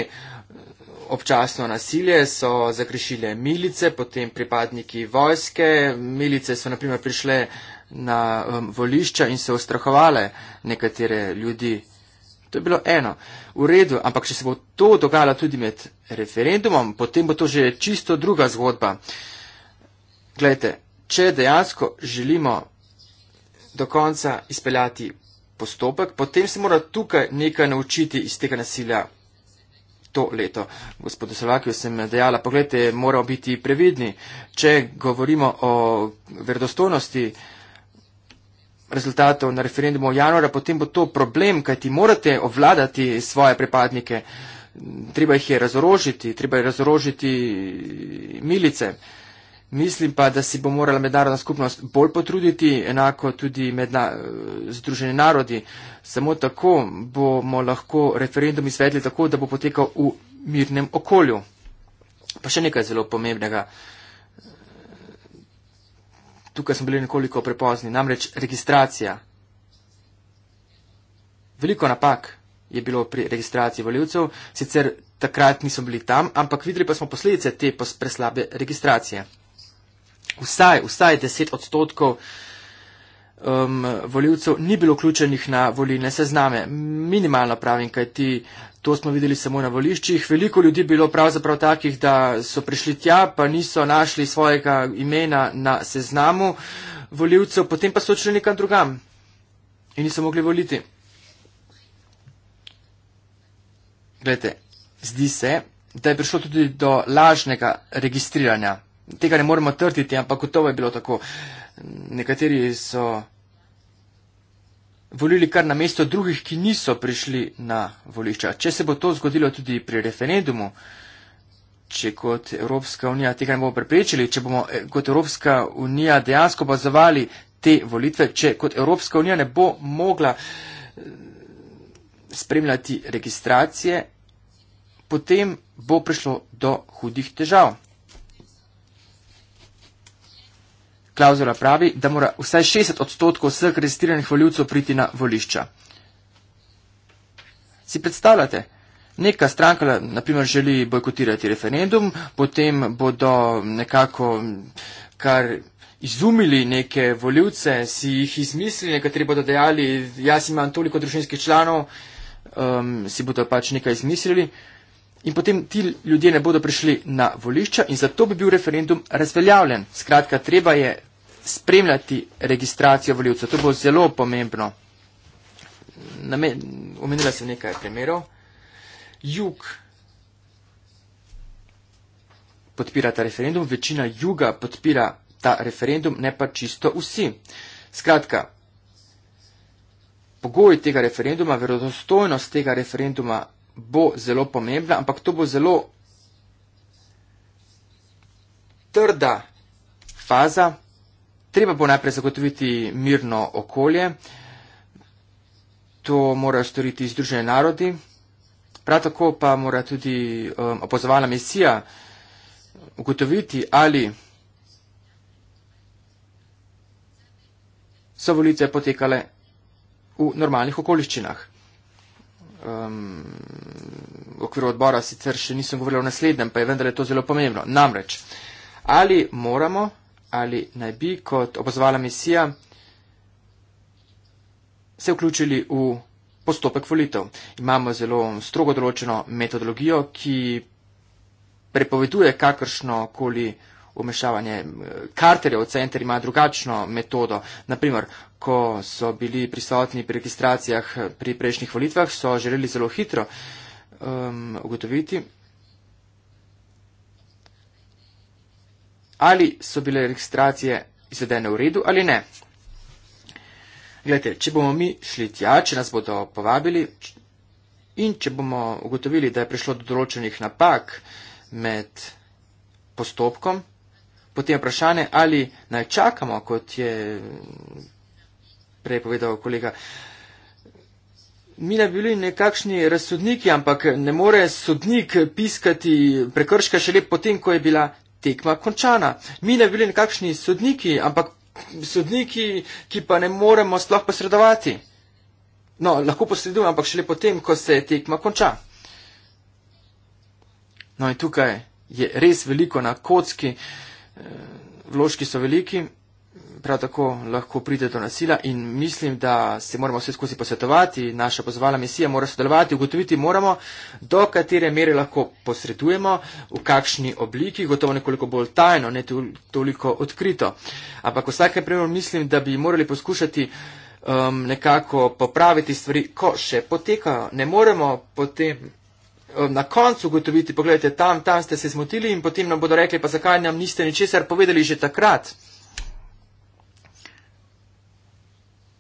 občasno nasilje, so zakrešile milice, potem pripadniki vojske. Milice so naprimer prišle na um, volišča in so ustrahovale nekatere ljudi. To je bilo eno. V redu, ampak če se bo to dogajalo tudi med referendumom, potem bo to že čisto druga zgodba. Glejte, če dejansko želimo do konca izpeljati postopek, potem se mora tukaj nekaj naučiti iz tega nasilja, to leto. Gospodu Slovakiju sem dejala, pogledajte, moramo biti previdni, če govorimo o verdostojnosti rezultatov na referendumu v januarju, potem bo to problem, kajti morate ovladati svoje pripadnike, treba jih je razorožiti, treba je razorožiti milice. Mislim pa, da si bo morala mednarodna skupnost bolj potruditi, enako tudi medna, združeni narodi. Samo tako bomo lahko referendum izvedli tako, da bo potekal v mirnem okolju. Pa še nekaj zelo pomembnega. Tukaj smo bili nekoliko prepozni, namreč registracija. Veliko napak je bilo pri registraciji voljivcev, sicer takrat nismo bili tam, ampak videli pa smo posledice te preslabe registracije vsaj, vsaj deset odstotkov um, voljivcev ni bilo vključenih na volilne sezname. Minimalno pravim, kaj ti. To smo videli samo na voliščih. Veliko ljudi je bilo pravzaprav takih, da so prišli tja, pa niso našli svojega imena na seznamu voljivcev, potem pa so odšli nekam drugam in niso mogli voliti. Glede, zdi se, da je prišlo tudi do lažnega registriranja tega ne moremo trditi, ampak gotovo je bilo tako. Nekateri so volili kar na mesto drugih, ki niso prišli na volišča. Če se bo to zgodilo tudi pri referendumu, če kot Evropska unija tega ne bomo preprečili, če bomo eh, kot Evropska unija dejansko bazovali te volitve, če kot Evropska unija ne bo mogla eh, spremljati registracije, potem bo prišlo do hudih težav. Klauzula pravi, da mora vsaj 60 odstotkov vseh registriranih voljivcev priti na volišča. Si predstavljate? Neka stranka, naprimer, želi bojkotirati referendum, potem bodo nekako kar izumili neke voljivce, si jih izmislili, nekateri bodo dejali, jaz imam toliko družinskih članov, um, si bodo pač nekaj izmislili. In potem ti ljudje ne bodo prišli na volišča in zato bi bil referendum razveljavljen. Skratka, treba je spremljati registracijo voljivca. To bo zelo pomembno. Omenila sem nekaj primerov. Jug podpira ta referendum, večina juga podpira ta referendum, ne pa čisto vsi. Skratka, pogoj tega referenduma, verodostojnost tega referenduma bo zelo pomembna, ampak to bo zelo trda faza, Treba bo najprej zagotoviti mirno okolje. To morajo storiti Združene narodi. Prav tako pa mora tudi um, opozovana misija ugotoviti, ali so volitve potekale v normalnih okoliščinah. Um, v okviru odbora sicer še nisem govoril o naslednjem, pa je vendar je to zelo pomembno. Namreč, ali moramo ali naj bi kot opozvala misija se vključili v postopek volitev. Imamo zelo strogo določeno metodologijo, ki prepoveduje kakršno koli umešavanje. Eh, Carterjev center ima drugačno metodo. Naprimer, ko so bili prisotni pri registracijah pri prejšnjih volitvah, so želeli zelo hitro um, ugotoviti, ali so bile registracije izvedene v redu ali ne. Glede, če bomo mi šli tja, če nas bodo povabili in če bomo ugotovili, da je prišlo do določenih napak med postopkom, potem vprašanje, ali naj čakamo, kot je prej povedal kolega. Mi ne bi bili nekakšni razsodniki, ampak ne more sodnik piskati prekrška šele potem, ko je bila tekma končana. Mi ne bi bili nekakšni sodniki, ampak sodniki, ki pa ne moremo sploh posredovati. No, lahko posredujem, ampak šele potem, ko se tekma konča. No in tukaj je res veliko na kocki, eh, vložki so veliki, prav tako lahko pride do nasila in mislim, da se moramo vse skozi posvetovati, naša pozvala misija mora sodelovati, ugotoviti moramo, do katere mere lahko posredujemo, v kakšni obliki, gotovo nekoliko bolj tajno, ne toliko odkrito. Ampak v vsakem primeru mislim, da bi morali poskušati um, nekako popraviti stvari, ko še potekajo. Ne moremo potem. Um, na koncu ugotoviti, pogledajte, tam, tam ste se zmotili in potem nam bodo rekli, pa zakaj nam niste ničesar povedali že takrat.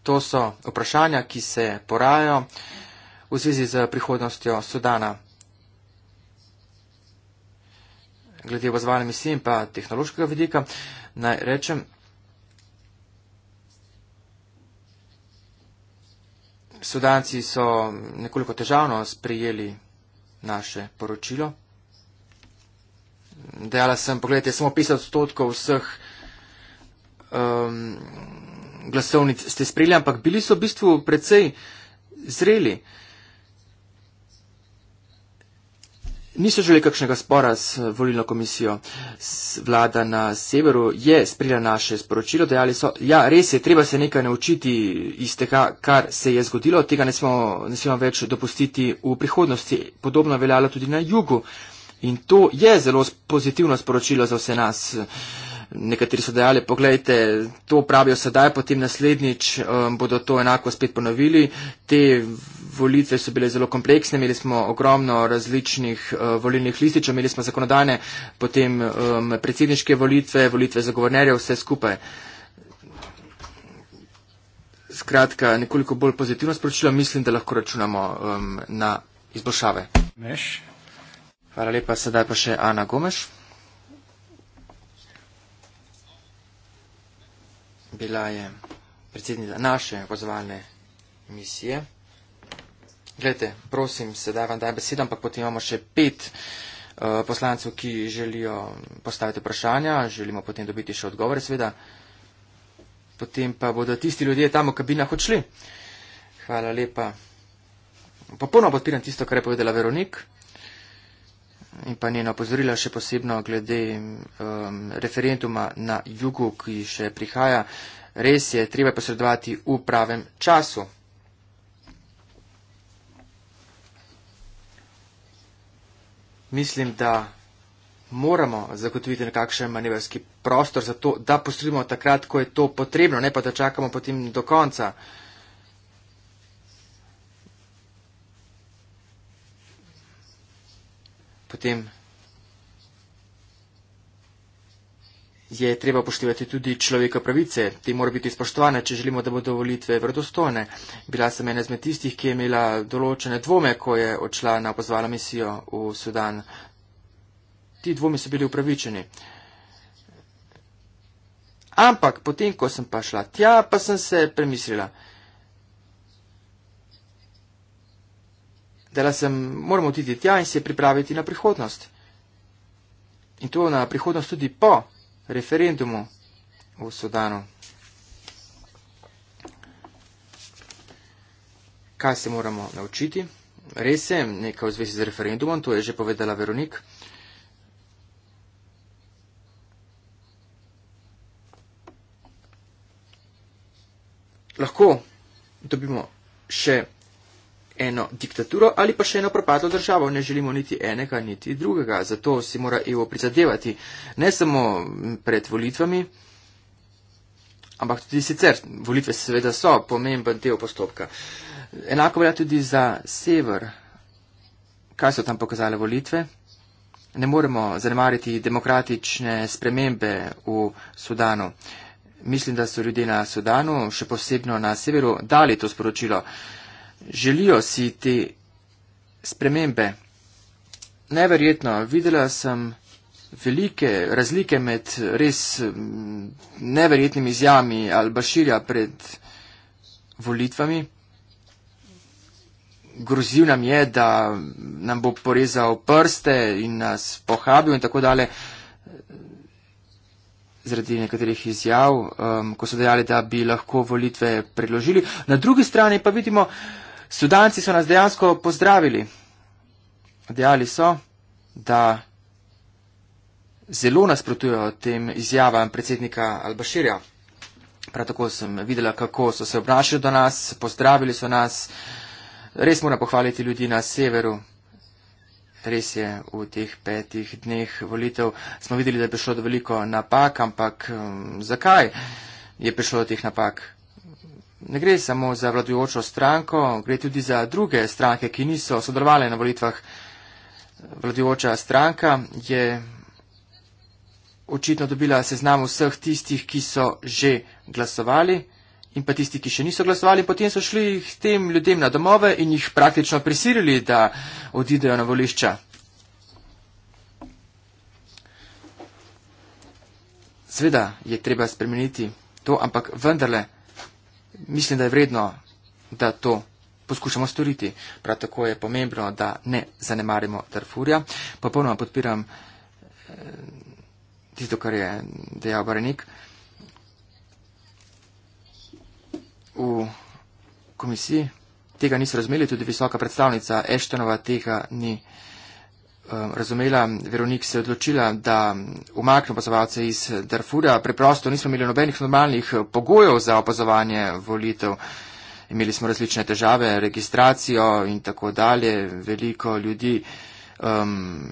To so vprašanja, ki se porajajo v zvezi z prihodnostjo Sudana. Glede obazvalne misije in pa tehnološkega vidika, naj rečem, Sudanci so nekoliko težavno sprijeli naše poročilo. Dejala sem, pogledajte, samo 50 odstotkov vseh um, glasovnic ste sprejeli, ampak bili so v bistvu precej zreli. Niso želeli kakšnega spora s volilno komisijo. Vlada na severu je sprila naše sporočilo, dejali so, ja, res je, treba se nekaj naučiti iz tega, kar se je zgodilo, tega ne smemo, ne smemo več dopustiti v prihodnosti. Podobno veljalo tudi na jugu. In to je zelo pozitivno sporočilo za vse nas. Uh, nekateri so dejali, poglejte, to pravijo sedaj, potem naslednjič um, bodo to enako spet ponovili. Te volitve so bile zelo kompleksne, imeli smo ogromno različnih uh, volilnih lističev, imeli smo zakonodajne, potem um, predsedniške volitve, volitve za govornerje, vse skupaj. Skratka, nekoliko bolj pozitivno sporočilo, mislim, da lahko računamo um, na izboljšave. Meš. Hvala lepa, sedaj pa še Ana Gomes. bila je predsednica naše pozvalne misije. Glede, prosim, sedaj vam daj besedo, ampak potem imamo še pet eh, poslancev, ki želijo postaviti vprašanja, želimo potem dobiti še odgovore, seveda. Potem pa bodo tisti ljudje tam v kabinah odšli. Hvala lepa. Popolno podpiram tisto, kar je povedala Veronik in pa njena pozorila še posebno glede um, referenduma na jugu, ki še prihaja. Res je, treba posredovati v pravem času. Mislim, da moramo zagotoviti nekakšen manevrski prostor za to, da posredujemo takrat, ko je to potrebno, ne pa da čakamo potem do konca. potem je treba poštevati tudi človeka pravice. Te mora biti spoštovane, če želimo, da bodo volitve vredostojne. Bila sem ena izmed tistih, ki je imela določene dvome, ko je odšla na pozvala misijo v Sudan. Ti dvomi so bili upravičeni. Ampak potem, ko sem pa šla tja, pa sem se premislila. Dala sem, moramo oditi tja in se pripraviti na prihodnost. In to na prihodnost tudi po referendumu v Sudanu. Kaj se moramo naučiti? Res je, nekaj v zvezi z referendumom, to je že povedala Veronik. Lahko dobimo še eno diktaturo ali pa še eno propadlo državo. Ne želimo niti enega, niti drugega. Zato si mora EU prizadevati ne samo pred volitvami, ampak tudi sicer. Volitve seveda so pomemben del postopka. Enako velja tudi za sever. Kaj so tam pokazale volitve? Ne moremo zanemariti demokratične spremembe v Sudanu. Mislim, da so ljudje na Sudanu, še posebno na severu, dali to sporočilo želijo si te spremembe. Neverjetno, videla sem velike razlike med res mm, neverjetnimi izjami Al-Bashirja pred volitvami. Grozil nam je, da nam bo porezal prste in nas pohabil in tako dalje. Zaradi nekaterih izjav, um, ko so dejali, da bi lahko volitve predložili. Na drugi strani pa vidimo, Sudanci so nas dejansko pozdravili. Dejali so, da zelo nasprotujejo tem izjavam predsednika Albaširja. Prav tako sem videla, kako so se obnašali do nas, pozdravili so nas. Res moram pohvaliti ljudi na severu. Res je, v teh petih dneh volitev smo videli, da je prišlo do veliko napak, ampak um, zakaj je prišlo do teh napak? Ne gre samo za vladujočo stranko, gre tudi za druge stranke, ki niso sodelovali na volitvah. Vladujoča stranka je očitno dobila seznam vseh tistih, ki so že glasovali in pa tistih, ki še niso glasovali. Potem so šli tem ljudem na domove in jih praktično prisirili, da odidejo na volišča. Sveda je treba spremeniti to, ampak vendarle mislim, da je vredno, da to poskušamo storiti. Prav tako je pomembno, da ne zanemarimo Darfurja. Popolnoma podpiram eh, tisto, kar je dejal Barenik v komisiji. Tega niso razumeli, tudi visoka predstavnica Eštonova tega ni razumela. Ehm, razumela, Veronik se je odločila, da umakne opazovalce iz Darfura. Preprosto nismo imeli nobenih normalnih eh, pogojev za opazovanje volitev. Imeli smo različne težave, registracijo in tako dalje. Veliko ljudi um,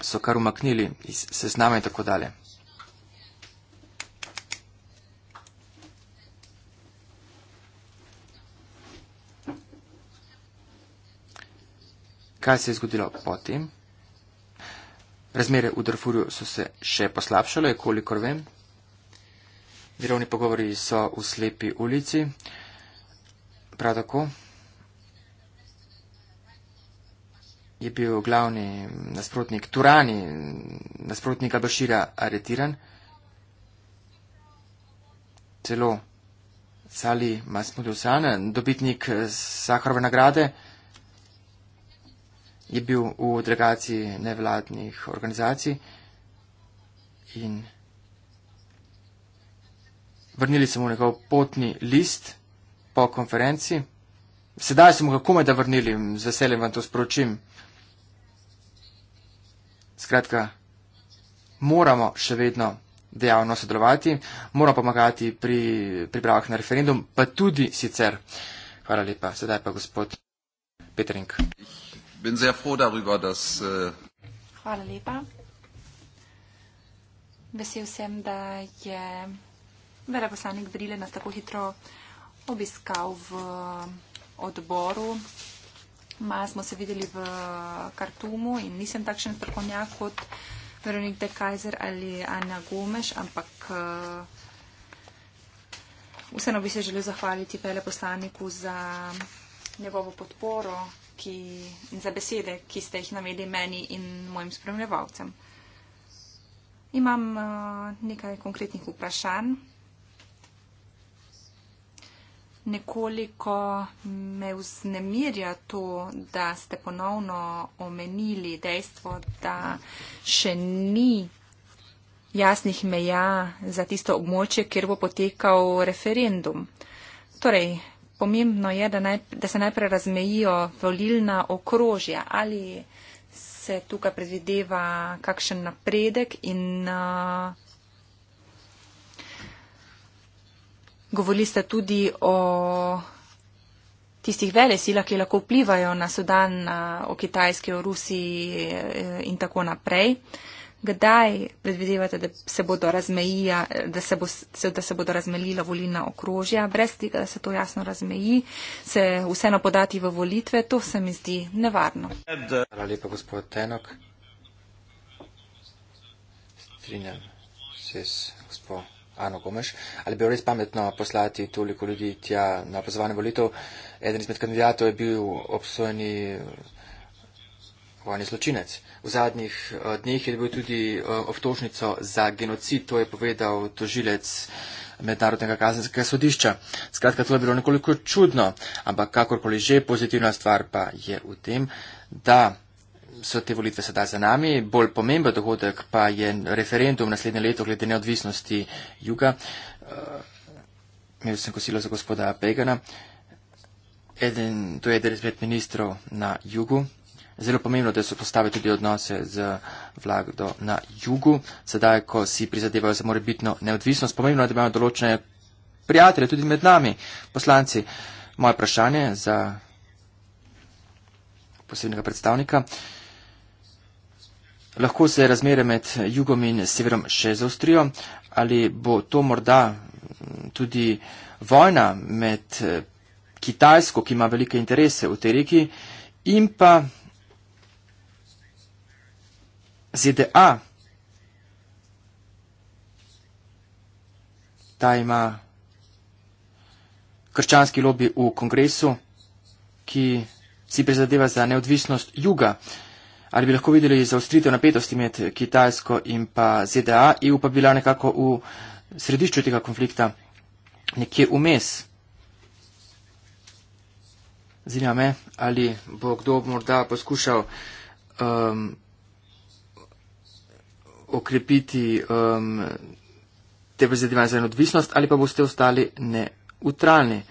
so kar umaknili iz seznama in tako dalje. Kaj se je zgodilo potem? Razmere v Darfurju so se še poslabšale, kolikor vem. Mirovni pogovori so v slepi ulici. Prav tako je bil glavni nasprotnik Turani, nasprotnik Abašira, aretiran. Celo Sali Masmudusan, dobitnik Sakrove nagrade, je bil v delegaciji nevladnih organizacij in vrnili so mu njegov potni list po konferenci. Sedaj so mu ga komaj da vrnili, z veseljem vam to sporočim. Skratka, moramo še vedno dejavno sodelovati, moramo pomagati pri pripravah na referendum, pa tudi sicer. Hvala lepa. Sedaj pa gospod Petrink bin sehr froh darüber, dass. Äh Hvala lepa. Vesel sem, da je veleposlanik Brile nas tako hitro obiskal v odboru. Ma smo se videli v Kartumu in nisem takšen strokovnjak kot Veronik De Kaiser ali Anja Gomeš, ampak eh, vseeno bi se želel zahvaliti veleposlaniku za njegovo podporo ki, in za besede, ki ste jih navedli meni in mojim spremljevalcem. Imam uh, nekaj konkretnih vprašanj. Nekoliko me vznemirja to, da ste ponovno omenili dejstvo, da še ni jasnih meja za tisto območje, kjer bo potekal referendum. Torej, pomembno je, da, naj, da se najprej razmejijo volilna okrožja, ali se tukaj predvideva kakšen napredek in uh, govorili ste tudi o tistih vele sila, ki lahko vplivajo na Sudan, o Kitajski, o Rusiji eh, in tako naprej. Uh, Kdaj predvidevate, da se bodo, razmejija, da se bo, da se bodo razmelila volilna okrožja, brez tega, da se to jasno razmeji, se vseeno podati v volitve? To se mi zdi nevarno. Hvala lepa, gospod Tenok. Strinjam se s gospod Ano Gomeš. Ali bi bilo res pametno poslati toliko ljudi tja na pozvane volitev? Eden izmed kandidatov je bil obsojeni vojni zločinec. V zadnjih eh, dneh je bil tudi eh, obtožnico za genocid, to je povedal tožilec mednarodnega kazenskega sodišča. Skratka, to je bilo nekoliko čudno, ampak kakorkoli že, pozitivna stvar pa je v tem, da so te volitve sedaj za nami, bolj pomemben dogodek pa je referendum naslednje leto glede neodvisnosti juga. Eh, imel sem kosilo za gospoda Begana, eden, to je eden izmed ministrov na jugu, zelo pomembno, da so postavili tudi odnose z vlado na jugu, sedaj, ko si prizadevajo za morebitno neodvisnost. Pomembno je, da imamo določene prijatelje tudi med nami, poslanci. Moje vprašanje za posebnega predstavnika. Lahko se razmere med jugom in severom še zaostrijo, ali bo to morda tudi vojna med eh, Kitajsko, ki ima velike interese v tej regiji, in pa ZDA, ta ima krščanski lobby v kongresu, ki si prizadeva za neodvisnost juga. Ali bi lahko videli zaostritev napetosti med Kitajsko in pa ZDA, EU pa bila nekako v središču tega konflikta, nekje vmes. Zanima me, ali bo kdo morda poskušal um, okrepiti um, te prizadevanja za neodvisnost ali pa boste ostali neutralni.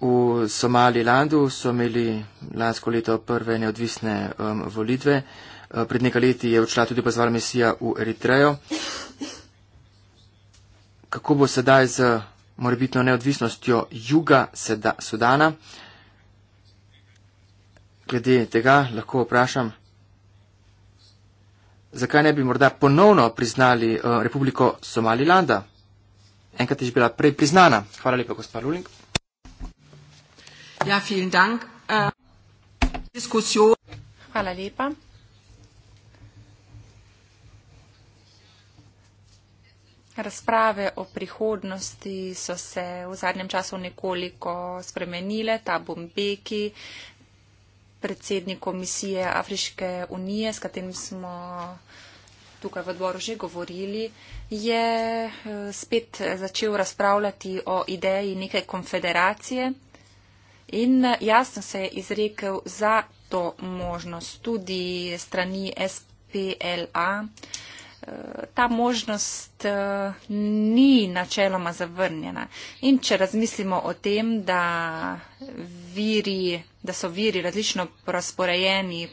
V Somalilandu so imeli lansko leto prve neodvisne um, volitve. Uh, pred nekaj leti je odšla tudi pozval misija v Eritrejo. Kako bo sedaj z morebitno neodvisnostjo juga Sudana? Glede tega lahko vprašam zakaj ne bi morda ponovno priznali uh, Republiko Somalilanda? Enkrat je že bila prej priznana. Hvala lepa, gospod Luling. Ja, vielen Dank. Eh, Diskusijo. Hvala lepa. Razprave o prihodnosti so se v zadnjem času nekoliko spremenile. Ta bombeki, predsednik komisije Afriške unije, s katerim smo tukaj v dvoru že govorili, je eh, spet začel razpravljati o ideji neke konfederacije in eh, jasno se je izrekel za to možnost tudi strani SPLA. Eh, ta možnost ni načeloma zavrnjena. In če razmislimo o tem, da viri da so viri različno razporejeni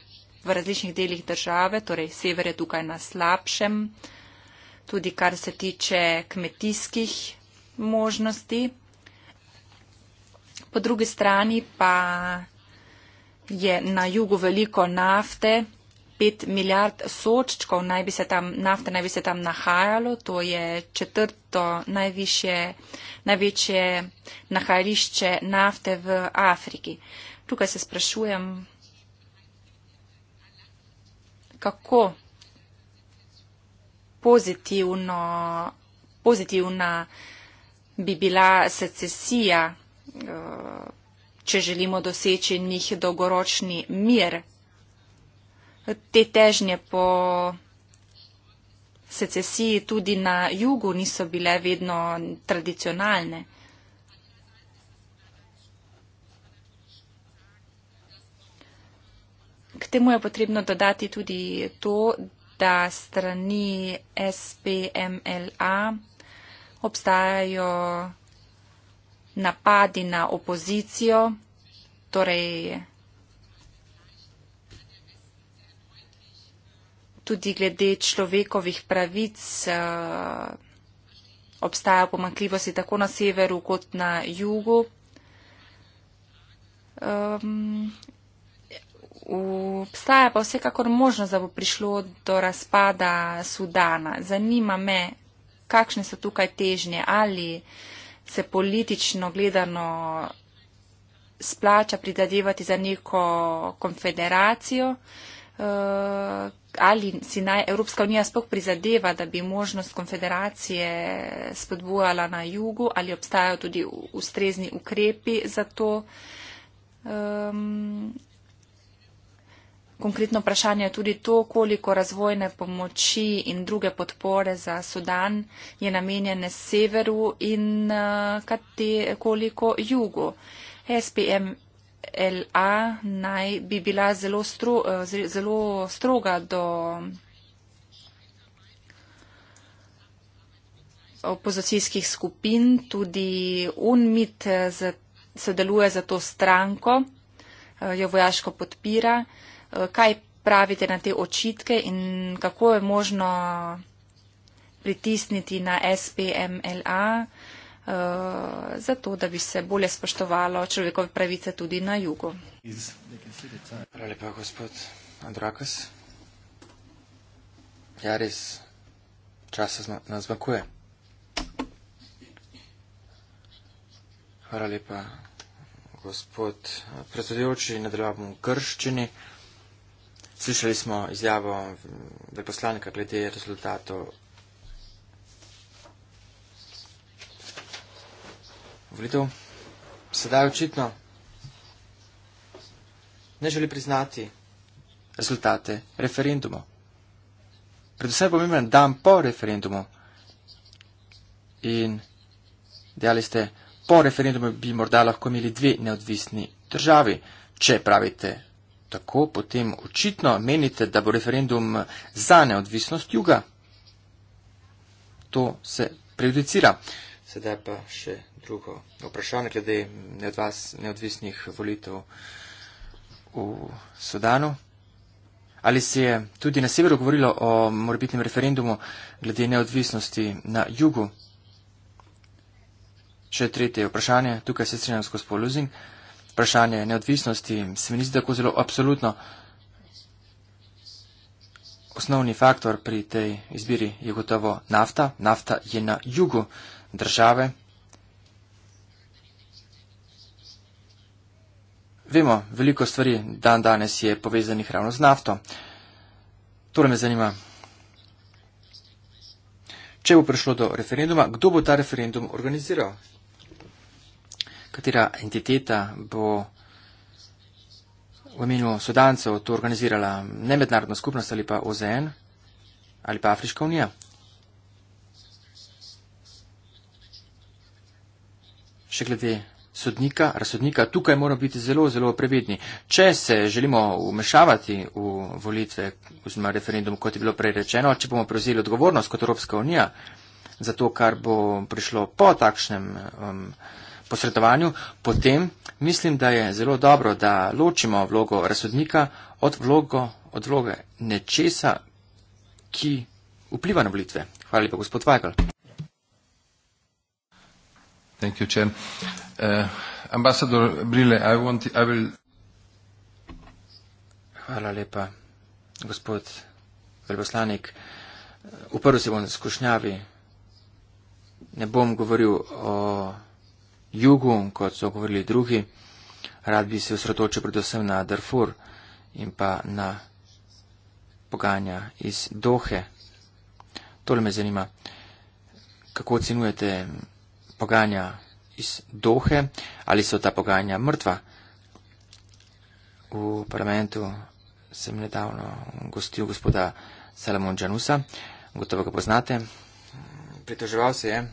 v različnih delih države, torej sever je tukaj na slabšem, tudi kar se tiče kmetijskih možnosti. Po drugi strani pa je na jugu veliko nafte, 5 milijard sočkov naj bi se tam, nafte naj bi se tam nahajalo, to je četrto najvišje, največje nahajališče nafte v Afriki. Uh, tukaj se sprašujem, kako pozitivno, pozitivna bi bila secesija, eh, če želimo doseči njih dolgoročni mir. Te težnje po secesiji tudi na jugu niso bile vedno tradicionalne. K temu je potrebno dodati tudi to, da strani SPMLA obstajajo napadi na opozicijo, torej tudi glede človekovih pravic eh, obstajajo pomankljivosti tako na severu kot na jugu. Um, Obstaja pa vsekakor možnost, da bo prišlo do razpada Sudana. Zanima me, kakšne so tukaj težnje, ali se politično gledano splača pridadevati za neko konfederacijo, eh, ali si naj Evropska unija spok prizadeva, da bi možnost konfederacije spodbujala na jugu, ali obstajajo tudi ustrezni ukrepi za to. Ehm, Konkretno vprašanje je tudi to, koliko razvojne pomoči in druge podpore za Sudan je namenjene severu in eh, kate, koliko jugu. SPMLA naj bi bila zelo, stro, eh, zelo stroga do opozicijskih skupin, tudi UNMIT eh, sodeluje za to stranko, jo vojaško podpira. Eh, kaj pravite na te očitke in kako je možno pritisniti na SPMLA uh, eh, za to, da bi se bolje spoštovalo človekove pravice tudi na jugu. Hvala lepa, gospod Andrakas. Ja, res, čas nas vakuje. Hvala lepa, gospod eh, predsedujoči, nadaljujem v krščini. Slišali smo izjavo veposlanika glede rezultatov volitev. Sedaj očitno ne želi priznati rezultate referendumu. Predvsem je pomemben dan po referendumu in dejali ste, po referendumu bi morda lahko imeli dve neodvisni državi, če pravite tako, potem očitno menite, da bo referendum za neodvisnost juga. To se prejudicira. Sedaj pa še drugo vprašanje, glede neodvisnih volitev v Sudanu. Ali se je tudi na severu govorilo o morbitnem referendumu glede neodvisnosti na jugu? Še tretje vprašanje, tukaj se strinjam s gospod Luzing. Uh, vprašanje neodvisnosti, se mi zdi tako zelo absolutno. Osnovni faktor pri tej izbiri je gotovo nafta. Nafta je na jugu države. Vemo, veliko stvari dan danes je povezanih ravno z nafto. Torej me zanima, če bo prišlo do referenduma, kdo bo ta referendum organiziral? katera entiteta bo v imenu sodancev to organizirala, ne mednarodna skupnost ali pa OZN ali pa Afriška unija. Še glede sodnika, razsodnika, tukaj moramo biti zelo, zelo previdni. Če se želimo umešavati v volitve oziroma referendum, kot je bilo prej rečeno, če bomo prevzeli odgovornost kot Evropska unija za to, kar bo prišlo po takšnem. Um, posredovanju, potem mislim, da je zelo dobro, da ločimo vlogo razsodnika od, vlogo, od vloge nečesa, ki vpliva na volitve. Hvala lepa, gospod Vajgal. Uh, Hvala lepa, gospod veljoslanik. Uprl se bom skušnjavi. Ne bom govoril o jugu, kot so govorili drugi, rad bi se osredotočil predvsem na Darfur in pa na poganja iz Dohe. Tole me zanima, kako ocenujete poganja iz Dohe, ali so ta poganja mrtva? V parlamentu sem nedavno gostil gospoda Salamon Džanusa, gotovo ga poznate. Pritoževal se je,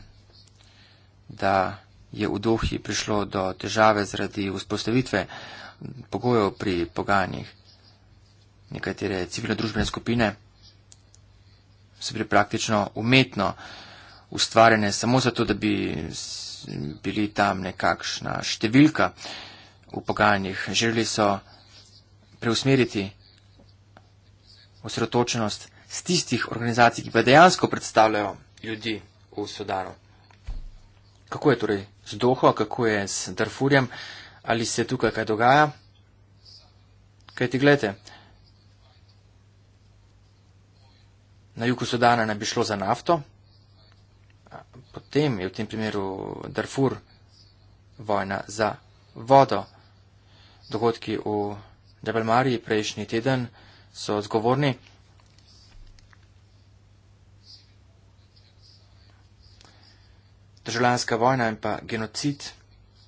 da je v Dohi prišlo do težave zaradi vzpostavitve pogojev pri pogajanjih. Nekatere civilno družbene skupine so bile praktično umetno ustvarjene samo zato, da bi bili tam nekakšna številka v pogajanjih. Želeli so preusmeriti osredotočenost z tistih organizacij, ki pa dejansko predstavljajo ljudi v sodaru. Kako je torej z Doho, kako je z Darfurjem, ali se tukaj kaj dogaja? Kaj ti gledate? Na jugu Sudana naj bi šlo za nafto, potem je v tem primeru Darfur vojna za vodo. Dogodki v Debelmariji prejšnji teden so zgovorni. državljanska vojna in pa genocid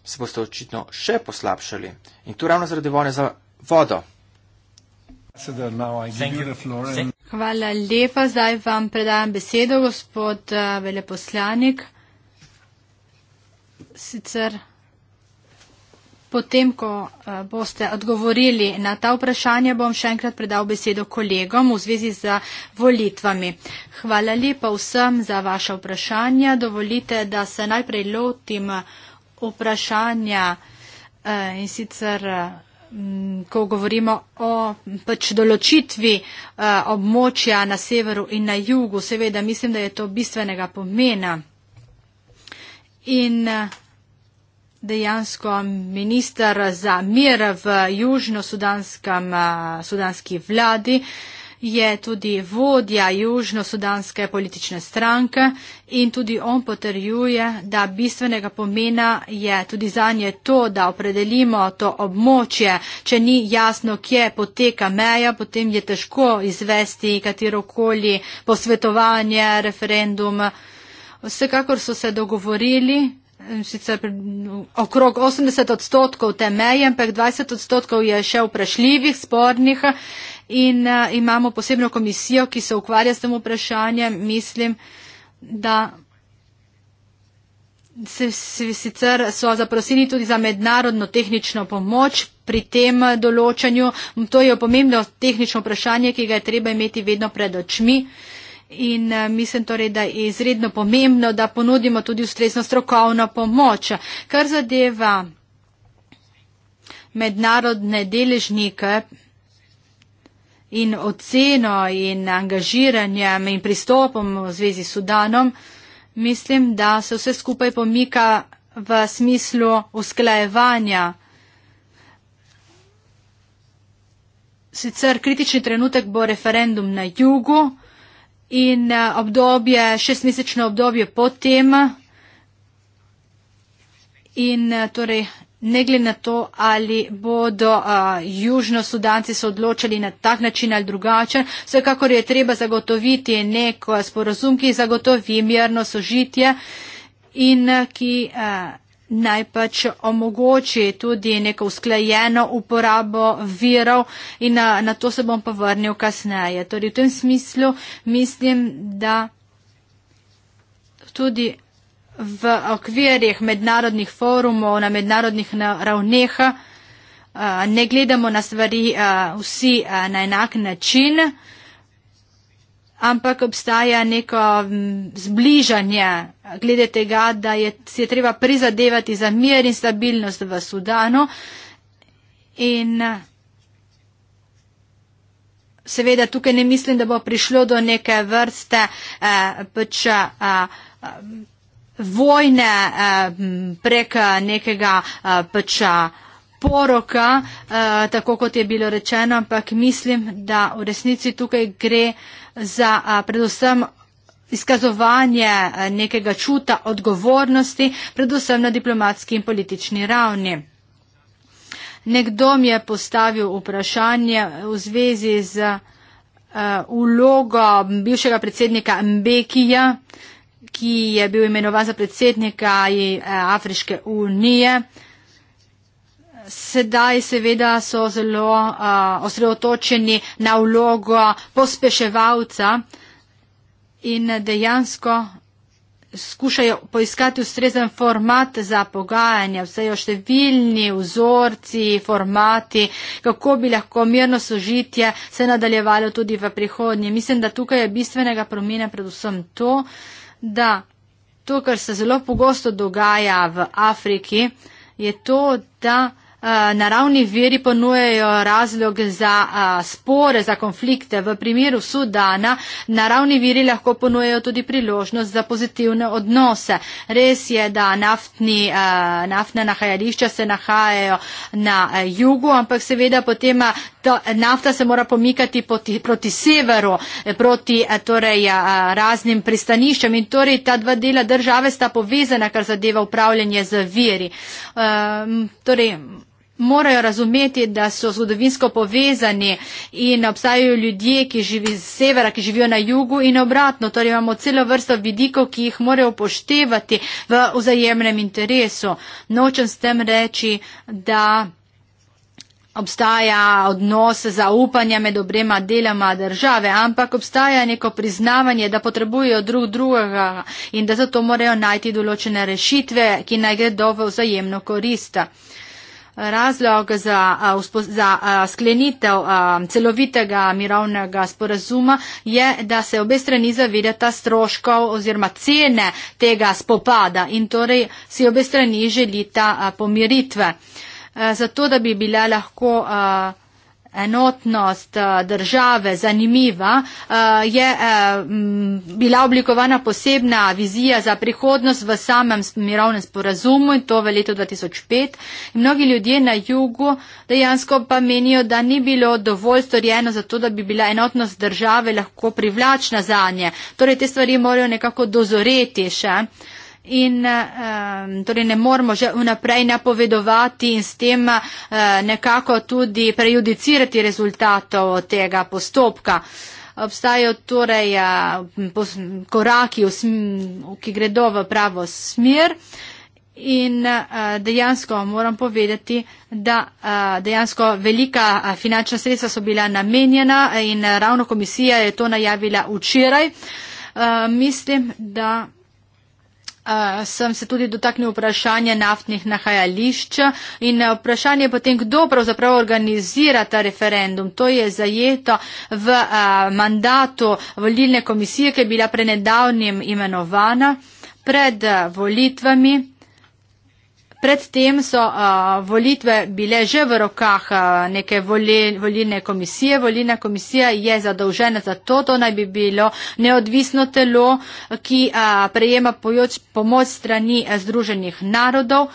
se boste očitno še poslabšali. In tu ravno zaradi vojne za vodo. Hvala lepa, zdaj vam predajam besedo, gospod eh, veleposlanik. Sicer. Potem, ko eh, boste odgovorili na ta vprašanja, bom še enkrat predal besedo kolegom v zvezi z volitvami. Hvala lepa vsem za vaše vprašanja. Dovolite, da se najprej lotim vprašanja eh, in sicer, mm, ko govorimo o pač določitvi eh, območja na severu in na jugu, seveda mislim, da je to bistvenega pomena. In dejansko ministr za mir v južno-sudanski eh, vladi je tudi vodja južno-sudanske politične stranke in tudi on potrjuje, da bistvenega pomena je tudi zanje to, da opredelimo to območje. Če ni jasno, kje poteka meja, potem je težko izvesti katerokoli posvetovanje, referendum. Vsekakor so se dogovorili Sicer okrog 80 odstotkov te meje, ampak 20 odstotkov je še vprašljivih, spornih in uh, imamo posebno komisijo, ki se ukvarja s tem vprašanjem. Mislim, da se, se sicer so zaprosili tudi za mednarodno tehnično pomoč pri tem določanju. To je pomembno tehnično vprašanje, ki ga je treba imeti vedno pred očmi. Uh, in eh, mislim torej, da je izredno pomembno, da ponudimo tudi ustrezno strokovno pomoč. Kar zadeva mednarodne deležnike in oceno in angažiranjem in pristopom v zvezi s Sudanom, mislim, da se vse skupaj pomika v smislu usklajevanja. Sicer kritični trenutek bo referendum na jugu, in eh, obdobje, šestmesečno obdobje potem. In eh, torej, ne glede na to, ali bodo uh, južno-sudanci se odločili na tak način ali drugačen, vsekakor je treba zagotoviti neko sporozum, ki zagotovi mirno sožitje in uh, ki. Uh, naj pač omogoči tudi neko usklajeno uporabo virov in na, eh, na to se bom pa vrnil kasneje. Torej, v tem smislu mislim, da tudi v okvirjih mednarodnih forumov na mednarodnih ravneh eh, ne gledamo na stvari eh, vsi na enak način ampak obstaja neko zbližanje glede tega, da je, si je treba prizadevati za mir in stabilnost v Sudanu. In eh, seveda tukaj ne mislim, da bo prišlo do neke vrste eh, pač, eh, eh vojne eh, prek eh, nekega eh, pač, poroka, eh, tako kot je bilo rečeno, ampak mislim, da v resnici tukaj gre eh, za predvsem izkazovanje nekega čuta odgovornosti, predvsem na diplomatski in politični ravni. Nekdo mi je postavil vprašanje v zvezi z vlogo bivšega predsednika Mbekija, ki je bil imenovan za predsednika Afriške unije. Sedaj seveda so zelo uh, osredotočeni na vlogo pospeševalca in dejansko skušajo poiskati ustrezen format za pogajanja. Vse jo številni vzorci, formati, kako bi lahko mirno sožitje se nadaljevalo tudi v prihodnje. Mislim, da tukaj je bistvenega promena predvsem to, da to, kar se zelo pogosto dogaja v Afriki, je to, da Eh, naravni veri ponujejo razlog za a, eh, spore, za konflikte. V primeru Sudana naravni viri lahko ponujejo tudi priložnost za pozitivne odnose. Res je, da naftni, a, eh, naftne nahajališča se nahajajo na a, jugu, ampak seveda potem a, to, nafta se mora pomikati poti, proti severu, proti a, torej, a, raznim pristaniščem in torej ta dva dela države sta povezana, kar zadeva upravljanje z viri. A, ehm, torej, morajo razumeti, da so zgodovinsko povezani in obstajajo ljudje, ki živijo z severa, ki živijo na jugu in obratno. Torej imamo celo vrsto vidikov, ki jih morajo upoštevati v vzajemnem interesu. Nočem s tem reči, da obstaja odnos zaupanja med obrema delama države, ampak obstaja neko priznavanje, da potrebujejo drug drugega in da zato morajo najti določene rešitve, ki naj gredo v vzajemno korista. Razlog za, za sklenitev celovitega mirovnega sporazuma je, da se obe strani zavedata stroškov oziroma cene tega spopada in torej si obe strani želita pomiritve. Zato, da bi bile lahko enotnost eh, države zanimiva, eh, je eh, bila oblikovana posebna vizija za prihodnost v samem mirovnem sporazumu in to v letu 2005. In mnogi ljudje na jugu dejansko pa menijo, da ni bilo dovolj storjeno za to, da bi bila enotnost države lahko privlačna zanje. Torej, te stvari morajo nekako dozoreti še. In um, torej ne moramo že vnaprej napovedovati in s tem uh, nekako tudi prejudicirati rezultatov tega postopka. Obstajajo torej uh, pos, koraki, sm, ki gredo v pravo smer. In uh, dejansko moram povedati, da uh, dejansko velika finančna sredstva so bila namenjena in ravno komisija je to najavila včeraj. Uh, mislim, da. Eh, sem se tudi dotaknil vprašanja naftnih nahajališč in eh, vprašanje potem, kdo pravzaprav organizira ta referendum. To je zajeto v a, eh, mandatu volilne komisije, ki je bila prenedavnim imenovana pred volitvami. Predtem so uh, volitve bile že v rokah uh, neke volilne komisije. Volilna komisija je zadolžena za to, to naj bi bilo neodvisno telo, ki uh, prejema pojoč, pomoč strani uh, Združenih narodov.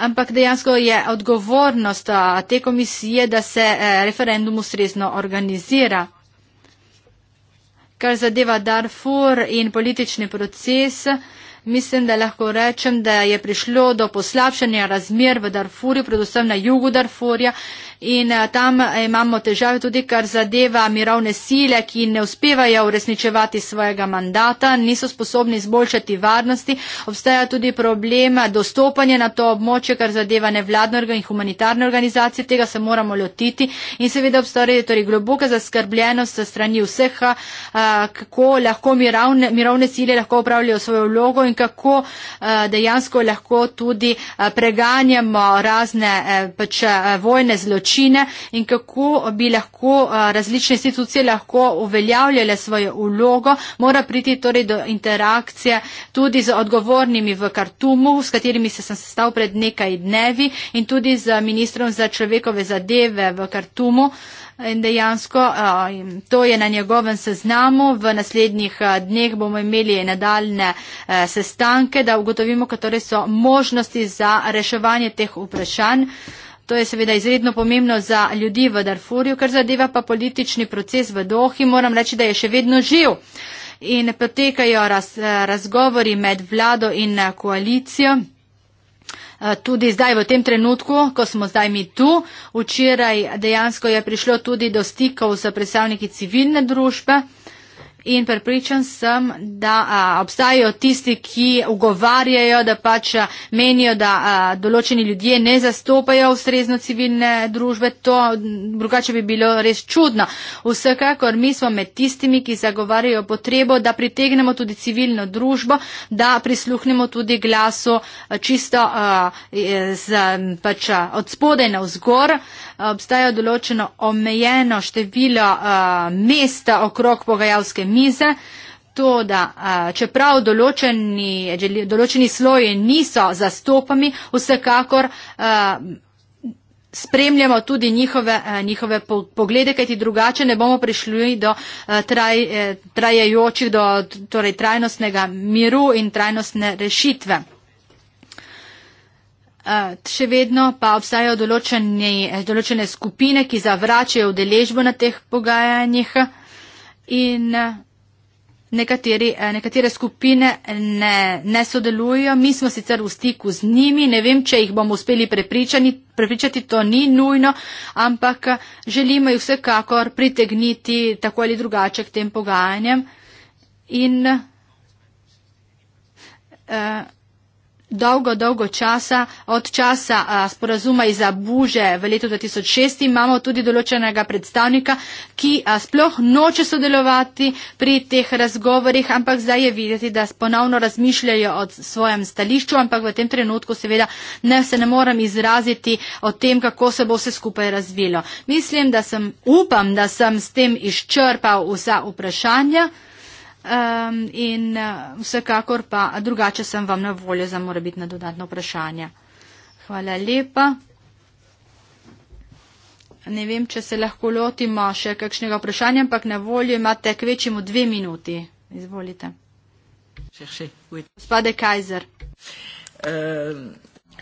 Ampak dejansko je odgovornost uh, te komisije, da se uh, referendum ustrezno organizira. Kar zadeva Darfur in politični proces. Uh, Mislim, da lahko rečem, da je prišlo do poslabšanja razmer v Darfurju, predvsem na jugu Darfurja in eh, tam eh, imamo težave tudi, kar zadeva mirovne sile, ki ne uspevajo uresničevati svojega mandata, niso sposobni izboljšati varnosti. Obstaja tudi problem eh, dostopanja na to območje, kar zadeva nevladne in humanitarne organizacije, tega se moramo lotiti in seveda obstaja torej globoka zaskrbljenost strani vseh, kako lahko mirovne, mirovne sile lahko upravljajo svojo vlogo in kako eh, dejansko lahko tudi eh, preganjamo razne eh, pač vojne zločine in kako bi lahko različne institucije lahko uveljavljale svojo ulogo, mora priti torej do interakcije tudi z odgovornimi v Kartumu, s katerimi se sem sestal pred nekaj dnevi in tudi z ministrom za človekove zadeve v Kartumu. In dejansko to je na njegovem seznamu. V naslednjih dneh bomo imeli nadaljne sestanke, da ugotovimo, katere so možnosti za reševanje teh vprašanj. To je seveda izredno pomembno za ljudi v Darfurju, kar zadeva pa politični proces v Dohi. Moram reči, da je še vedno živ. In potekajo raz, razgovori med vlado in koalicijo. Eh, tudi zdaj v tem trenutku, ko smo zdaj mi tu. Včeraj dejansko je prišlo tudi do stikov s predstavniki civilne družbe in prepričan sem, da a, obstajajo tisti, ki ugovarjajo, da pač a, menijo, da a, določeni ljudje ne zastopajo ustrezno civilne družbe. To drugače bi bilo res čudno. Vsekakor mi smo med tistimi, ki zagovarjajo potrebo, da pritegnemo tudi civilno družbo, da prisluhnemo tudi glasu a, čisto a, z, pač, a, od spodaj na vzgor. A, obstaja določeno omejeno število uh, mesta okrog pogajalske mize. To, da eh, čeprav določeni, določeni sloji niso zastopami, vsekakor eh, spremljamo tudi njihove, njihove poglede, kajti drugače ne bomo prišli do traj, trajajočih, do torej, trajnostnega miru in trajnostne rešitve. Eh, še vedno pa obstajajo določene, eh, določene skupine, ki zavračajo udeležbo na teh pogajanjih in eh, nekateri, nekatere skupine ne, ne sodelujo. Mi smo sicer v stiku z njimi, ne vem, če jih bomo uspeli prepričati, prepričati to ni nujno, ampak želimo jih vsekakor pritegniti tako ali drugače k tem pogajanjem. In, uh, dolgo, dolgo časa, od časa sporazuma iz Abuže v letu 2006 imamo tudi določenega predstavnika, ki sploh noče sodelovati pri teh razgovorih, ampak zdaj je videti, da ponovno razmišljajo o svojem stališču, ampak v tem trenutku seveda ne, se ne moram izraziti o tem, kako se bo vse skupaj razvilo. Mislim, da sem, upam, da sem s tem izčrpal vsa vprašanja. Um, in uh, vsekakor pa drugače sem vam na voljo za morebitna dodatna vprašanja. Hvala lepa. Ne vem, če se lahko lotimo še kakšnega vprašanja, ampak na voljo imate k večjemu dve minuti. Izvolite. Gospode Kajzer.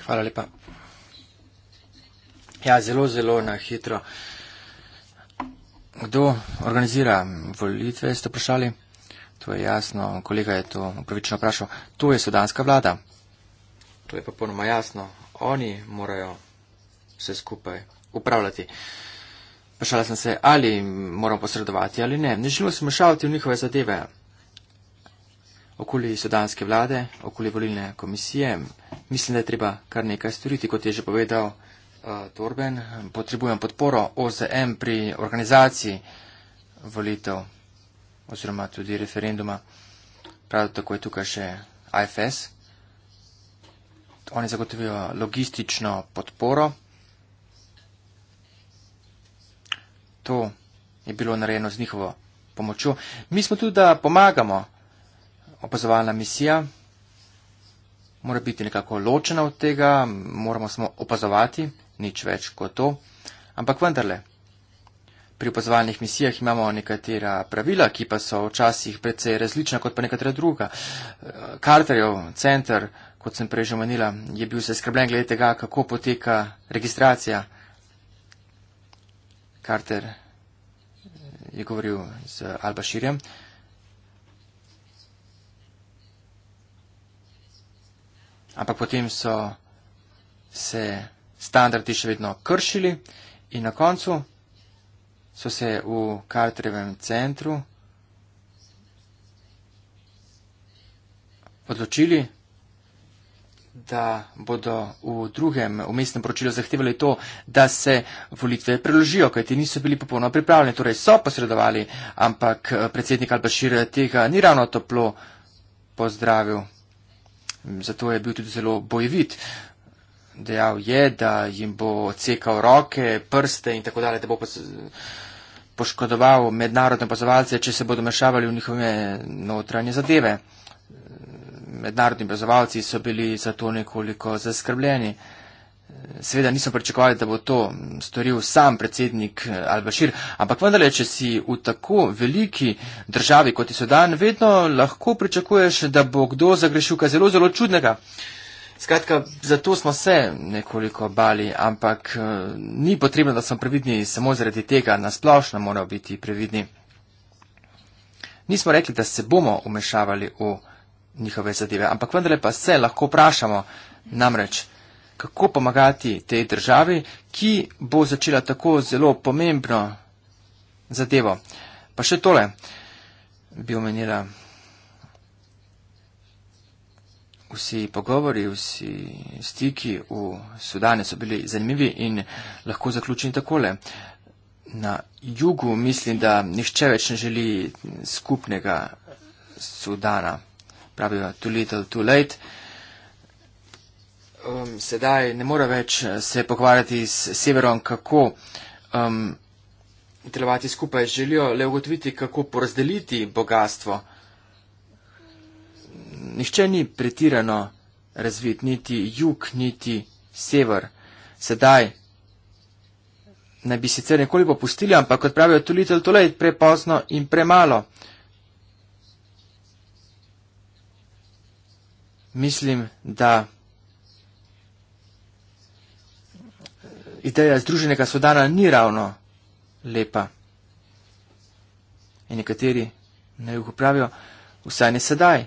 Hvala lepa. Ja, zelo, zelo na hitro. Kdo organizira volitve, ste vprašali? To je jasno, kolega je to upravičeno vprašal. To je sudanska vlada. To je pa ponoma jasno. Oni morajo vse skupaj upravljati. Vprašala sem se, ali moramo posredovati ali ne. Ne želimo se mešavati v njihove zadeve. Okoli sudanske vlade, okoli volilne komisije, mislim, da je treba kar nekaj storiti, kot je že povedal uh, Torben. Potrebujem podporo OZM pri organizaciji volitev oziroma tudi referenduma. Prav tako je tukaj še IFS. Oni zagotovijo logistično podporo. To je bilo narejeno z njihovo pomočjo. Mi smo tudi, da pomagamo. Opazovalna misija mora biti nekako ločena od tega, moramo samo opazovati, nič več kot to. Ampak vendarle, pri opazovalnih misijah imamo nekatera pravila, ki pa so včasih precej različna kot pa nekatera druga. Carterjev center, kot sem prej že omenila, je bil zaskrbljen glede tega, kako poteka registracija. Carter je govoril z Alba Širjem. Ampak potem so se standardi še vedno kršili in na koncu so se v Carterjevem centru odločili, da bodo v drugem umestnem poročilu zahtevali to, da se volitve preložijo, kajti niso bili popolno pripravljeni, torej so posredovali, ampak eh, predsednik Albašir tega ni ravno toplo pozdravil. Zato je bil tudi zelo bojevit. Dejal je, da jim bo odsekal roke, prste in tako dalje, da bo posredoval poškodoval mednarodne opazovalce, če se bodo mešavali v njihove notranje zadeve. Mednarodni opazovalci so bili zato nekoliko zaskrbljeni. Seveda nismo pričakovali, da bo to storil sam predsednik Al-Bashir, ampak vendarle, če si v tako veliki državi, kot je Sudan, vedno lahko pričakuješ, da bo kdo zagrešil kaj zelo, zelo čudnega. Uh, Skratka, zato smo se nekoliko bali, ampak eh, ni potrebno, da smo previdni samo zaradi tega, nasplošno moramo biti previdni. Nismo rekli, da se bomo umešavali v njihove zadeve, ampak vendarle pa se lahko vprašamo namreč, kako pomagati tej državi, ki bo začela tako zelo pomembno zadevo. Pa še tole bi omenila. vsi pogovori, vsi stiki v Sudane so bili zanimivi in lahko zaključim takole. Na jugu mislim, da nišče več ne želi skupnega Sudana. Pravijo too little, too late. Um, sedaj ne more več se pogovarjati s severom, kako um, delovati skupaj. Želijo le ugotoviti, kako porazdeliti bogatstvo nihče ni pretirano razvit, niti jug, niti sever. Sedaj naj bi sicer nekoli popustili, ampak kot pravijo tu little to late, prepozno in premalo. Mislim, da ideja Združenega Sodana ni ravno lepa. In nekateri na jugu pravijo, vsaj ne sedaj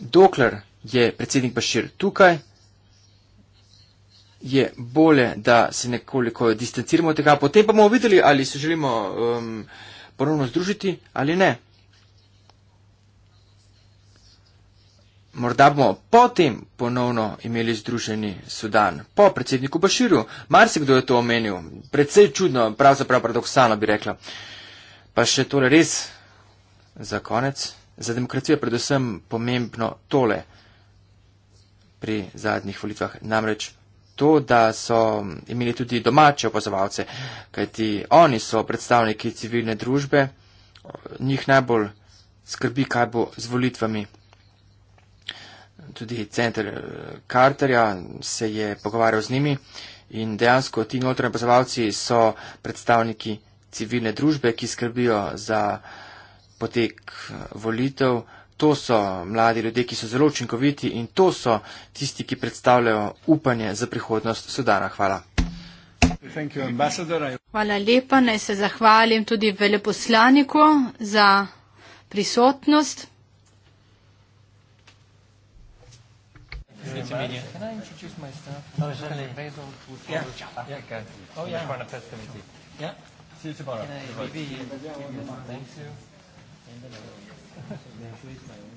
dokler je predsednik Bašir tukaj, je bolje, da se nekoliko distanciramo od tega. Potem pa bomo videli, ali se želimo um, ponovno združiti ali ne. Morda bomo potem ponovno imeli združeni Sudan po predsedniku Baširju. Mar se kdo je to omenil? Predvsej čudno, pravzaprav paradoksalno bi rekla. Pa še tole res za konec za demokracijo predvsem pomembno tole pri zadnjih volitvah, namreč to, da so imeli tudi domače opazovalce, kajti oni so predstavniki civilne družbe, njih najbolj skrbi, kaj bo z volitvami. Tudi center eh, Carterja se je pogovarjal z njimi in dejansko ti notranji opazovalci so predstavniki civilne družbe, ki skrbijo za uh, potek eh, volitev. To so mladi ljudje, ki so zelo učinkoviti in to so tisti, ki predstavljajo upanje za prihodnost sodana. Hvala. Hvala lepa. Naj se zahvalim tudi veleposlaniku za prisotnost. Yeah. Yeah. Oh, yeah. Oh, yeah. See you tomorrow. Gracias.